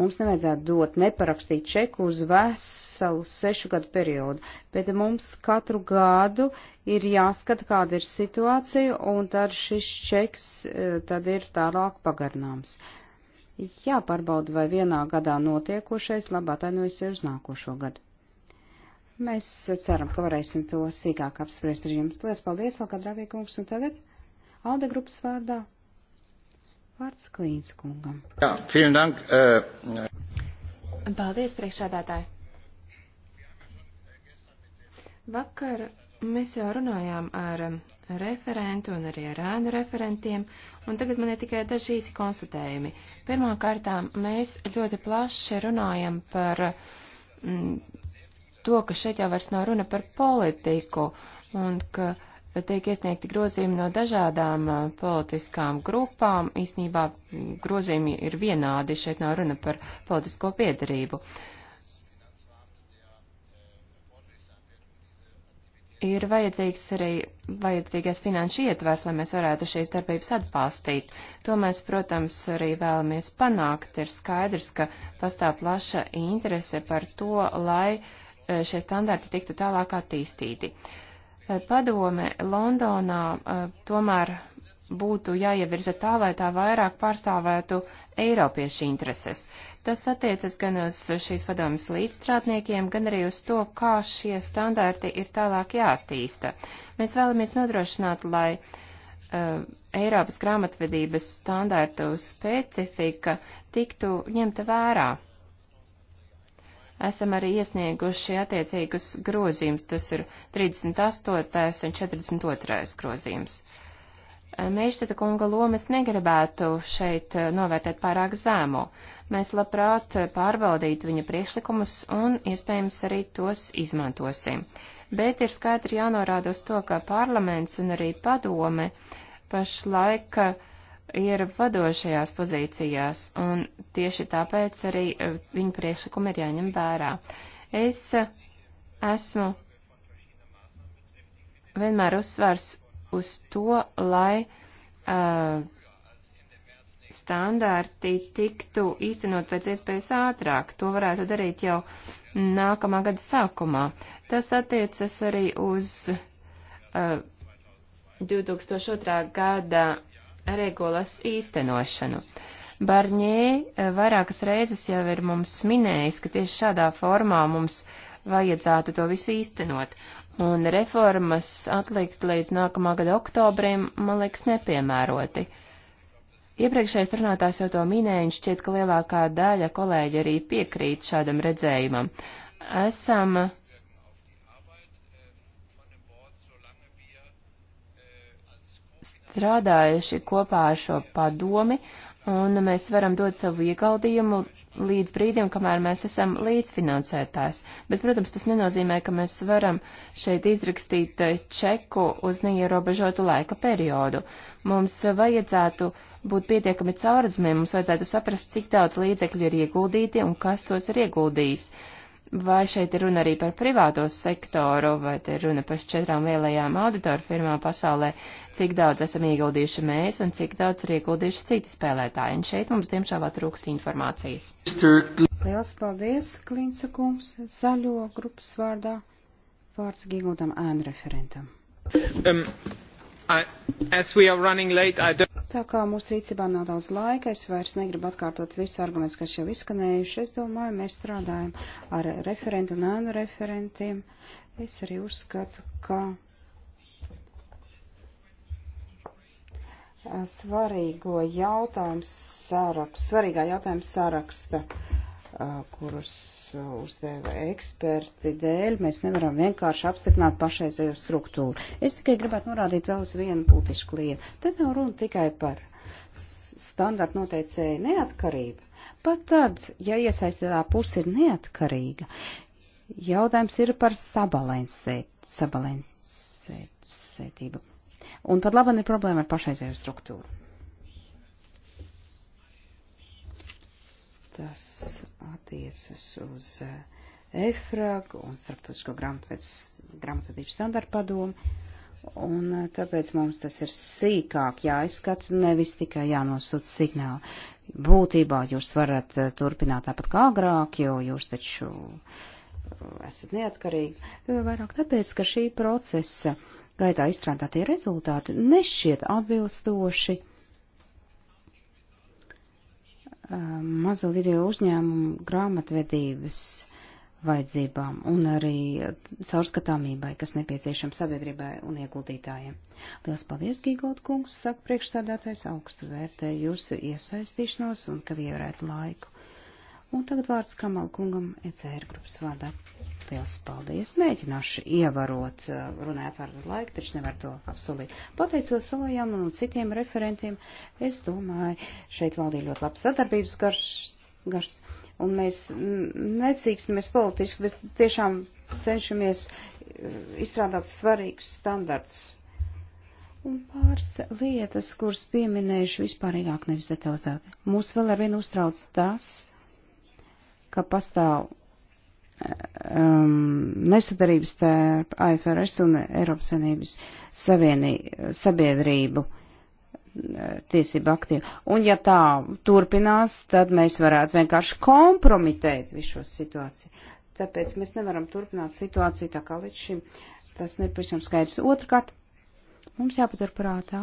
Mums nevajadzētu dot neparakstīt čeku uz veselu sešu gadu periodu, bet mums katru gadu ir jāskata, kāda ir situācija, un tad šis čeks eh, tad ir tālāk pagarnāms. Jāpārbauda, vai vienā gadā notiekošais labāk ainojas ir uz nākošo gadu. Mēs ceram, ka varēsim to sīkāk apspriest ar jums. Lielas paldies, Lakadravī kungs, un tagad Alde grupas vārdā vārds Klīns kungam. Jā, vielen dank. Uh... Paldies, priekšādātāji. Vakar mēs jau runājām ar um, referentu un arī ar ēnu referentiem, un tagad man ir tikai daži īsi konstatējumi. Pirmkārtām, mēs ļoti plaši runājam par mm, to, ka šeit jau vairs nav runa par politiku un ka tiek iesniegti grozījumi no dažādām politiskām grupām. Īsnībā grozījumi ir vienādi, šeit nav runa par politisko piedarību. Ir vajadzīgs arī vajadzīgais finanšu ietvers, lai mēs varētu šīs darbības atbalstīt. To mēs, protams, arī vēlamies panākt. Ir skaidrs, ka pastāv plaša interese par to, lai uh, Eh, šie standarti tiktu tālāk attīstīti. Eh, padome Londonā eh, tomēr būtu jāievirza tā, lai tā vairāk pārstāvētu Eiropiešu intereses. Tas attiecas gan uz šīs padomas līdzstrādniekiem, gan arī uz to, kā šie standarti ir tālāk jāattīsta. Mēs vēlamies nodrošināt, lai uh, Eiropas grāmatvedības standartu specifika tiktu ņemta vērā esam arī iesnieguši attiecīgus grozījumus, tas ir 38. un 42. grozījums. Eh, Meišteta kunga lomas negribētu šeit eh, novērtēt pārāk zēmu. Mēs labprāt eh, pārbaudītu viņa priekšlikumus un iespējams arī tos izmantosim. Bet ir skaidri jānorāda uz to, ka parlaments un arī padome pašlaik uh, ir vadošajās pozīcijās, un tieši tāpēc arī e, viņu priekšlikumi ir jāņem vērā. Es e, esmu vienmēr uzsvars uz to, lai uh, e, standārti tiktu īstenot pēc iespējas ātrāk. To varētu darīt jau nākamā gada sākumā. Tas attiecas arī uz uh, 2002. gada regulas īstenošanu. Barņē eh, vairākas reizes jau ir mums minējis, ka tieši šādā formā mums vajadzētu to visu īstenot, un reformas atlikt līdz nākamā gada oktobrim, man liekas, nepiemēroti. Iepriekšējais runātājs jau to minēja, un šķiet, ka lielākā daļa kolēģi arī piekrīt šādam redzējumam. Esam uh, strādājuši kopā ar šo padomi, un mēs varam dot savu ieguldījumu līdz brīdim, kamēr mēs esam līdzfinansētājs. Bet, protams, tas nenozīmē, ka mēs varam šeit izrakstīt čeku uz neierobežotu laika periodu. Mums vajadzētu būt pietiekami caurredzamiem, mums vajadzētu saprast, cik daudz līdzekļu ir ieguldīti un kas tos ir ieguldījis. Uh, Vai šeit ir runa arī par privāto sektoru, vai te ir runa par četrām lielajām auditoru firmām pasaulē, cik daudz esam ieguldījuši mēs un cik daudz ir ieguldījuši citi spēlētāji. Un šeit mums, diemžēl, trūkst informācijas. Liels paldies, Klinsa kungs, zaļo grupas vārdā. Vārds Gigūtam ēnu referentam. Um. I, late, Tā kā mūsu rīcībā nav daudz laika, es vairs negribu atkārtot visu argumentus, kas jau izskanējuši. Es domāju, mēs strādājam ar referentu un ēnu referentiem. Es arī uzskatu, ka eh, svarīgo jautājumu sarakstu, svarīgā jautājuma saraksta. Uh, kurus uzdeva eksperti dēļ, mēs nevaram vienkārši apstiprināt pašreizējo struktūru. Es tikai gribētu norādīt vēl uz vienu būtisku lietu. Te nav runa tikai par standarta noteicēju neatkarību. Pat tad, ja iesaistītā puse ir neatkarīga, jautājums ir par sabalansēt, sabalansētību. Un pat labi ir problēma ar pašreizējo struktūru. Tas attiecas uz eh, EFRAG un Starptautisko grāmatvedības standartu padomu. Un eh, tāpēc mums tas ir sīkāk jāizskata, nevis tikai jānosūta signāli. Būtībā jūs varat eh, turpināt tāpat kā agrāk, jo jūs taču esat neatkarīgi. Vairāk tāpēc, ka šī procesa gaitā izstrādātie rezultāti nešķiet atbilstoši mazo video uzņēmumu grāmatvedības vajadzībām un arī caurskatāmībai, kas nepieciešama sabiedrībai un ieguldītājiem. Lielas paldies, Gigot kungs, saka priekšsādātais, augstu vērtē jūsu iesaistīšanos un ka ievērētu laiku. Un tagad vārds Kamal kungam ECR grupas vārdā. Liels paldies! Mēģināšu ievarot, eh, runāt ar laiku, taču nevar to apsolīt. Pateicos Salojam un citiem referentiem, es domāju, šeit valdīja ļoti labs sadarbības garš, gars, un mēs necīkstamies politiski, bet tiešām cenšamies eh, izstrādāt svarīgus standartus. Un pāris lietas, kuras pieminējuši vispārīgāk nevis detalizēti. Mūs vēl arvien uztrauc tas, ka pastāv um, nesadarības starp AFRS un Eiropas Savienības savienī, sabiedrību uh, tiesību aktīvu. Un ja tā turpinās, tad mēs varētu vienkārši kompromitēt visu šo situāciju. Tāpēc mēs nevaram turpināt situāciju tā kā līdz šim. Tas ir pavisam skaidrs. Otrkārt, mums jāpatur prātā,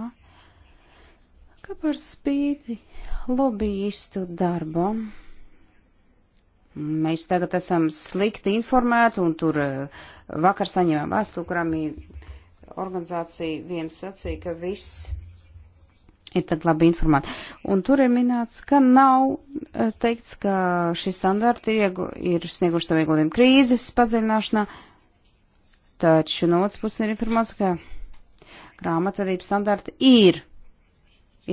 ka par spīti lobbyistu darbam Mēs tagad esam slikti informēti, un tur eh, vakar saņēmām vēstuli, kurām organizācija viens sacīja, ka viss ir tad labi informēti. Un tur ir minēts, ka nav eh, teikts, ka šī standarta ir, ir snieguši savu ieguldījumu krīzes padziļināšanā, taču no otras puses ir informācija, ka grāmatvedības standarta ir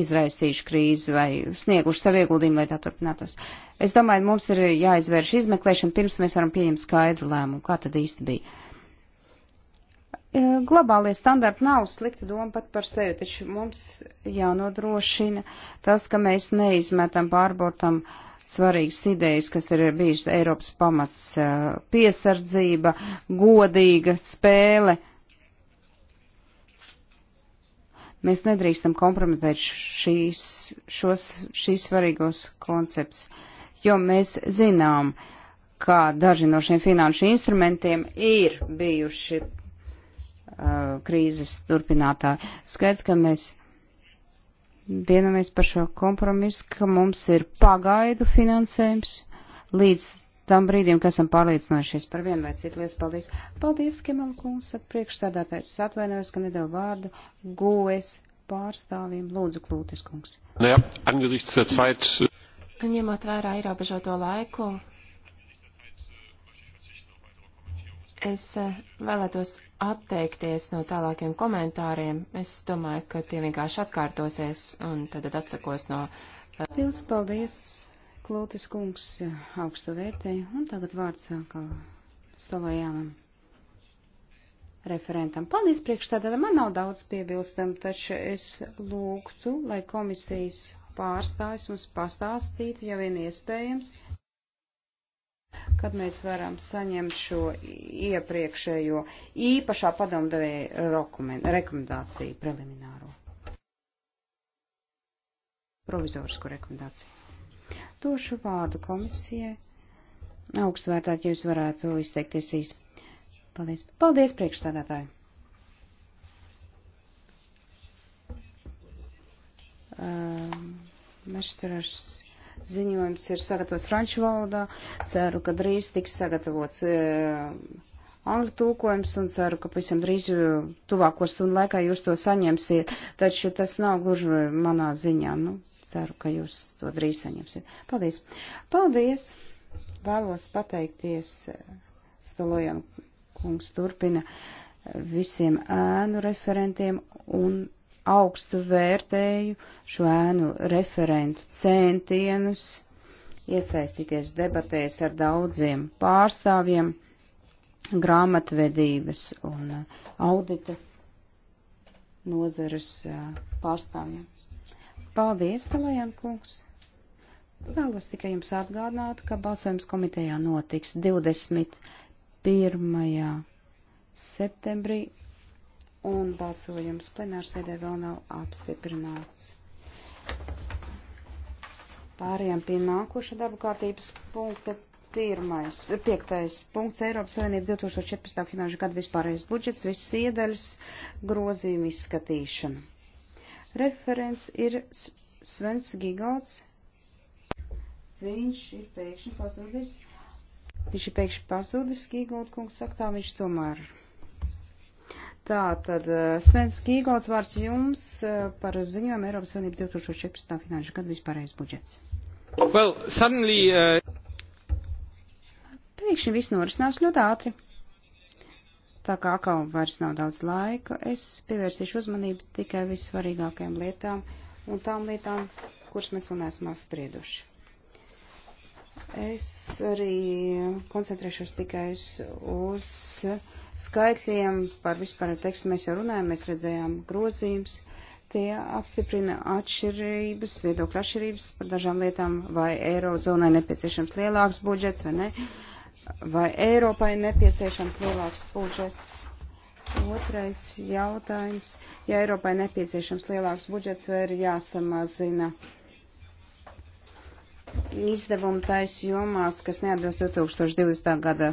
izraisījuši krīzi vai snieguši savu ieguldījumu, lai tā turpinātos. Es domāju, mums ir jāizvērš izmeklēšana, pirms mēs varam pieņemt skaidru lēmumu, kā tad īsti bija. Eh, globālie standarti nav slikta doma pat par sevi, taču mums jānodrošina tas, ka mēs neizmetam pārbortam svarīgas idejas, kas ir bijušas Eiropas pamats eh, piesardzība, godīga spēle Mēs nedrīkstam kompromitēt šīs, šos, šīs svarīgos koncepts, jo mēs zinām, ka daži no šiem finanšu instrumentiem ir bijuši uh, krīzes turpinātāji. Skaidrs, ka mēs vienojamies par šo kompromisu, ka mums ir pagaidu finansējums līdz tam brīdim, kad esam pārliecinājušies par vienu vai citu lietu. Paldies! Paldies, Kemal kungs, priekšsēdētājs. Atvainojos, ka nedēļu vārdu goes pārstāvjiem. Lūdzu, Klūtis kungs. Naja, angesichts der Zeit. Ņemot vērā ierobežoto laiku, es eh, vēlētos atteikties no tālākiem komentāriem. Es domāju, ka tie vienkārši atkārtosies un tad atsakos no. Eh, Pils, paldies! Klūtis kungs augstu vērtēju, un tagad vārds kā salajām referentam. Paldies priekšstādātā, man nav daudz piebilstam, taču es lūgtu, lai komisijas pārstājs mums pastāstītu, ja vien iespējams, kad mēs varam saņemt šo iepriekšējo īpašā padomdevēja rekomendāciju, prelimināro, provizorisku rekomendāciju. Došu vārdu komisijai. Augstvērtāk jūs varētu izteikties īsi. Paldies. Paldies, priekšstādātāji. Um, Meštarašs ziņojums ir sagatavots franču valodā. Ceru, ka drīz tiks sagatavots e, angļu tūkojums un ceru, ka pavisam drīz uh, tuvāko stundu laikā jūs to saņemsiet. Taču tas nav gluži manā ziņā. Nu, Ceru, ka jūs to drīz saņemsiet. Paldies! Paldies! Vēlos pateikties, eh, Stalojan kungs turpina, eh, visiem ēnu referentiem un augstu vērtēju šo ēnu referentu centienus iesaistīties debatēs ar daudziem pārstāvjiem grāmatvedības un eh, audita nozares pārstāvjiem. Paldies, Talajam kungs! Vēlos tikai jums atgādināt, ka balsojums komitejā notiks 21. septembrī un balsojums plenārsēdē vēl nav apstiprināts. Pārējām pie nākoša darba kārtības punkta. Pirmais, piektais punkts Eiropas Savienības 2014. finanšu gada vispārējais budžets, visas iedaļas, grozījuma izskatīšana. Referents ir Svens Gigalds. Viņš ir pēkšņi pazudis. Viņš ir pēkšņi pazudis, Gigolds kungs saka, tā viņš tomēr. Tā tad eh, Svens Gigolds vārds jums eh, par ziņojumu Eiropas Savienības 2014. finanšu gadu vispārējais budžets. Well, suddenly, uh... Pēkšņi viss norisinās ļoti ātri. Tā kā atkal vairs nav daudz laika, es pievērsīšu uzmanību tikai vissvarīgākajām lietām un tām lietām, kuras mēs vēl neesam apsprieduši. Es arī koncentrēšos tikai uz skaitļiem par vispār tekstu. Mēs jau runājam, mēs redzējām grozījums. Tie apstiprina atšķirības, viedokļu atšķirības par dažām lietām, vai Eirozonai nepieciešams lielāks budžets vai ne. Uh, vai Eiropai nepieciešams lielāks budžets? Otrais jautājums. Ja Eiropai nepieciešams lielāks budžets, vai ir jāsamazina izdevumu tais jomās, kas neatbilst 2020. gada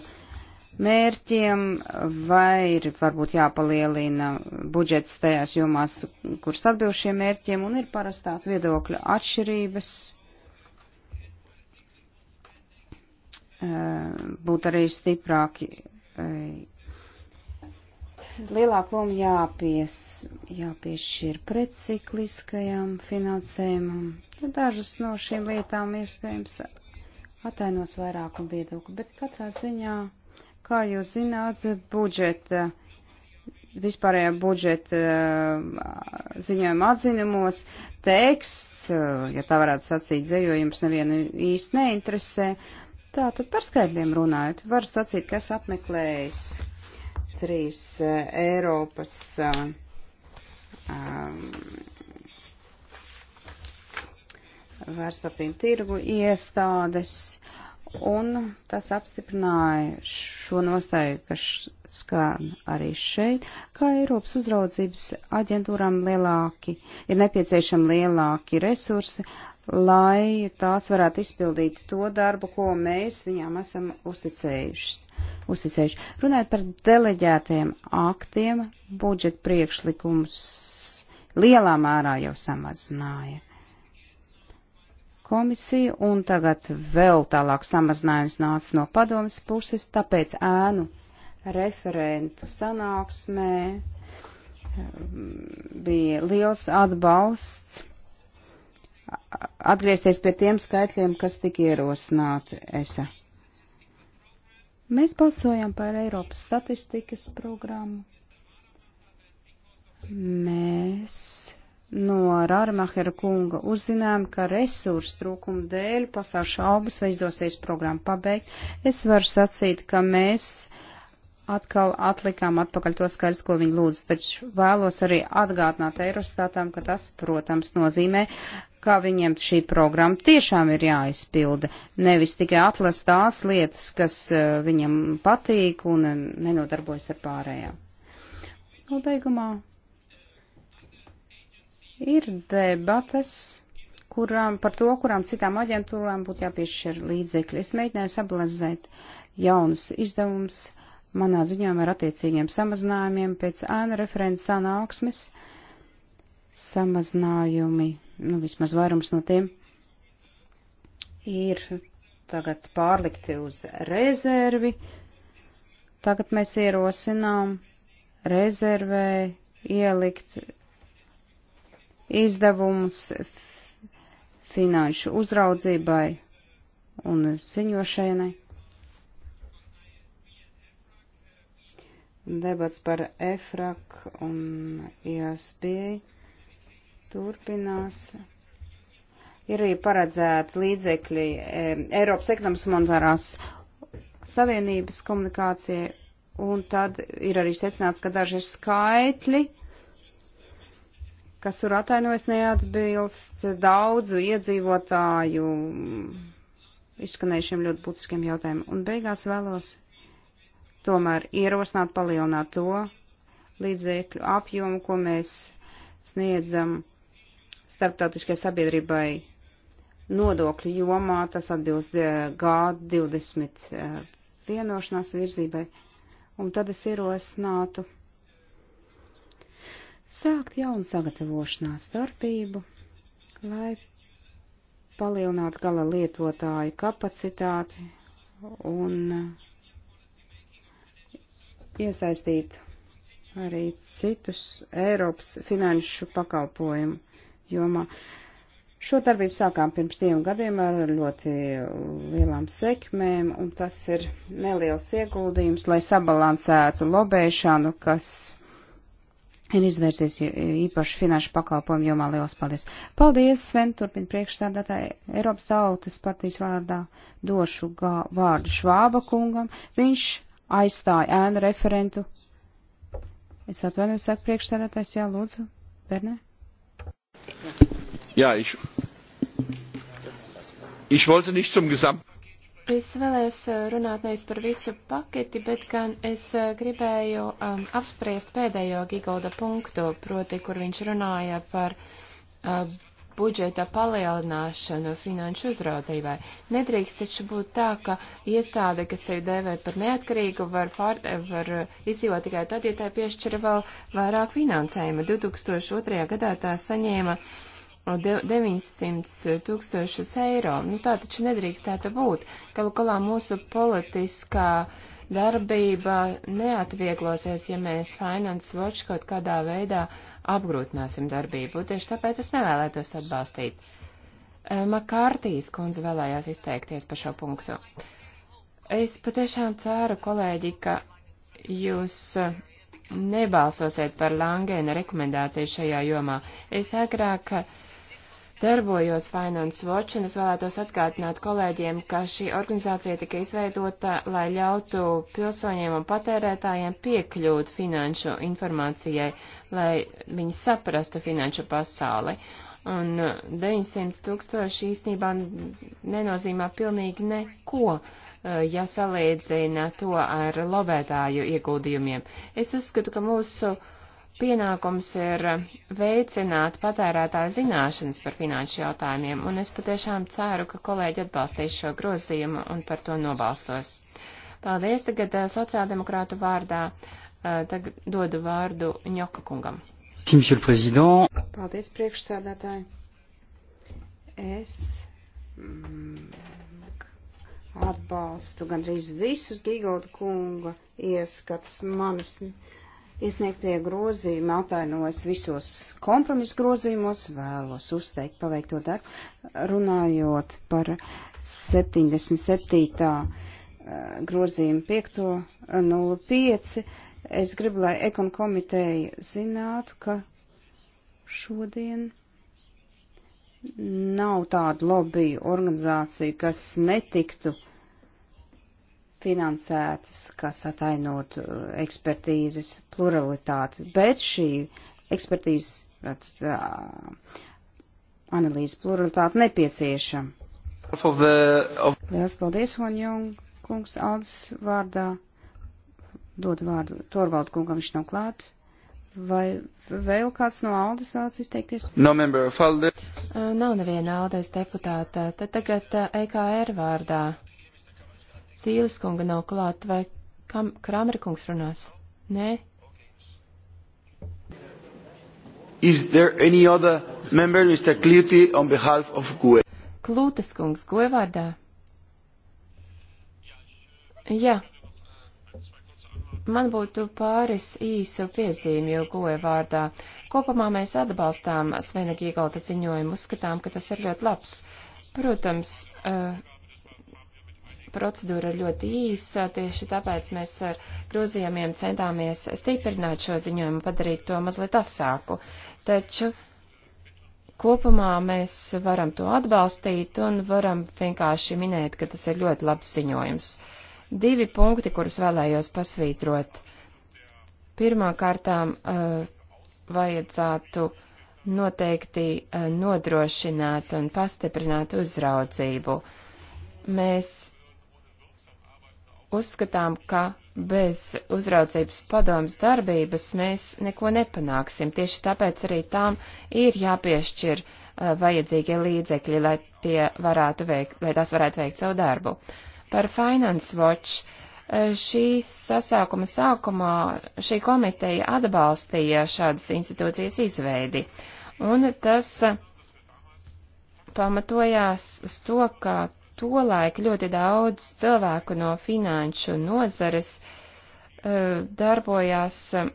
mērķiem, vai ir varbūt jāpalielina budžets tajās jomās, kuras atbilst šiem mērķiem, un ir parastās viedokļa atšķirības Eh, būt arī stiprāki. Eh, Lielāka loma jāpies, jāpiešķir precikliskajam finansējumam. Dažas no šīm lietām iespējams atainos vairāku viedokli, bet katrā ziņā, kā jūs zināt, budžeta, vispārējā budžeta eh, ziņojuma atzinumos teksts, ja tā varētu sacīt, zejojums nevienu īsti neinteresē, Tātad par skaidriem runājot, var sacīt, kas apmeklējis trīs uh, Eiropas uh, um, vērtspapīnu tirgu iestādes, un tas apstiprināja šo nostāju, kas skan arī šeit, ka Eiropas uzraudzības aģentūram lielāki, ir nepieciešami lielāki resursi, lai tās varētu izpildīt to darbu, ko mēs viņām esam uzticējuši. Runājot par deleģētajiem aktiem, budžeta priekšlikums lielā mērā jau samazināja komisiju, un tagad vēl tālāk samazinājums nāca no padomas puses, tāpēc ēnu referentu sanāksmē um, bija liels atbalsts atgriezties pie tiem skaitļiem, kas tika ierosināti ESA. Mēs balsojam par Eiropas statistikas programmu. Mēs no Rārmahera kunga uzzinājām, ka resursu trūkuma dēļ pasāv šaubas, vai izdosies programmu pabeigt. Es varu sacīt, ka mēs atkal atlikām atpakaļ to skaidrs, ko viņi lūdz, taču vēlos arī atgātināt Eirostātām, ka tas, protams, nozīmē kā viņiem šī programma tiešām ir jāizpilda, nevis tikai atlas tās lietas, kas eh, viņam patīk un eh, nenodarbojas ar pārējām. Nobeigumā ir debates kurām, par to, kurām citām aģentūrām būtu jāpiešķir līdzekļi. Es mēģināju sabalansēt jaunus izdevumus manā ziņojumā ar attiecīgiem samazinājumiem pēc ēnu referents sanāksmes. Uh, samazinājumi, nu vismaz vairums no tiem, ir tagad pārlikti uz rezervi. Tagad mēs ierosinām rezervē ielikt izdevumus finanšu uzraudzībai un ziņošanai. Debats par EFRAK un ISBI turpinās. Ir arī paredzēti līdzekļi e, Eiropas ekonomikas monetārās savienības komunikācijai, un tad ir arī secināts, ka daži skaitļi, kas tur atainojas, neatbilst daudzu iedzīvotāju izskanējušiem ļoti būtiskiem jautājumiem. Un beigās vēlos tomēr ierosināt palielināt to līdzekļu apjomu, ko mēs sniedzam starptautiskai sabiedrībai nodokļu jomā, tas atbilst eh, G20 eh, vienošanās virzībai. Un tad es ierosinātu sākt jaunu sagatavošanās darbību, lai palielinātu gala lietotāju kapacitāti un eh, iesaistītu arī citus Eiropas finanšu pakalpojumu jomā. Šo darbību sākām pirms diviem gadiem ar ļoti lielām sekmēm, un tas ir neliels ieguldījums, lai sabalansētu lobēšanu, kas ir izvērsies īpaši finanšu pakalpojumu jomā. Lielas paldies! Paldies, Sven, turpin priekšstādātāji Eiropas tautas partijas vārdā došu gā, vārdu Švāba kungam. Viņš aizstāja ēnu referentu. Es atvainojos, saka priekšstādātājs, jā, lūdzu, Bernē. Jā, ich, ich wollte nicht zum Gesamt. Es vēlēs eh, runāt nevis par visu paketi, bet gan es eh, gribēju um, apspriest pēdējo Gigolda punktu, proti, kur viņš runāja par uh, budžeta palielināšanu finanšu uzraudzībai. Nedrīkst taču būt tā, ka iestāde, kas sevi dēvē par neatkarīgu, var, pār, var izdzīvot tikai tad, ja tai piešķira vēl vairāk finansējuma. 2002. gadā tā saņēma 900 tūkstošus eiro. Nu, tā taču nedrīkstētu būt. Galu galā mūsu politiskā uh, darbība neatvieglosies, ja mēs Finance Watch kaut kādā veidā apgrūtināsim darbību. Tieši tāpēc es nevēlētos atbalstīt. Eh, Makārtīs kundze vēlējās izteikties par šo punktu. Es patiešām ceru, kolēģi, ka jūs eh, nebalsosiet par Langēna rekomendāciju šajā jomā. Es agrāk uh, darbojos Finance Watch, un es vēlētos atgādināt kolēģiem, ka šī organizācija tika izveidota, lai ļautu pilsoņiem un patērētājiem piekļūt finanšu informācijai, lai viņi saprastu finanšu pasauli. Un 900 uh, tūkstoši īstenībā nenozīmē pilnīgi neko uh, ja salīdzina to ar lobētāju ieguldījumiem. Es uzskatu, ka mūsu uh, pienākums ir veicināt patērētāju zināšanas par finanšu jautājumiem, un es patiešām ceru, ka kolēģi atbalstīs šo grozījumu un par to nobalsos. Paldies tagad eh, sociāldemokrātu vārdā. Eh, tagad dodu vārdu Ņoka kungam. Paldies, priekšsādātāji. Es mm, atbalstu gandrīz visus Gigolda kunga ieskatus manis. Uh, Iesniegtie grozījumi atainos visos kompromisu grozījumos, vēlos uzteikt paveikto darbu, runājot par 77. Eh, grozījumu 5.05. Eh, es gribu, lai ekon komiteja zinātu, ka šodien nav tādu lobby organizāciju, kas netiktu finansētas, kas atainot uh, ekspertīzes pluralitāti, bet šī ekspertīzes uh, analīzes pluralitāte nepieciešama. Of the, of... Lielas paldies, Honjong, kungs, Aldis vārdā. Dod vārdu Torvaldu kungam, viņš nav klāt. Vai vēl kāds no Aldas vēlas izteikties? No member of Alde. Uh, nav neviena Aldes deputāta. Tad tagad uh, EKR vārdā. Zīles kunga nav klāt, vai kam Kramerkungs runās? Nē? Is there any other member, Mr. Clute, on behalf of GUE? Klūtes kungs, GUE vārdā. Jā. Man būtu pāris īsu piezīmju GUE vārdā. Kopumā mēs atbalstām Svena Gīgolta ziņojumu, uzskatām, ka tas ir ļoti labs. Protams, uh, Procedūra ir ļoti īsa, tieši tāpēc mēs ar grozījumiem centāmies stiprināt šo ziņojumu, padarīt to mazliet asāku. Taču kopumā mēs varam to atbalstīt un varam vienkārši minēt, ka tas ir ļoti labs ziņojums. Divi punkti, kurus vēlējos pasvītrot. Pirmkārtām uh, vajadzētu noteikti uh, nodrošināt un pastiprināt uzraudzību. Mēs uzskatām, ka bez uzraudzības padomas darbības mēs neko nepanāksim. Tieši tāpēc arī tām ir jāpiešķir uh, vajadzīgie līdzekļi, lai, veikt, lai tās varētu veikt savu darbu. Par Finance Watch uh, eh, šīs sasākuma sākumā šī komiteja atbalstīja šādas institūcijas izveidi, un tas uh, pamatojās uz to, ka tolaik ļoti daudz cilvēku no finanšu nozares eh, darbojās eh,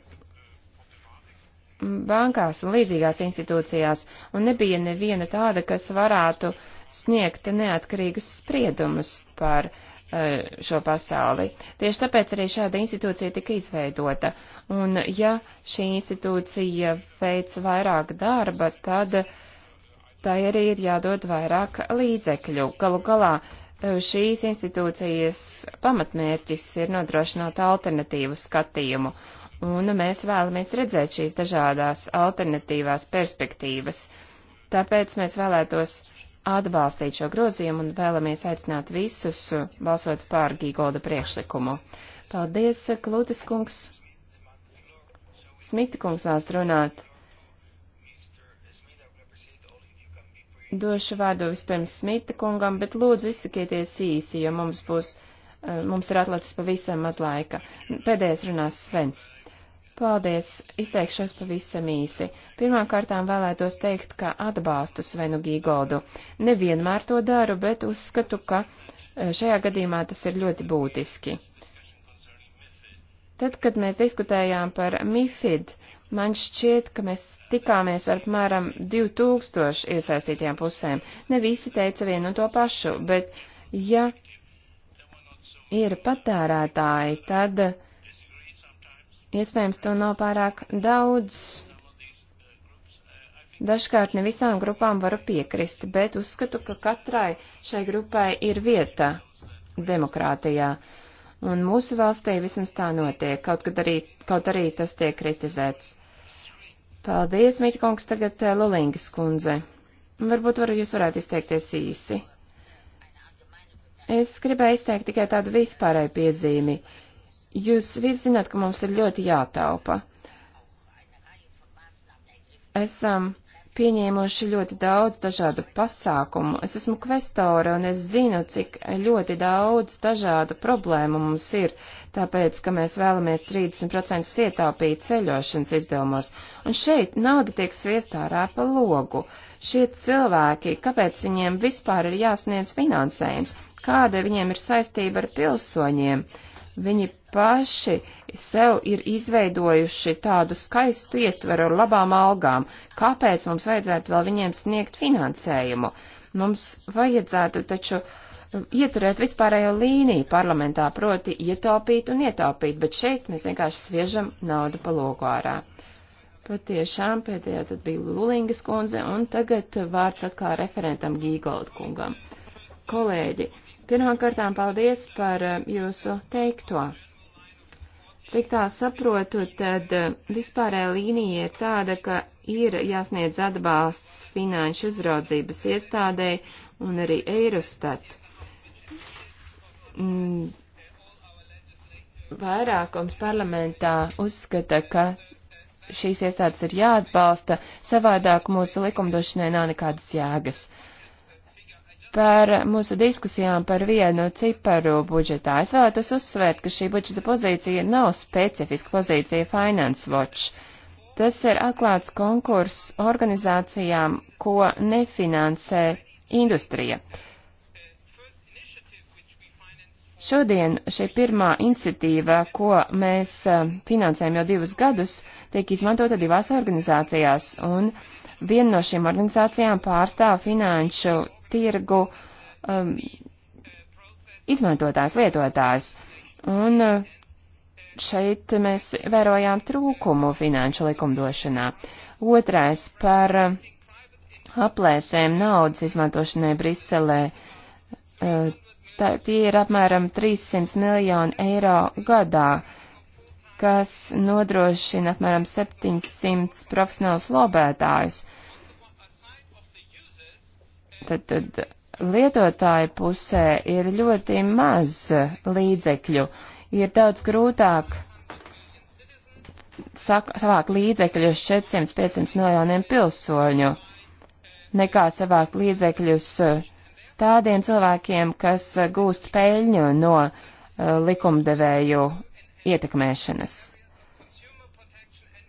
bankās un līdzīgās institūcijās, un nebija neviena tāda, kas varētu sniegt neatkarīgus spriedumus par eh, šo pasauli. Tieši tāpēc arī šāda institūcija tika izveidota, un ja šī institūcija veic vairāk darba, tad uh, tai arī ir jādod vairāk līdzekļu. Galu galā e, šīs institūcijas pamatmērķis ir nodrošināt alternatīvu skatījumu, un mēs vēlamies redzēt šīs dažādās alternatīvās perspektīvas. Tāpēc mēs vēlētos atbalstīt šo grozījumu un vēlamies aicināt visus balsot pār Gīgolda priekšlikumu. Paldies, Klūtis kungs! Smita kungs vēlas runāt. Došu vārdu vispirms Smita kungam, bet lūdzu izsakieties īsi, jo mums būs, eh, mums ir atlicis pavisam maz laika. Pēdējais runās Svens. Paldies, izteikšos pavisam īsi. Pirmkārtām vēlētos teikt, ka atbalstu Svenu Gīgoldu. Nevienmēr to daru, bet uzskatu, ka eh, šajā gadījumā tas ir ļoti būtiski. Tad, kad mēs diskutējām par MIFID, uh, Man šķiet, ka mēs tikāmies ar apmēram 2000 iesaistītajām pusēm. Ne visi teica vienu un to pašu, bet ja ir patērētāji, tad iespējams to nav pārāk daudz. Dažkārt ne visām grupām varu piekrist, bet uzskatu, ka katrai šai grupai ir vieta demokrātijā. Un mūsu valstī vismaz tā notiek, kaut, arī, kaut arī tas tiek kritizēts. Paldies, Mītkungs, tagad eh, Lulingas kundze. Varbūt varu jūs varētu izteikties īsi. Es gribēju izteikt tikai tādu vispārēju piezīmi. Jūs visi zināt, ka mums ir ļoti jātaupa. Esam um, pieņēmuši ļoti daudz dažādu pasākumu. Es esmu kvestore un es zinu, cik ļoti daudz dažādu problēmu mums ir, tāpēc, ka mēs vēlamies 30% ietaupīt ceļošanas izdevumos. Un šeit nauda tiek sviestā ārā pa logu. Šie cilvēki, kāpēc viņiem vispār ir jāsniedz finansējums? Kāda viņiem ir saistība ar pilsoņiem? Uh, Viņi paši sev ir izveidojuši tādu skaistu ietveru ar labām algām. Kāpēc mums vajadzētu vēl viņiem sniegt finansējumu? Mums vajadzētu taču um, ieturēt vispārējo līniju parlamentā, proti ietaupīt un ietaupīt, bet šeit mēs vienkārši sviežam naudu pa loku ārā. Patiešām pēdējā tad bija Lulingas kundze, un tagad vārds atkal referentam Gīgolda kungam. Kolēģi, uh, Pirmām kārtām paldies par eh, jūsu teikto. Cik tā saprotu, tad eh, vispārēja līnija ir tāda, ka ir jāsniedz atbalsts finanšu uzraudzības iestādē un arī Eirostat. Mm, vairākums parlamentā uzskata, ka šīs iestādes ir jāatbalsta, savādāk mūsu likumdošanai nav nekādas jēgas. Uh, par mūsu diskusijām par vienu ciparu budžetā. Es vēlētos uzsvērt, ka šī budžeta pozīcija nav specifiska pozīcija Finance Watch. Tas ir atklāts konkurss organizācijām, ko nefinansē industrija. Šodien šī pirmā iniciatīva, ko mēs eh, finansējam jau divus gadus, tiek izmantota divās organizācijās, un viena no šīm organizācijām pārstāv finanšu tirgu um, izmantotājs, lietotājs. Un uh, šeit mēs vērojām trūkumu finanšu likumdošanā. Otrais par uh, aplēsēm naudas izmantošanai Briselē. Uh, tā, tie ir apmēram 300 miljoni eiro gadā, kas nodrošina apmēram 700 profesionālus lobētājus. Uh, Tad, tad lietotāju pusē ir ļoti maz līdzekļu. Ir daudz grūtāk savākt līdzekļus 400-500 miljoniem pilsoņu, nekā savākt līdzekļus eh, tādiem cilvēkiem, kas eh, gūst peļņu no eh, likumdevēju ietekmēšanas.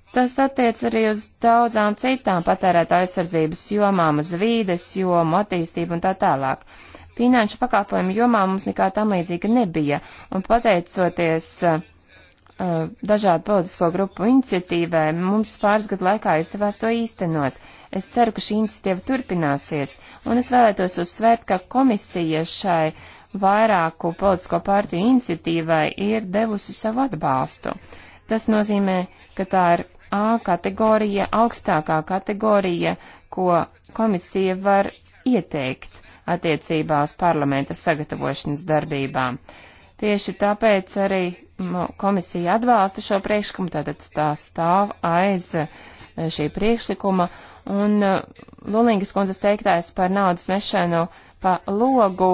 Tas attiec arī uz daudzām citām patērēta aizsardzības jomām, uz vīdes jomu, attīstību un tā tālāk. Finanšu pakalpojumu jomā mums nekā tam līdzīga nebija, un pateicoties uh, uh, dažādu politisko grupu iniciatīvai, mums pāris gadu laikā izdevās to īstenot. Es ceru, ka šī iniciatīva turpināsies, un es vēlētos uzsvērt, ka komisija šai vairāku politisko partiju iniciatīvai ir devusi savu atbalstu. Tas nozīmē, ka tā ir A kategorija, augstākā kategorija, ko komisija var ieteikt attiecībā uz parlamenta sagatavošanas darbībām. Tieši tāpēc arī komisija atbalsta šo priekšlikumu, tātad tā stāv aiz e, šī priekšlikuma, un e, Lulingas kundzes teiktais par naudas mešanu pa logu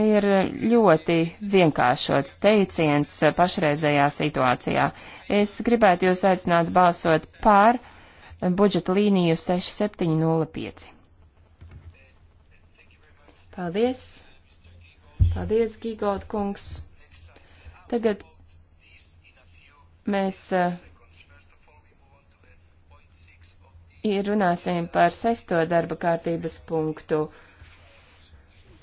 ir ļoti vienkāršots teiciens pašreizējā situācijā. Es gribētu jūs aicināt balsot pār budžeta līniju 6705. Paldies! Paldies, Gigot kungs! Tagad mēs eh, runāsim par sesto darba kārtības punktu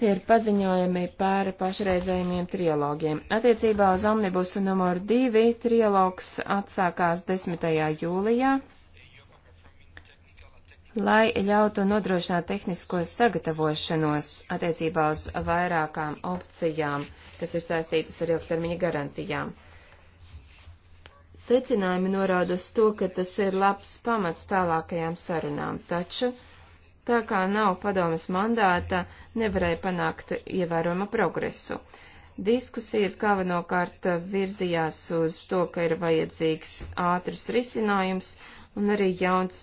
Tie ir paziņojumi par pašreizējiem trilogiem. Attiecībā uz omnibusu numur 2 trilogs atsākās 10. jūlijā, lai ļautu nodrošināt tehnisko sagatavošanos attiecībā uz vairākām opcijām, kas ir saistītas ar ilgtermiņa garantijām. Secinājumi norāda uz to, ka tas ir labs pamats tālākajām sarunām, taču Tā kā nav padomas mandāta, nevarēja panākt ievērojama progresu. Diskusijas galvenokārt virzījās uz to, ka ir vajadzīgs ātrs risinājums un arī jauns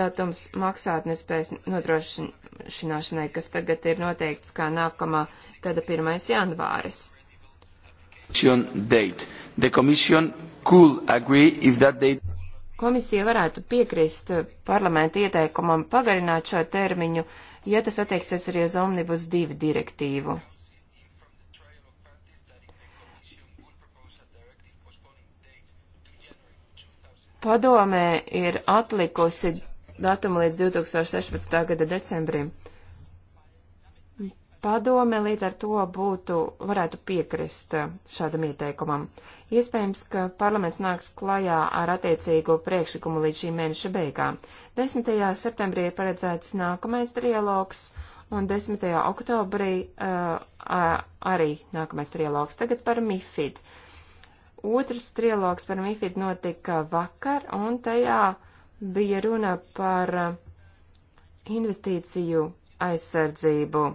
datums maksātnespējas nodrošināšanai, kas tagad ir noteikts kā nākamā gada 1. janvāris. Date. The Commission could agree if that date komisija varētu piekrist parlamenta ieteikumam pagarināt šo termiņu, ja tas attieksies arī uz Omnibus 2 direktīvu. Padomē ir atlikusi datumu līdz 2016. gada decembrim. Padome līdz ar to būtu, varētu piekrist eh, šādam ieteikumam. Iespējams, ka parlaments nāks klajā ar attiecīgo priekšlikumu līdz šī mēneša beigām. 10. septembrī ir paredzēts nākamais trialogs, un 10. oktobrī uh, arī nākamais trialogs. Tagad par MIFID. Otrs trialogs par MIFID notika vakar, un tajā bija runa par eh, investīciju aizsardzību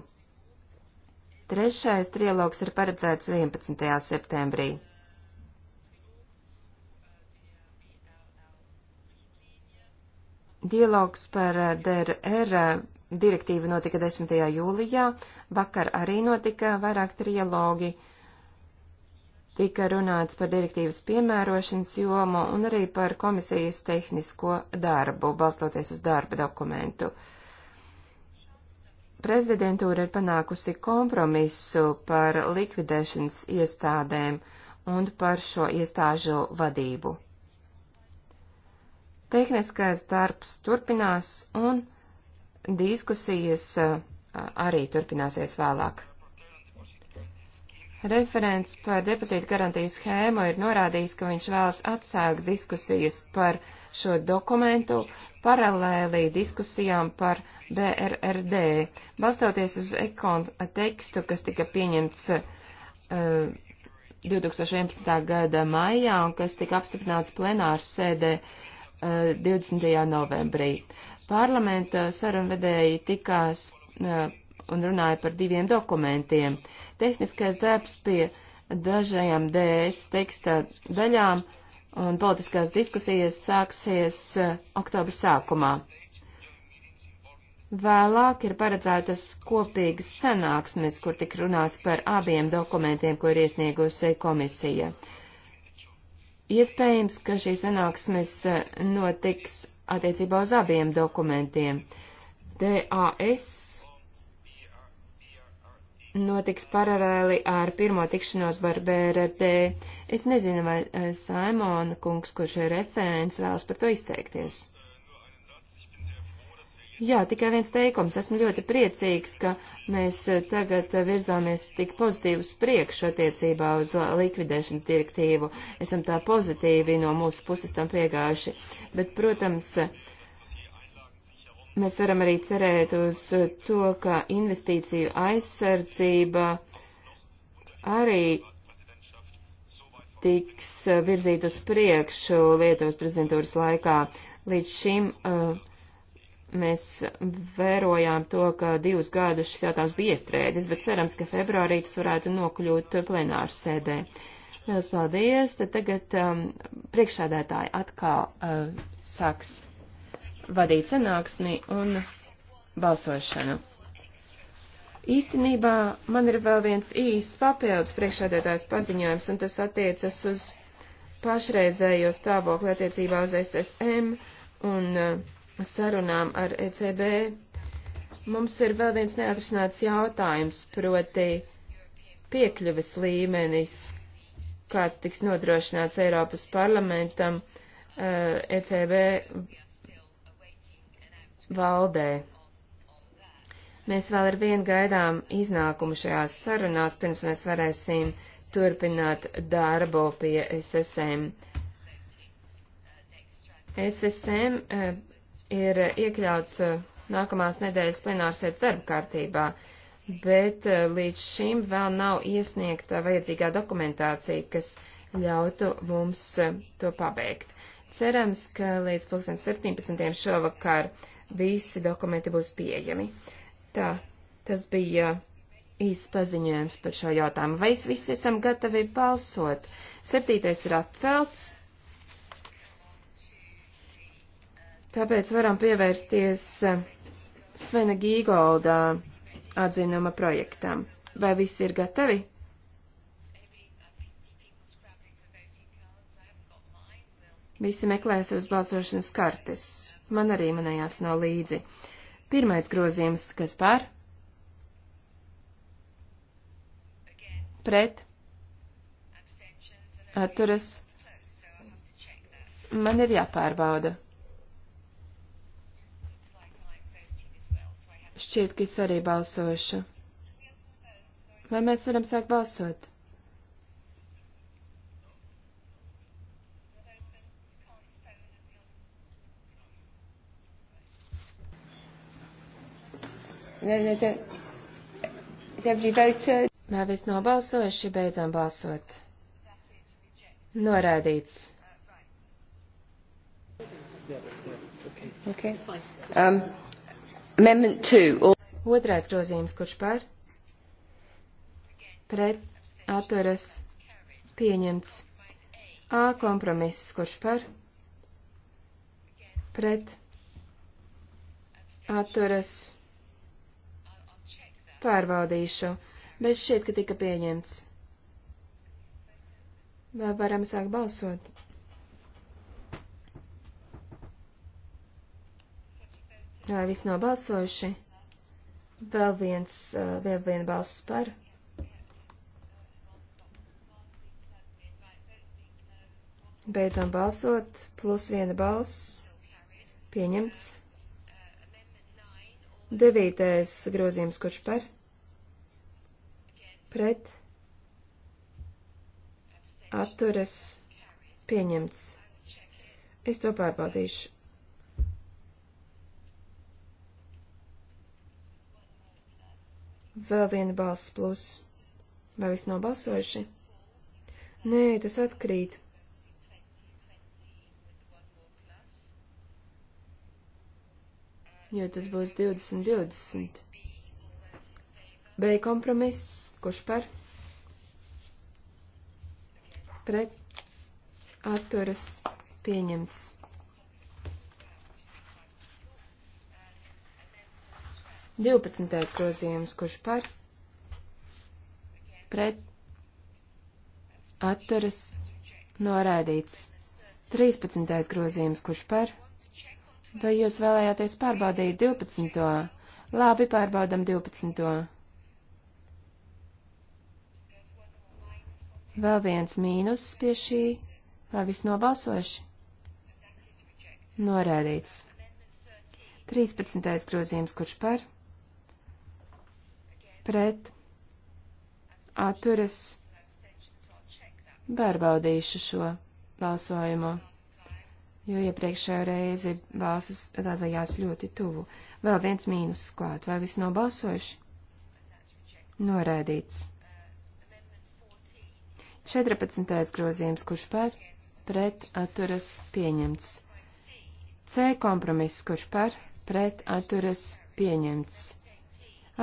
Trešais trialogs ir paredzēts 11. septembrī. Dialogs par DRR direktīvu notika 10. jūlijā, vakar arī notika vairāk trialogi, tika runāts par direktīvas piemērošanas jomu un arī par komisijas tehnisko darbu, balstoties uz darba dokumentu. Uh, Prezidentūra ir panākusi kompromisu par likvidēšanas iestādēm un par šo iestāžu vadību. Tehniskais darbs turpinās un diskusijas eh, arī turpināsies vēlāk. Referents par depozītu garantijas schēmu ir norādījis, ka viņš vēlas atsākt diskusijas par šo dokumentu paralēlī diskusijām par BRRD, balstoties uz ekon tekstu, kas tika pieņemts uh, 2011. gada maijā un kas tika apstiprināts plenārs sēdē uh, 20. novembrī. Parlamenta sarunvedēji tikās uh, un runāja par diviem dokumentiem. Tehniskais darbs pie dažajām DS teksta daļām un politiskās diskusijas sāksies eh, oktobra sākumā. Vēlāk ir paredzētas kopīgas sanāksmes, kur tik runāts par abiem dokumentiem, ko ir iesniegusi komisija. Iespējams, ka šīs sanāksmes eh, notiks attiecībā uz abiem dokumentiem. DAS notiks paralēli ar pirmo tikšanos ar BRD. Es nezinu, vai eh, Saimona kungs, kurš ir referents, vēlas par to izteikties. Jā, tikai viens teikums. Esmu ļoti priecīgs, ka mēs eh, tagad virzāmies tik pozitīvus priekšu attiecībā uz eh, likvidēšanas direktīvu. Esam tā pozitīvi no mūsu puses tam piegājuši. Bet, protams, uh, Mēs varam arī cerēt uz to, ka investīciju aizsardzība arī tiks virzīt uz priekšu Lietuvas prezidentūras laikā. Līdz šim uh, mēs vērojām to, ka divus gadus šis jautājums bija iestrēdzis, bet cerams, ka februārī tas varētu nokļūt plenāru sēdē. Lielas paldies! Tad tagad um, priekšādētāji atkal uh, sāks vadīt sanāksmi un balsošanu. Īstenībā man ir vēl viens īsts papildus priekšādētājs paziņojums, un tas attiecas uz pašreizējo stāvokli attiecībā uz SSM un uh, sarunām ar ECB. Mums ir vēl viens neatrisināts jautājums, proti piekļuves līmenis, kāds tiks nodrošināts Eiropas parlamentam, uh, ECB valdē. Mēs vēl ar vienu gaidām iznākumu šajās sarunās, pirms mēs varēsim turpināt darbu pie SSM. SSM eh, ir iekļauts eh, nākamās nedēļas plenārsēdes darba kārtībā, bet eh, līdz šim vēl nav iesniegta vajadzīgā dokumentācija, kas ļautu mums to pabeigt. Cerams, ka līdz 2017. šovakar visi dokumenti būs pieejami. Tā, tas bija īsts paziņojums par šo jautājumu. Vai visi esam gatavi balsot? Septītais ir atcelts. Tāpēc varam pievērsties eh, Svena Gīgolda atzinuma projektam. Vai visi ir gatavi? Visi meklē savas balsošanas kartes man arī manējās no līdzi. Pirmais grozījums, kas par? Pret. Atturas. Man ir jāpārbauda. Šķiet, ka es arī balsošu. Vai mēs varam sākt balsot? Nē, viss nobalsojuši, beidzam balsot. Norādīts. Okay. Um, amendment 2. Otrais grozījums, kurš par? Pret atturas pieņemts. A kompromiss, kurš par? Pret atturas pieņemts Pārbaudīšu, bet šķiet, ka tika pieņemts. Vai varam sākt balsot? Vai visi nobalsojuši? Vēl viens, uh, vēl viena balss par. Beidzam balsot, plus viena balss, pieņemts. Devītais grozījums, kurš par? pret atturas pieņemts. Es to pārbaudīšu. Vēl viena balss plus. Vai viss nav balsojuši? Nē, tas atkrīt. Jo tas būs 20, 20. B kompromiss kurš par pret atturas pieņemts. Divpadsmitais grozījums, kurš par pret atturas norādīts. Trīspadsmitais grozījums, kurš par vai jūs vēlējāties pārbaudīt divpadsmito? Labi, pārbaudam divpadsmito. Vēl viens mīnus pie šī, vai viss nobalsojuši? Norēdīts. 13. grozījums, kurš par? Pret. Atturas. Bārbaudīšu šo balsojumu, jo iepriekšējo reizi balsas tādajās ļoti tuvu. Vēl viens mīnus klāt, vai viss nobalsojuši? Norēdīts. 14. grozījums, kurš par, pret atturas pieņemts. C kompromiss, kurš par, pret atturas pieņemts.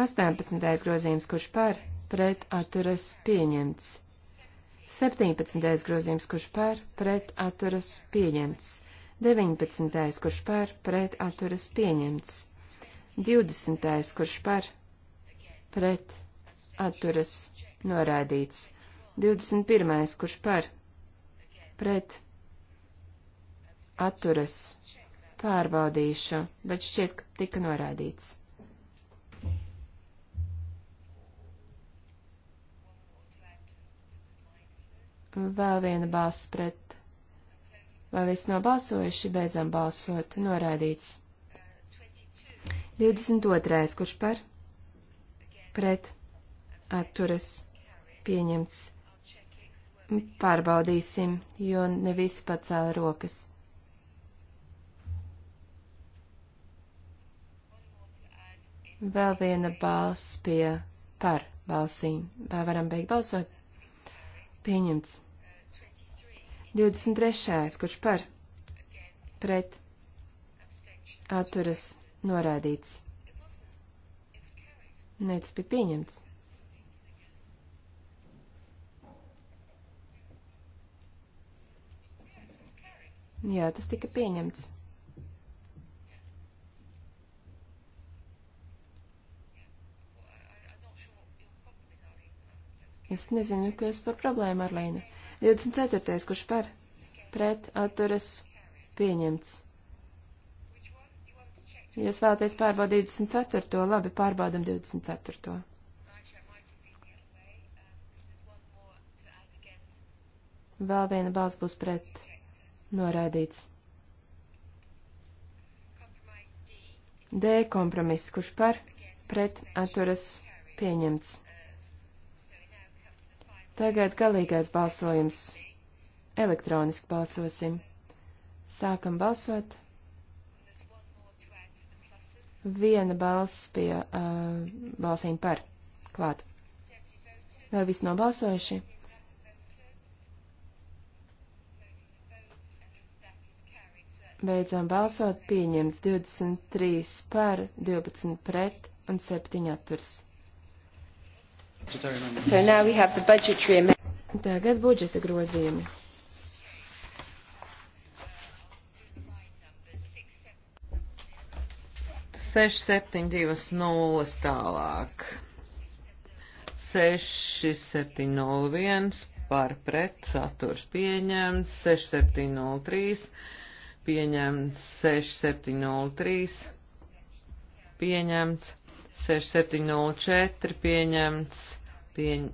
18. grozījums, kurš par, pret atturas pieņemts. 17. grozījums, kurš par, pret atturas pieņemts. 19. kurš par, pret atturas pieņemts. 20. kurš par, pret atturas noraidīts. 21. kurš par, pret, atturas, pārbaudīšu, bet šķiet, ka tika noraidīts. Vēl viena balss pret. Vai viss nobalsojuši, beidzam balsot, noraidīts. 22. kurš par, pret, atturas, pieņemts. Pārbaudīsim, jo ne visi pacēla rokas. Vēl viena balss pie par balsīm. Vai varam beigt balsot? Pieņemts. 23. Kurš par? Pret. Atturas. Norādīts. Nē, tas bija pieņemts. Jā, tas tika pieņemts. Es nezinu, kas par problēmu, Arlīna. 24. kurš par? Pret atturas pieņemts. Jūs vēlaties pārbaudīt 24. Labi, pārbaudam 24. Vēl viena balss būs pret. Noraidīts. D kompromiss, kurš par pret atturas pieņemts. Tagad galīgais balsojums. Elektroniski balsosim. Sākam balsot. Viena balss pie uh, balsīm par. Klāt. Vēl viss nobalsojuši? Beidzam balsot pieņemts 23 par, 12 pret un 7 atturs. So now we have the budgetary amendment. Tagad budžeta grozījumi. Seši, septiņi, divas nulles tālāk. 6701 par pret saturs pieņemts, 6703 pieņemts 6703, pieņemts 6704, pieņemts pieņ...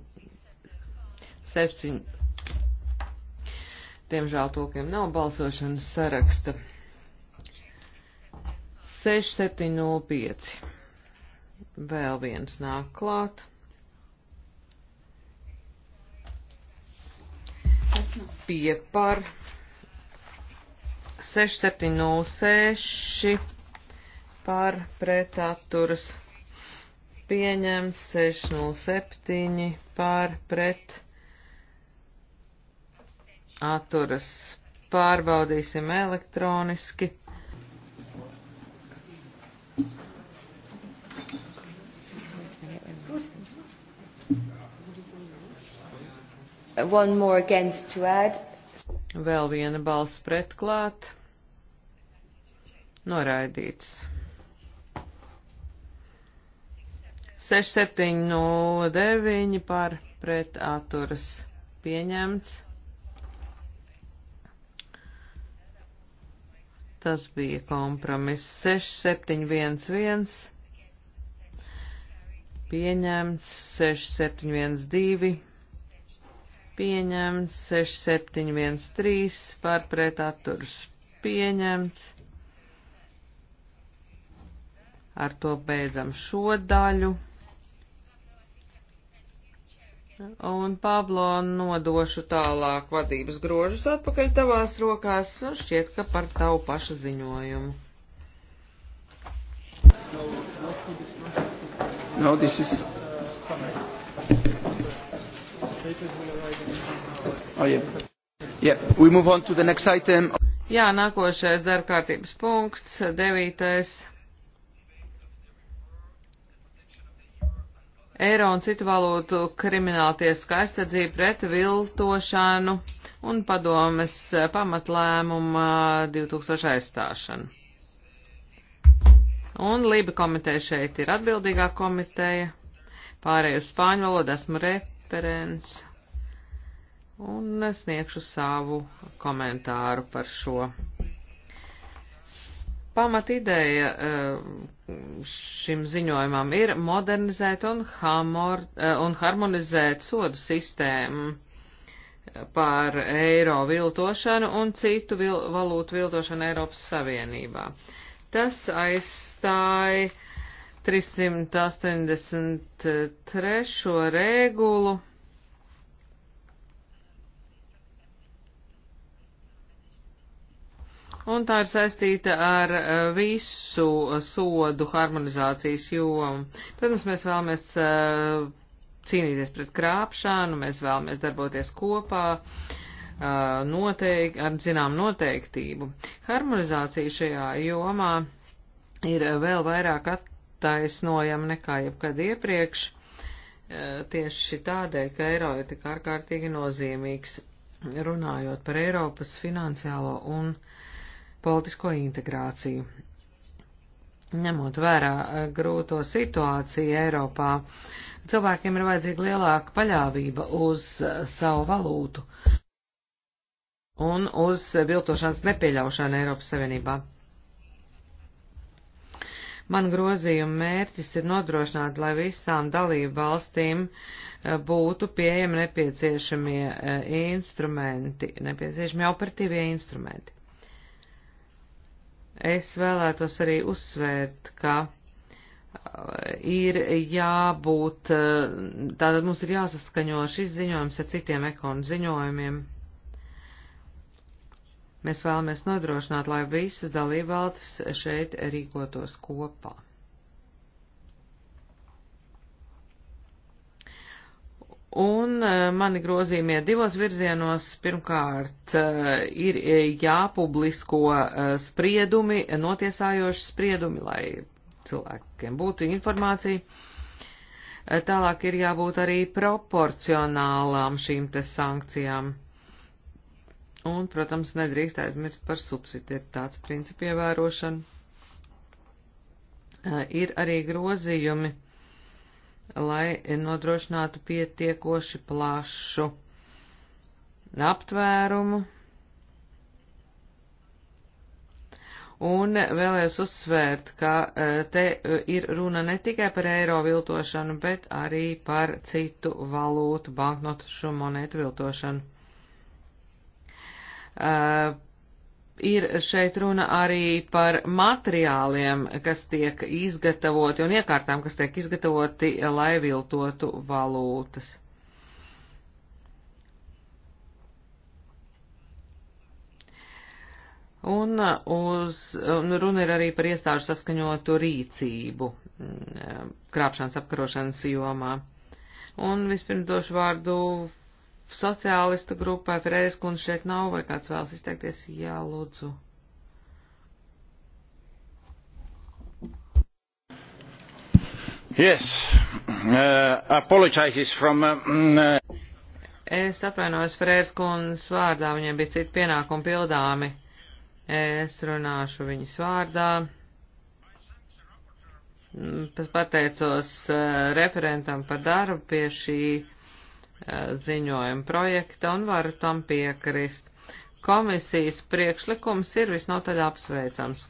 7. Diemžēl tūkiem nav balsošanas saraksta. 6705. Vēl viens nāk klāt. Pie par 6706 par pretaturas pieņemts, 607 par pretaturas. Pārbaudīsim elektroniski. One more against to add. Vēl viena balss pretklāt. Noraidīts. 6709 nu, par pret atturas pieņemts. Tas bija kompromiss 6711, pieņemts 6712 pieņemts, 6713 par pret atturas pieņemts. Ar to beidzam šo daļu. Un Pablo nodošu tālāk vadības grožus atpakaļ tavās rokās, un šķiet, ka par tavu pašu ziņojumu. No, this is Oh, yeah. Yeah. We move on to the next item. Jā, nākošais darbkārtības punkts, devītais. Eiro un citu valūtu krimināltieska aizsardzība pret viltošanu un padomes pamatlēmuma 2000 aizstāšanu. Un Lība komiteja šeit ir atbildīgā komiteja. Pārēju spāņu valodu esmu referents referents un sniegšu savu komentāru par šo. Pamat ideja eh, šim ziņojumam ir modernizēt un, hamor, eh, un harmonizēt sodu sistēmu par eiro viltošanu un citu vil, valūtu viltošanu Eiropas Savienībā. Tas aizstāja 383. regulu. Un tā ir saistīta ar eh, visu eh, sodu harmonizācijas jomu. Protams, mēs vēlamies eh, cīnīties pret krāpšanu, mēs vēlamies darboties kopā noteik, ar zinām noteiktību. Harmonizācija šajā jomā ir vēl vairāk attīstīta taisnojam nekā jebkad iepriekš, e, tieši tādēļ, ka eiro ir tik ārkārtīgi nozīmīgs, runājot par Eiropas finansiālo un politisko integrāciju. Ņemot vērā e, grūto situāciju Eiropā, cilvēkiem ir vajadzīga lielāka paļāvība uz e, savu valūtu un uz viltošanas nepieļaušanu Eiropas Savienībā. Man grozījuma mērķis ir nodrošināt, lai visām dalību valstīm eh, būtu pieejami nepieciešamie eh, instrumenti, nepieciešamie operatīvie instrumenti. Es vēlētos arī uzsvērt, ka eh, ir jābūt, tātad mums ir jāsaskaņo šis ziņojums ar citiem ekonu ziņojumiem Mēs vēlamies nodrošināt, lai visas dalībvalstis šeit rīkotos kopā. Un e, mani grozījumie divos virzienos pirmkārt e, ir e, jāpublisko spriedumi, notiesājoši spriedumi, lai cilvēkiem būtu informācija. Tālāk ir jābūt arī proporcionālām šīm te sankcijām. Un, protams, nedrīkst aizmirst par subsidiaritātes principu ievērošanu. Ir arī grozījumi, lai nodrošinātu pietiekoši plašu aptvērumu. Un vēlējos uzsvērt, ka te ir runa ne tikai par eiro viltošanu, bet arī par citu valūtu banknotu šo monētu viltošanu. Eh, ir šeit runa arī par materiāliem, kas tiek izgatavoti un iekārtām, kas tiek izgatavoti, lai viltotu valūtas. Un uz, un runa ir arī par iestāžu saskaņotu rīcību mm, eh, krāpšanas apkarošanas jomā. Un vispirms došu vārdu sociālistu grupai, Ferēras kundze šeit nav, vai kāds vēlas izteikties? Jā, lūdzu. Yes, uh, apologizes from. Uh, mm, uh, es atvainojos Ferēras kundzes vārdā, viņiem bija citi pienākumi pildāmi. Es runāšu viņas vārdā. Mm, pateicos uh, referentam par darbu pie šī Eh, ziņojuma projekta un varu tam piekrist. Komisijas priekšlikums ir visnotaļ apsveicams.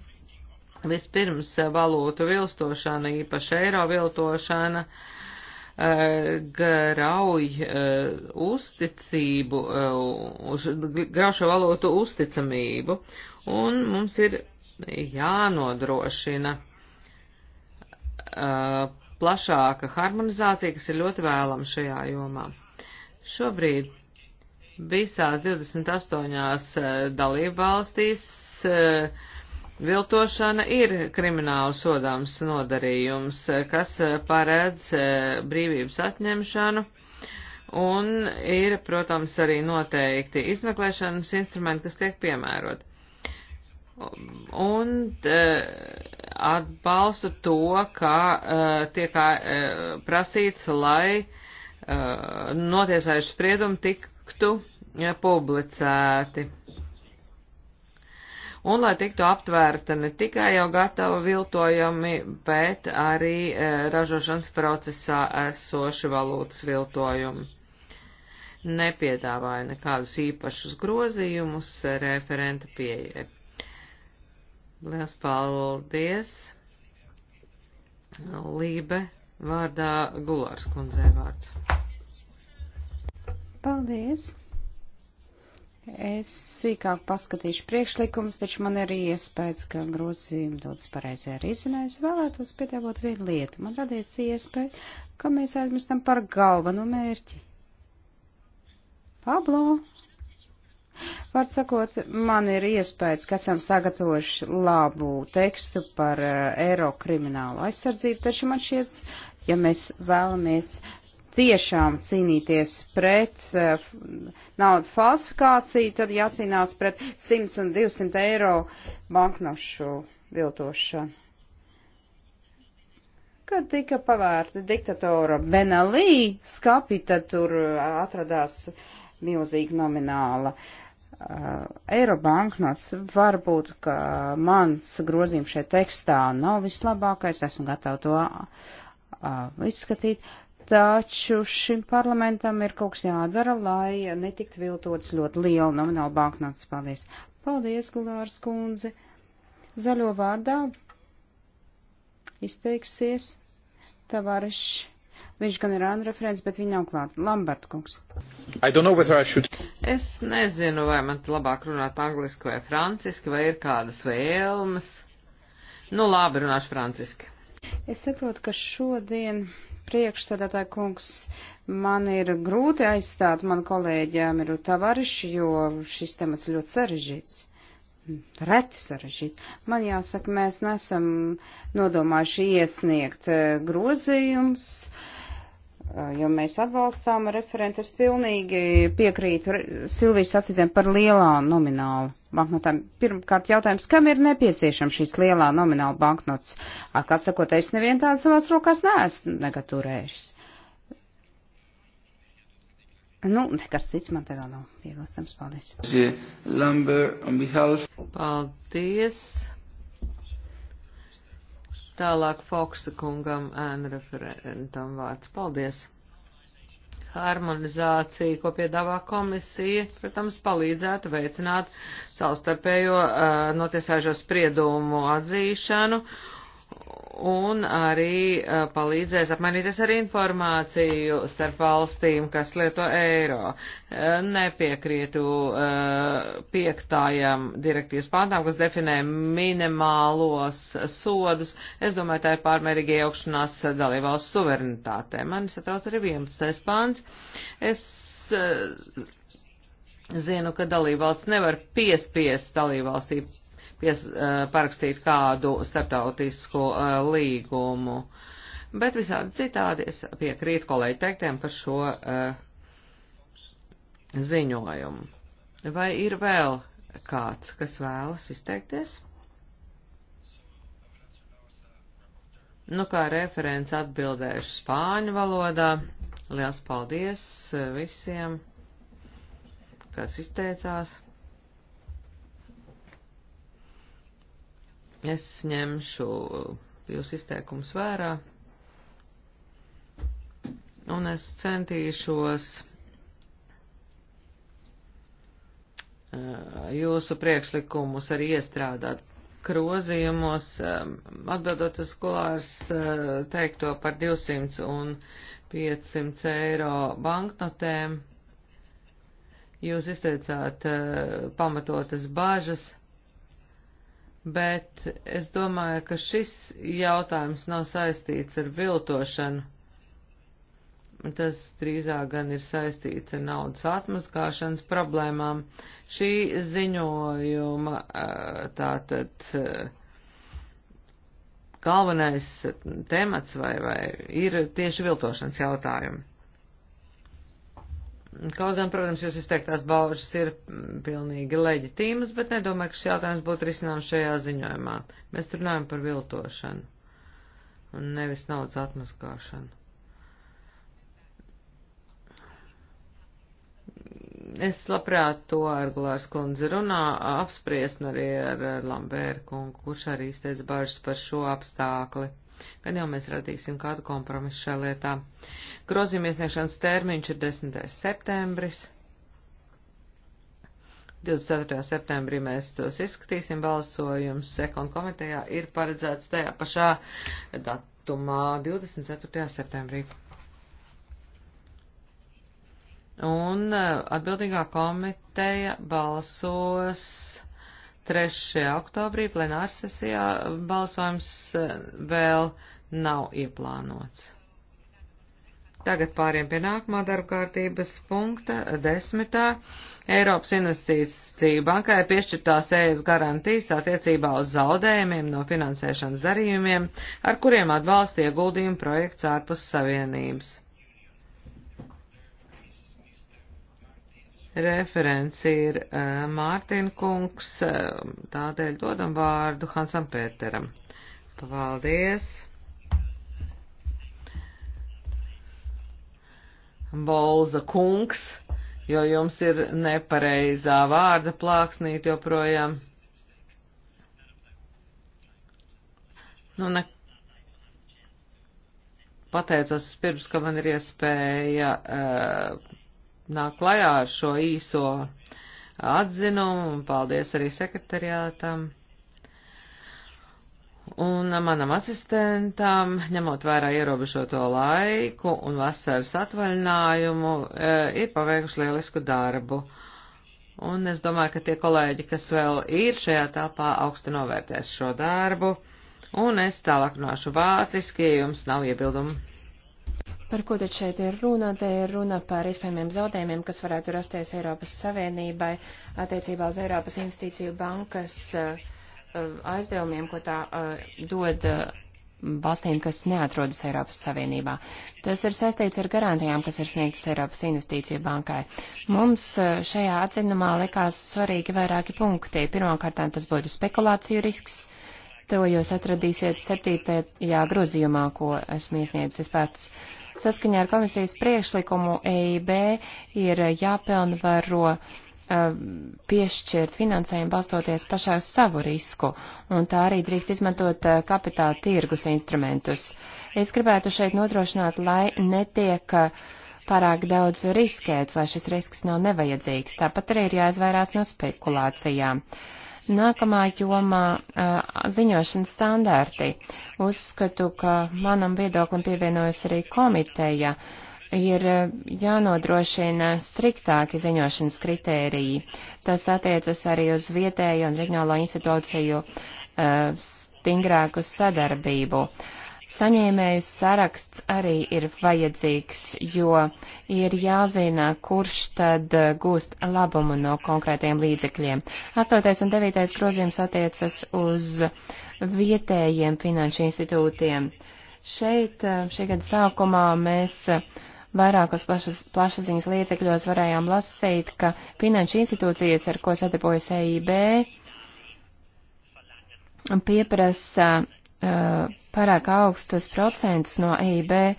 Vispirms eh, valūtu viltošana, īpaši eiro viltošana, eh, grauj uzticību, graušo valūtu uzticamību, un mums ir jānodrošina plašāka harmonizācija, kas ir ļoti vēlama šajā jomā. Šobrīd visās 28 eh, dalībvalstīs eh, viltošana ir krimināli sodāms nodarījums, eh, kas paredz brīvības atņemšanu. Un ir, protams, arī noteikti izmeklēšanas instrumenti, kas tiek piemērot. Un atbalstu to, ka tiek prasīts, lai uh, Uh, notiesājuši spriedumi tiktu publicēti. Un lai tiktu aptvērta ne tikai jau gatava viltojumi, bet arī uh, ražošanas procesā esoši valūtas viltojumi nepiedāvāja nekādus īpašus grozījumus referenta pieejai. Lielas paldies! Lībe vārdā Gulārs kundzē vārds. Paldies! Es sīkāk paskatīšu priekšlikumus, taču man ir iespējas, ka grozījumi dodas pareizajā risinē. Es vēlētos piedāvāt vienu lietu. Man radies iespēja, ka mēs aizmirstam par galveno mērķi. Pablo, Vārds sakot, man ir iespējas, ka esam sagatavojuši labu tekstu par eh, eiro kriminālu aizsardzību, taču man šķiet, ja mēs vēlamies tiešām cīnīties pret uh, naudas falsifikāciju, tad jācīnās pret 100 un 200 eiro banknošu viltošanu. Kad tika pavērta diktatora Benalī skapi, tad tur eh, atradās milzīga nomināla uh, Uh, eiro banknots. Varbūt, ka mans grozījums šeit tekstā nav vislabākais, esmu gatava to uh, izskatīt, taču šim parlamentam ir kaut kas jādara, lai netikt viltots ļoti liela nomināla banknots. Paldies! Paldies, Gulārs kundze! Zaļo vārdā izteiksies tavarišs. Viņš gan ir anreferents, bet viņa nav klāt. Lambert kungs. Should... Es nezinu, vai man labāk runāt angliski vai franciski, vai ir kādas vēlmes. Nu, labi, runāšu franciski. Es saprotu, ka šodien priekšsēdētāja kungs man ir grūti aizstāt manu kolēģi Amiru Tavarišu, jo šis temats ļoti sarežģīts. Reti sarežģīts. Man jāsaka, mēs nesam nodomājuši iesniegt eh, grozījums. Uh, jo mēs atbalstām referentu. Es pilnīgi piekrītu Silvijas sacītēm par lielā nominālu banknotām. Pirmkārt jautājums, kam ir nepieciešama šīs lielā nomināla banknotes? Atklāt sakot, es nevien tādu savās rokās neesmu negaturējis. Nu, nekas cits man te vēl nav piebilstams. Paldies. Paldies. Tālāk Foksa kungam ēnu referentam vārds. Paldies! Harmonizācija, ko piedāvā komisija, protams, palīdzētu veicināt savstarpējo uh, notiesāžo spriedumu atzīšanu un arī eh, palīdzēs apmainīties ar informāciju starp valstīm, kas lieto eiro. Eh, Nepiekrītu eh, piektājam direktīvas pāntām, kas definē minimālos sodus. Es domāju, tā ir pārmērīga iejaukšanās dalībvalsts suverenitātē. Mani satrauc arī 11. pāns. Es zinu, ka dalībvalsts nevar piespiest dalībvalstī pies, eh, parakstīt kādu starptautisku eh, līgumu. Bet visādi citādi es piekrītu kolēģi teiktiem par šo eh, ziņojumu. Vai ir vēl kāds, kas vēlas izteikties? Nu, kā referents atbildēšu spāņu valodā. Liels paldies visiem, kas izteicās. Es ņemšu jūsu izteikumus vērā un es centīšos jūsu priekšlikumus arī iestrādāt grozījumos, atbildot uz skolārs teikto par 200 un 500 eiro banknotēm. Jūs izteicāt pamatotas bāžas bet es domāju, ka šis jautājums nav saistīts ar viltošanu. Tas drīzāk gan ir saistīts ar naudas atmaskāšanas problēmām. Šī ziņojuma eh, tātad eh, galvenais temats vai, vai ir tieši viltošanas jautājumi. Kaut gan, protams, jūs izteiktās baužas ir pilnīgi leģitīmas, bet nedomāju, ka šis jautājums būtu risināms šajā ziņojumā. Mēs runājam par viltošanu un nevis naudas atmaskāšanu. Es labprāt to ar Gulārs kundzi runā, apspriest arī ar Lambēru kungu, kurš arī izteica bažas par šo apstākli. Kad jau mēs radīsim kādu kompromisu šajā lietā. Grozījuma iesniegšanas termiņš ir 10. septembris. 24. septembrī mēs tos izskatīsim, balsojums sekund komitejā ir paredzēts tajā pašā datumā 24. septembrī. Un eh, atbildīgā komiteja balsos 3. oktobrī plenārsesijā balsojums eh, vēl nav ieplānots. Tagad pāriem pie nākamā darba kārtības punkta, desmitā. Eiropas investīcija bankai piešķirtās ES garantijas attiecībā uz zaudējumiem no finansēšanas darījumiem, ar kuriem atbalsta ieguldījumu projekts ārpus savienības. Referents ir uh, Mārtiņa kungs, uh, tādēļ dodam vārdu Hansam Pēteram. Paldies! Bolza kungs, jo jums ir nepareizā vārda plāksnīt joprojām. Nu, ne, pateicos pirms, ka man ir iespēja uh, nāk klajā ar šo īso atzinumu, un paldies arī sekretariātam. Un manam asistentam, ņemot vērā ierobežoto laiku un vasaras atvaļinājumu, e, ir paveikuši lielisku darbu. Un es domāju, ka tie kolēģi, kas vēl ir šajā telpā, augsti novērtēs šo darbu. Un es tālāk nāšu vāciski, ja jums nav iebildumu. Par ko tad šeit ir runa? Te ir runa par iespējamiem zaudējumiem, kas varētu rasties Eiropas Savienībai attiecībā uz Eiropas investīciju bankas eh, eh, aizdevumiem, ko tā eh, dod valstīm, kas neatrodas Eiropas Savienībā. Tas ir saistīts ar garantijām, kas ir sniegtas Eiropas Investīcija bankai. Mums šajā atzinumā likās svarīgi vairāki punkti. Pirmkārt, tas būtu spekulāciju risks. To jūs atradīsiet septītajā grozījumā, ko esmu iesniedzis pats. Uh, Saskaņā ar komisijas priekšlikumu EIB ir jāpilnvaro eh, piešķirt finansējumu balstoties pašā uz savu risku, un tā arī drīkst izmantot eh, kapitāla tirgus instrumentus. Es gribētu šeit nodrošināt, lai netiek eh, pārāk daudz riskēts, lai šis risks nav nevajadzīgs. Tāpat arī ir jāizvairās no spekulācijām. Uh, Nākamā jomā ziņošanas standārti. Uzskatu, ka manam viedoklim pievienojas arī komiteja. Ir jānodrošina striktāki ziņošanas kritēriji. Tas attiecas arī uz vietēju un reģionālo institūciju stingrāku sadarbību. Uh, Saņēmēju saraksts arī ir vajadzīgs, jo ir jāzina, kurš tad eh, gūst labumu no konkrētiem līdzekļiem. 8. un 9. grozījums attiecas uz vietējiem finanšu institūtiem. Šeit eh, šī gada sākumā mēs eh, vairākos plašas, plašsaziņas līdzekļos varējām lasīt, ka finanšu institūcijas, ar ko sadarbojas EIB, pieprasa Uh, pārāk augstus procentus no EIB uh,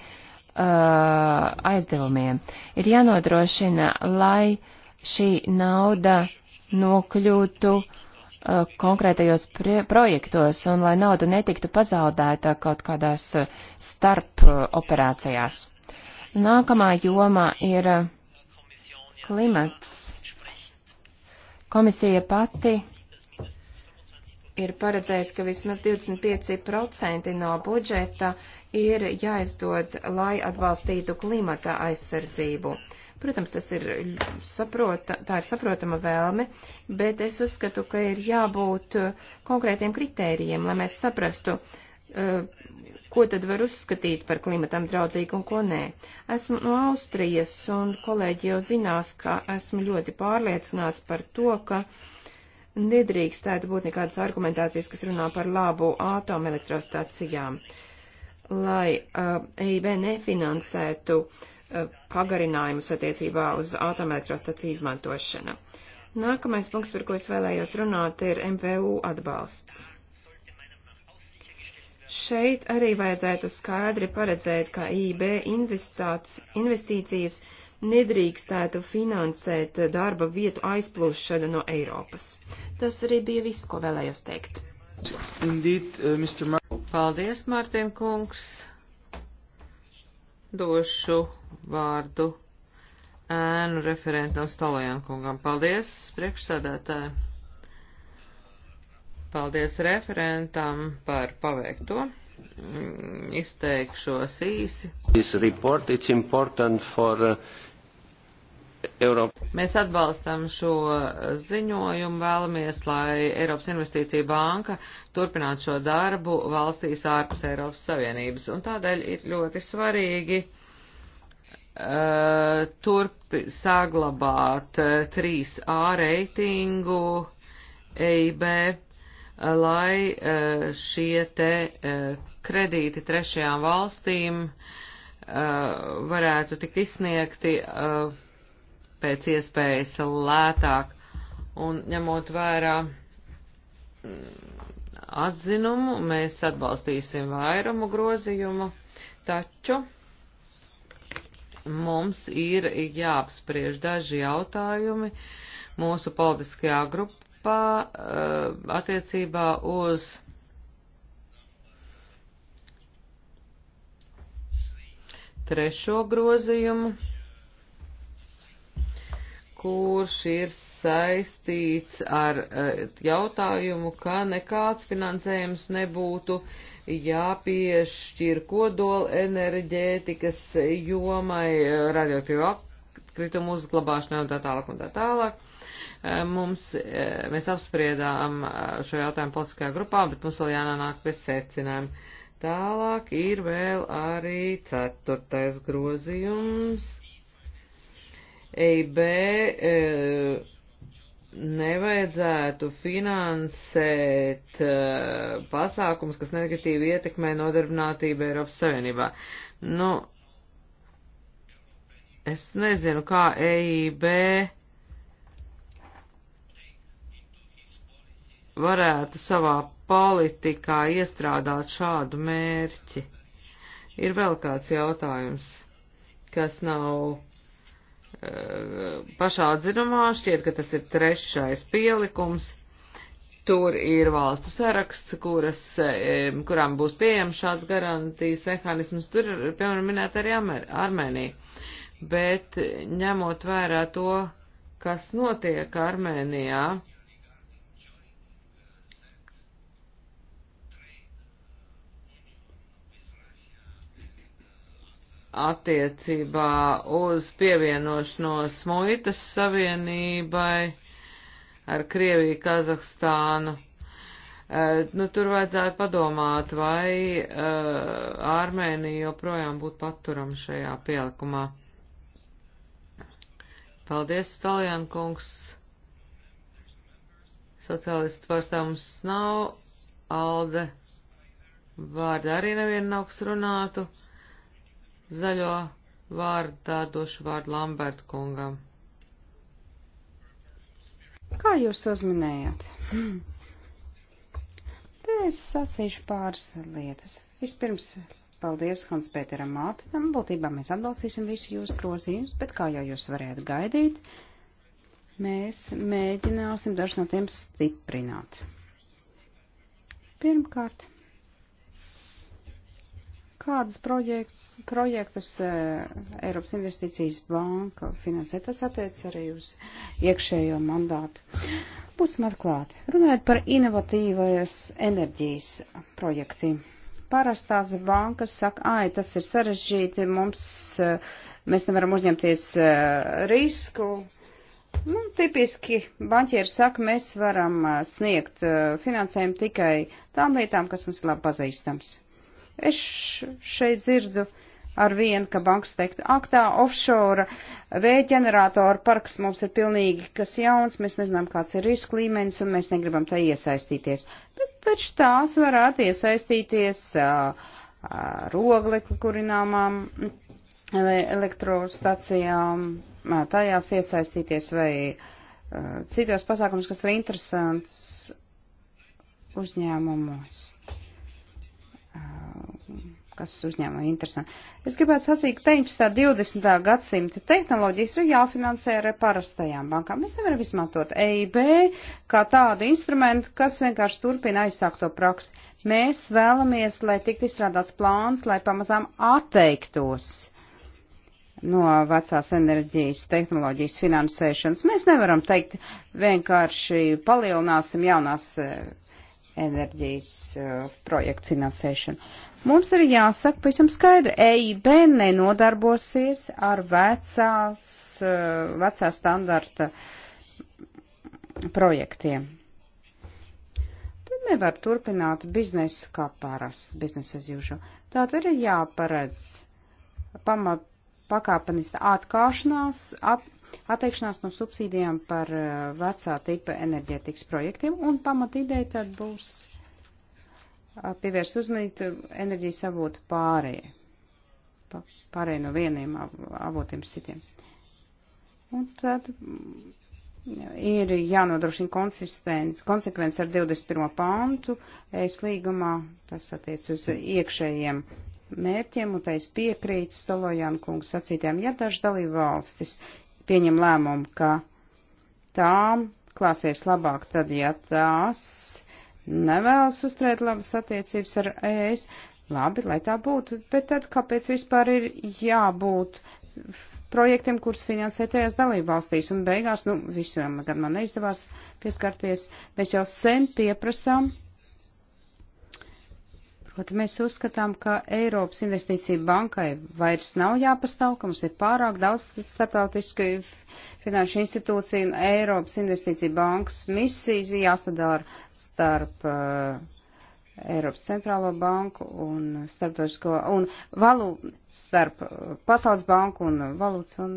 aizdevumiem. Ir jānodrošina, lai šī nauda nokļūtu uh, konkrētajos projektos un lai nauda netiktu pazaudēta kaut kādās uh, starp operācijās. Nākamā joma ir klimats. Komisija pati ir paredzējis, ka vismaz 25% no budžeta ir jāizdod, lai atbalstītu klimata aizsardzību. Protams, tas ir saprota, tā ir saprotama vēlme, bet es uzskatu, ka ir jābūt uh, konkrētiem kritērijiem, lai mēs saprastu, uh, ko tad var uzskatīt par klimatam draudzīgu un ko nē. Esmu no Austrijas, un kolēģi jau zinās, ka esmu ļoti pārliecināts par to, ka uh, nedrīkstētu būt nekādas argumentācijas, kas runā par labu atomelektrostacijām, lai uh, EIB nefinansētu uh, pagarinājumus attiecībā uz atomelektrostaciju izmantošanu. Nākamais punkts, par ko es vēlējos runāt, ir MVU atbalsts. Šeit arī vajadzētu skaidri paredzēt, ka e IB investīcijas nedrīkstētu finansēt darba vietu aizplūšanu no Eiropas. Tas arī bija viss, ko vēlējos teikt. Indeed, uh, Mr. Mar Paldies, Mārtiņ kungs. Došu vārdu ēnu referentam Stalajan kungam. Paldies, priekšsēdētāji. Paldies referentam par paveikto mm, izteikšos īsi. For, uh, Eiropa. Mēs atbalstam šo ziņojumu, vēlamies, lai Eiropas Investīcija banka turpinātu šo darbu valstīs ārpus Eiropas Savienības. Un tādēļ ir ļoti svarīgi uh, turp saglabāt uh, eh, 3A reitingu EIB, uh, lai uh, šie te uh, kredīti trešajām valstīm uh, varētu tikt izsniegti. Uh, pēc iespējas lētāk. Un ņemot vērā mm, atzinumu, mēs atbalstīsim vairumu grozījumu, taču mums ir jāapspriež daži jautājumi mūsu politiskajā grupā eh, attiecībā uz trešo grozījumu kurš ir saistīts ar eh, jautājumu, ka nekāds finansējums nebūtu jāpiešķir kodola enerģētikas jomai, eh, radioaktīvu atkritumu uzglabāšanai un tā tālāk un tā tālāk. Eh, mums, mēs apspriedām šo jautājumu politiskajā grupā, bet mums vēl jānāk pie secinājuma. Tālāk ir vēl arī ceturtais grozījums EIB e, nevajadzētu finansēt e, pasākums, kas negatīvi ietekmē nodarbinātību Eiropas Savienībā. Nu, es nezinu, kā EIB varētu savā politikā iestrādāt šādu mērķi. Ir vēl kāds jautājums, kas nav Eh, pašā atzinumā, šķiet, ka tas ir trešais pielikums. Tur ir valstu saraksts, kuras, kurām būs pieejams šāds garantijas mehānisms. Tur ir, piemēram, minēta arī Armēnija. Bet ņemot vērā to, kas notiek Armēnijā, attiecībā uz pievienošanos muitas savienībai ar Krieviju, Kazahstānu. Uh, nu, tur vajadzētu padomāt, vai uh, Armēnija joprojām būtu paturama šajā pielikumā. Paldies, Staljan kungs. Sociālistu pārstāv mums nav. Alde vārda arī nevienu nav, kas runātu. Uh, Zaļo vārdā došu vārdu Lambert kungam. Kā jūs uzminējāt? Hmm. (clears throat) Te es sacīšu pāris lietas. Vispirms, paldies Hans Pēteram Mārtiņam. Būtībā mēs atbalstīsim visu jūsu grozījumus, bet kā jau jūs varētu gaidīt, mēs mēģināsim dažs no tiem stiprināt. Pirmkārt, Kādus projektus e, Eiropas investīcijas banka finansē? Tas attiec arī uz iekšējo mandātu. Būsim atklāti. Runājot par inovatīvas enerģijas projektiem. Parastās bankas saka, ai, tas ir sarežģīti, mums, e, mēs nevaram uzņemties e, risku, Nu, tipiski banķieri saka, mēs varam sniegt finansējumu tikai tām lietām, kas mums ir labi pazīstams. Es šeit dzirdu ar vienu, ka banks teikt, ak tā, offshore vējģeneratoru parks mums ir pilnīgi kas jauns, mēs nezinām, kāds ir riska līmenis un mēs negribam tā iesaistīties. Bet taču tās varētu iesaistīties uh, uh, roglekli kurināmām ele elektrostacijām, uh, tajās iesaistīties vai uh, citos pasākumus, kas ir interesants uzņēmumos kas uzņēmumam interesanti. Es gribētu sacīt, ka 19. un 20. gadsimta tehnoloģijas ir jāfinansē ar parastajām bankām. Mēs nevaram izmantot EIB kā tādu instrumentu, kas vienkārši turpina aizsākt to praksi. Mēs vēlamies, lai tiktu izstrādāts plāns, lai pamazām atteiktos no vecās enerģijas tehnoloģijas finansēšanas. Mēs nevaram teikt, vienkārši palielināsim jaunās eh, enerģijas eh, projektu finansēšanu. Mums ir jāsaka pavisam skaidri, EIB nenodarbosies ar vecās, eh, vecā standarta projektiem. Tad nevar turpināt biznesu kā parasti, biznesa as usual. Tātad ir jāparedz pamat pakāpenista atkāšanās, at, atteikšanās no subsīdijām par eh, vecā tipa enerģētikas projektiem, un pamatīdēja tad būs pievērst uzmanību enerģijas avotu pārējai. Pārējai no vieniem avotiem citiem. Un tad mm, ir jānodrošina konsekvence ar 21. pāntu es līgumā, tas attiec uz iekšējiem mērķiem, un tais piekrītu Stolojānu kungu sacītēm, ja daži dalību valstis pieņem lēmumu, ka tām klāsies labāk tad, ja tās nevēlas uzturēt labas attiecības ar ES, labi, lai tā būtu, bet tad kāpēc vispār ir jābūt projektiem, kurus finansē tajās dalībvalstīs, un beigās, nu, visiem, gan man neizdevās pieskarties, mēs jau sen pieprasām Pat mēs uzskatām, ka Eiropas investīcija bankai vairs nav jāpastāv, ka mums ir pārāk daudz starptautisku finanšu institūciju un Eiropas investīcija bankas misijas jāsadara starp uh, Eiropas centrālo banku un starptautisko un valū starp eh, Pasaules banku un valūtas un.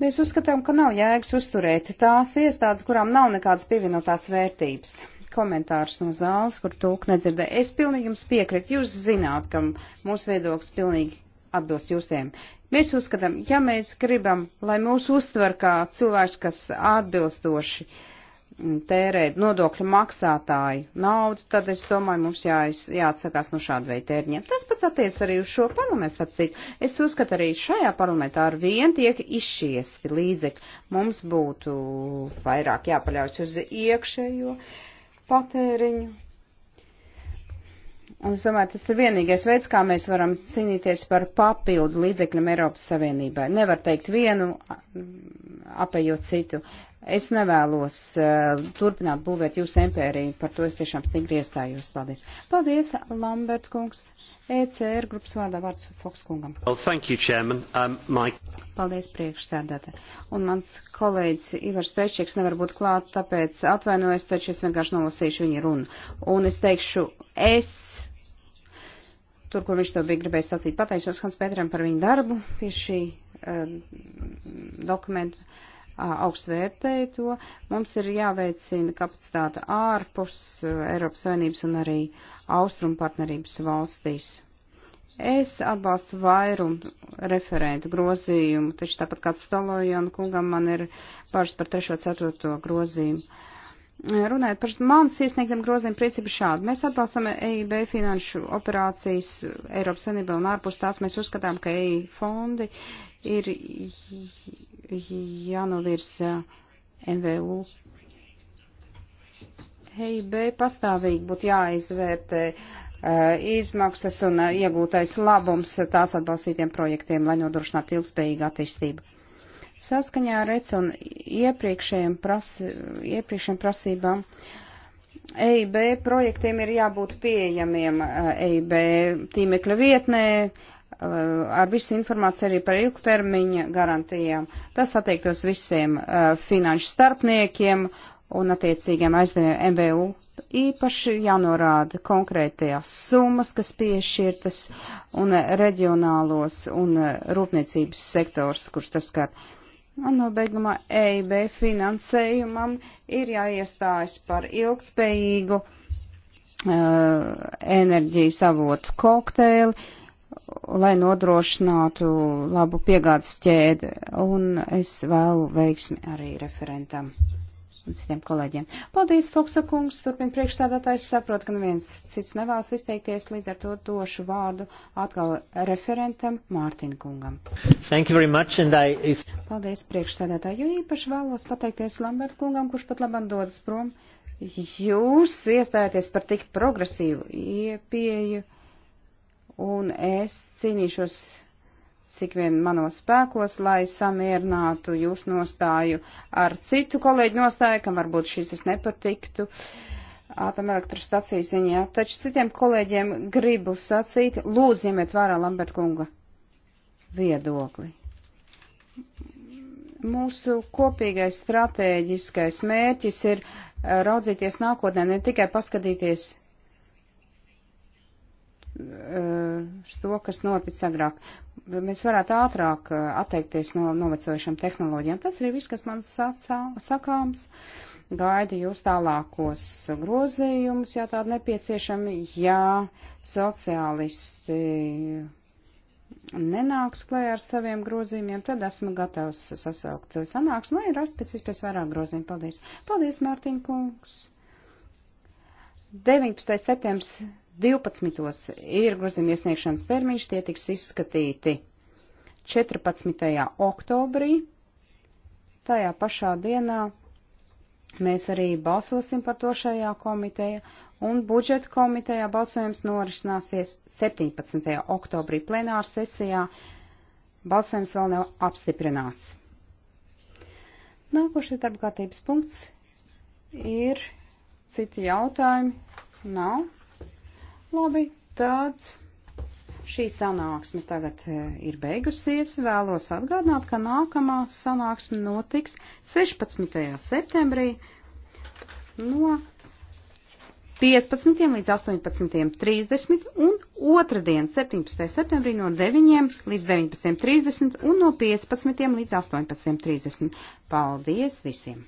Mēs uzskatām, ka nav jēgas uzturēt tās iestādes, kurām nav nekādas pievienotās vērtības komentārs no zāles, kur tūk nedzirdē. Es pilnīgi jums piekrītu, jūs zināt, ka mūsu viedoklis pilnīgi atbilst jūsiem. Mēs uzskatām, ja mēs gribam, lai mūs uztver kā cilvēks, kas atbilstoši mm, tērē nodokļu maksātāju naudu, tad es domāju, mums jā, jāatsakās no šāda veida tērņiem. Tas pats attiec arī uz šo parlamentu apcīt. Es uzskatu, arī šajā parlamentā ar vien tiek izšiesti līdzekļi. Mums būtu vairāk jāpaļaujas uz iekšējo. Uh, patēriņu. Un es domāju, tas ir vienīgais veids, kā mēs varam cīnīties par papildu līdzekļiem Eiropas Savienībai. Nevar teikt vienu, apējot citu. Es nevēlos uh, turpināt būvēt jūsu impēriju, par to es tiešām stingri iestājos. Paldies. Paldies, Lambert kungs, ECR grupas vārdā vārds Foks kungam. Well, thank you, chairman. Um, my... Paldies, priekšsēdētāji. Un mans kolēģis Ivars Trečieks nevar būt klāt, tāpēc atvainojos, taču es vienkārši nolasīšu viņa runu. Un es teikšu, es. Tur, kur viņš to bija gribējis sacīt, pateicos Hans Pēteram par viņu darbu pie šī uh, dokumenta. Uh, augstvērtēju to. Mums ir jāveicina kapacitāte ārpus Eiropas Savienības un arī Austrum partnerības valstīs. Es atbalstu vairumu referentu grozījumu, taču tāpat kā Stalojana kungam man ir pāris par 3. 4. grozījumu. Runājot par manas iesniegtiem grozījumiem, principi šādi. Mēs atbalstam EIB finanšu operācijas Eiropas Sanībā un ārpus tās mēs uzskatām, ka EI fondi ir jānovirza MVU. EIB pastāvīgi būtu jāizvērtē eh, izmaksas un eh, iegūtais labums tās atbalstītiem projektiem, lai nodrošinātu ilgspējīgu attīstību. Saskaņā ar EC un iepriekšējiem, prasi, iepriekšējiem prasībām EIB projektiem ir jābūt pieejamiem EIB eh, e tīmekļa vietnē, Eh, ar visu informāciju arī par ilgtermiņa garantijām. Tas attiektos visiem uh, finanšu starpniekiem un attiecīgiem aizdevējiem MVU. Īpaši jānorāda konkrētajās summas, kas piešķirtas, un eh, reģionālos un rūpniecības sektors, kurš tas skar. Un nobeigumā EIB finansējumam ir jāiestājas par ilgspējīgu uh, enerģijas avotu kokteili, uh, lai nodrošinātu labu piegādes ķēdi, un es vēlu veiksmi arī referentam un citiem kolēģiem. Paldies, Foksa kungs, turpin priekšstādātājs, saprot, ka neviens cits nevēlas izteikties, līdz ar to došu vārdu atkal referentam Mārtin kungam. Thank you very much, and I... Is... Paldies, priekšstādātāji, jo īpaši vēlos pateikties Lambert kungam, kurš pat labam dodas prom. Jūs iestājaties par tik progresīvu iepieju. Ja un es cīnīšos cik vien manos spēkos, lai samierinātu jūs nostāju ar citu kolēģu nostāju, kam varbūt šis es nepatiktu. Atomelektrostacijas ziņā, taču citiem kolēģiem gribu sacīt, lūdzu, ņemiet vērā Lambert kunga viedokli. Mūsu kopīgais stratēģiskais mērķis ir eh, raudzīties nākotnē, ne tikai paskatīties Eh, to, kas noticis agrāk. Mēs varētu ātrāk eh, atteikties no novecojušām tehnoloģijām. Tas ir viss, kas man sakāms. Gaida jūs tālākos grozījumus, ja tādi nepieciešami, ja sociālisti nenāks klējā ar saviem grozījumiem, tad esmu gatavs sasaukt sanāks, lai rast pēc vispēc vairāk grozījumu. Paldies. Paldies, Mārtiņ kungs. 19. septembris 12. ir grozījuma iesniegšanas termiņš, tie tiks izskatīti 14. oktobrī. Tajā pašā dienā mēs arī balsosim par to šajā komiteja, un budžeta komitejā balsojums norisināsies 17. oktobrī plenāra sesijā. Balsojums vēl nav apstiprināts. Nākošais darbkārtības punkts ir citi jautājumi. Nav. Labi, tad šī sanāksme tagad e, ir beigusies. Vēlos atgādināt, ka nākamā sanāksme notiks 16. septembrī no 15. līdz 18.30 un otrdien 17. septembrī no 9. līdz 19.30 un no 15. līdz 18.30. Paldies visiem!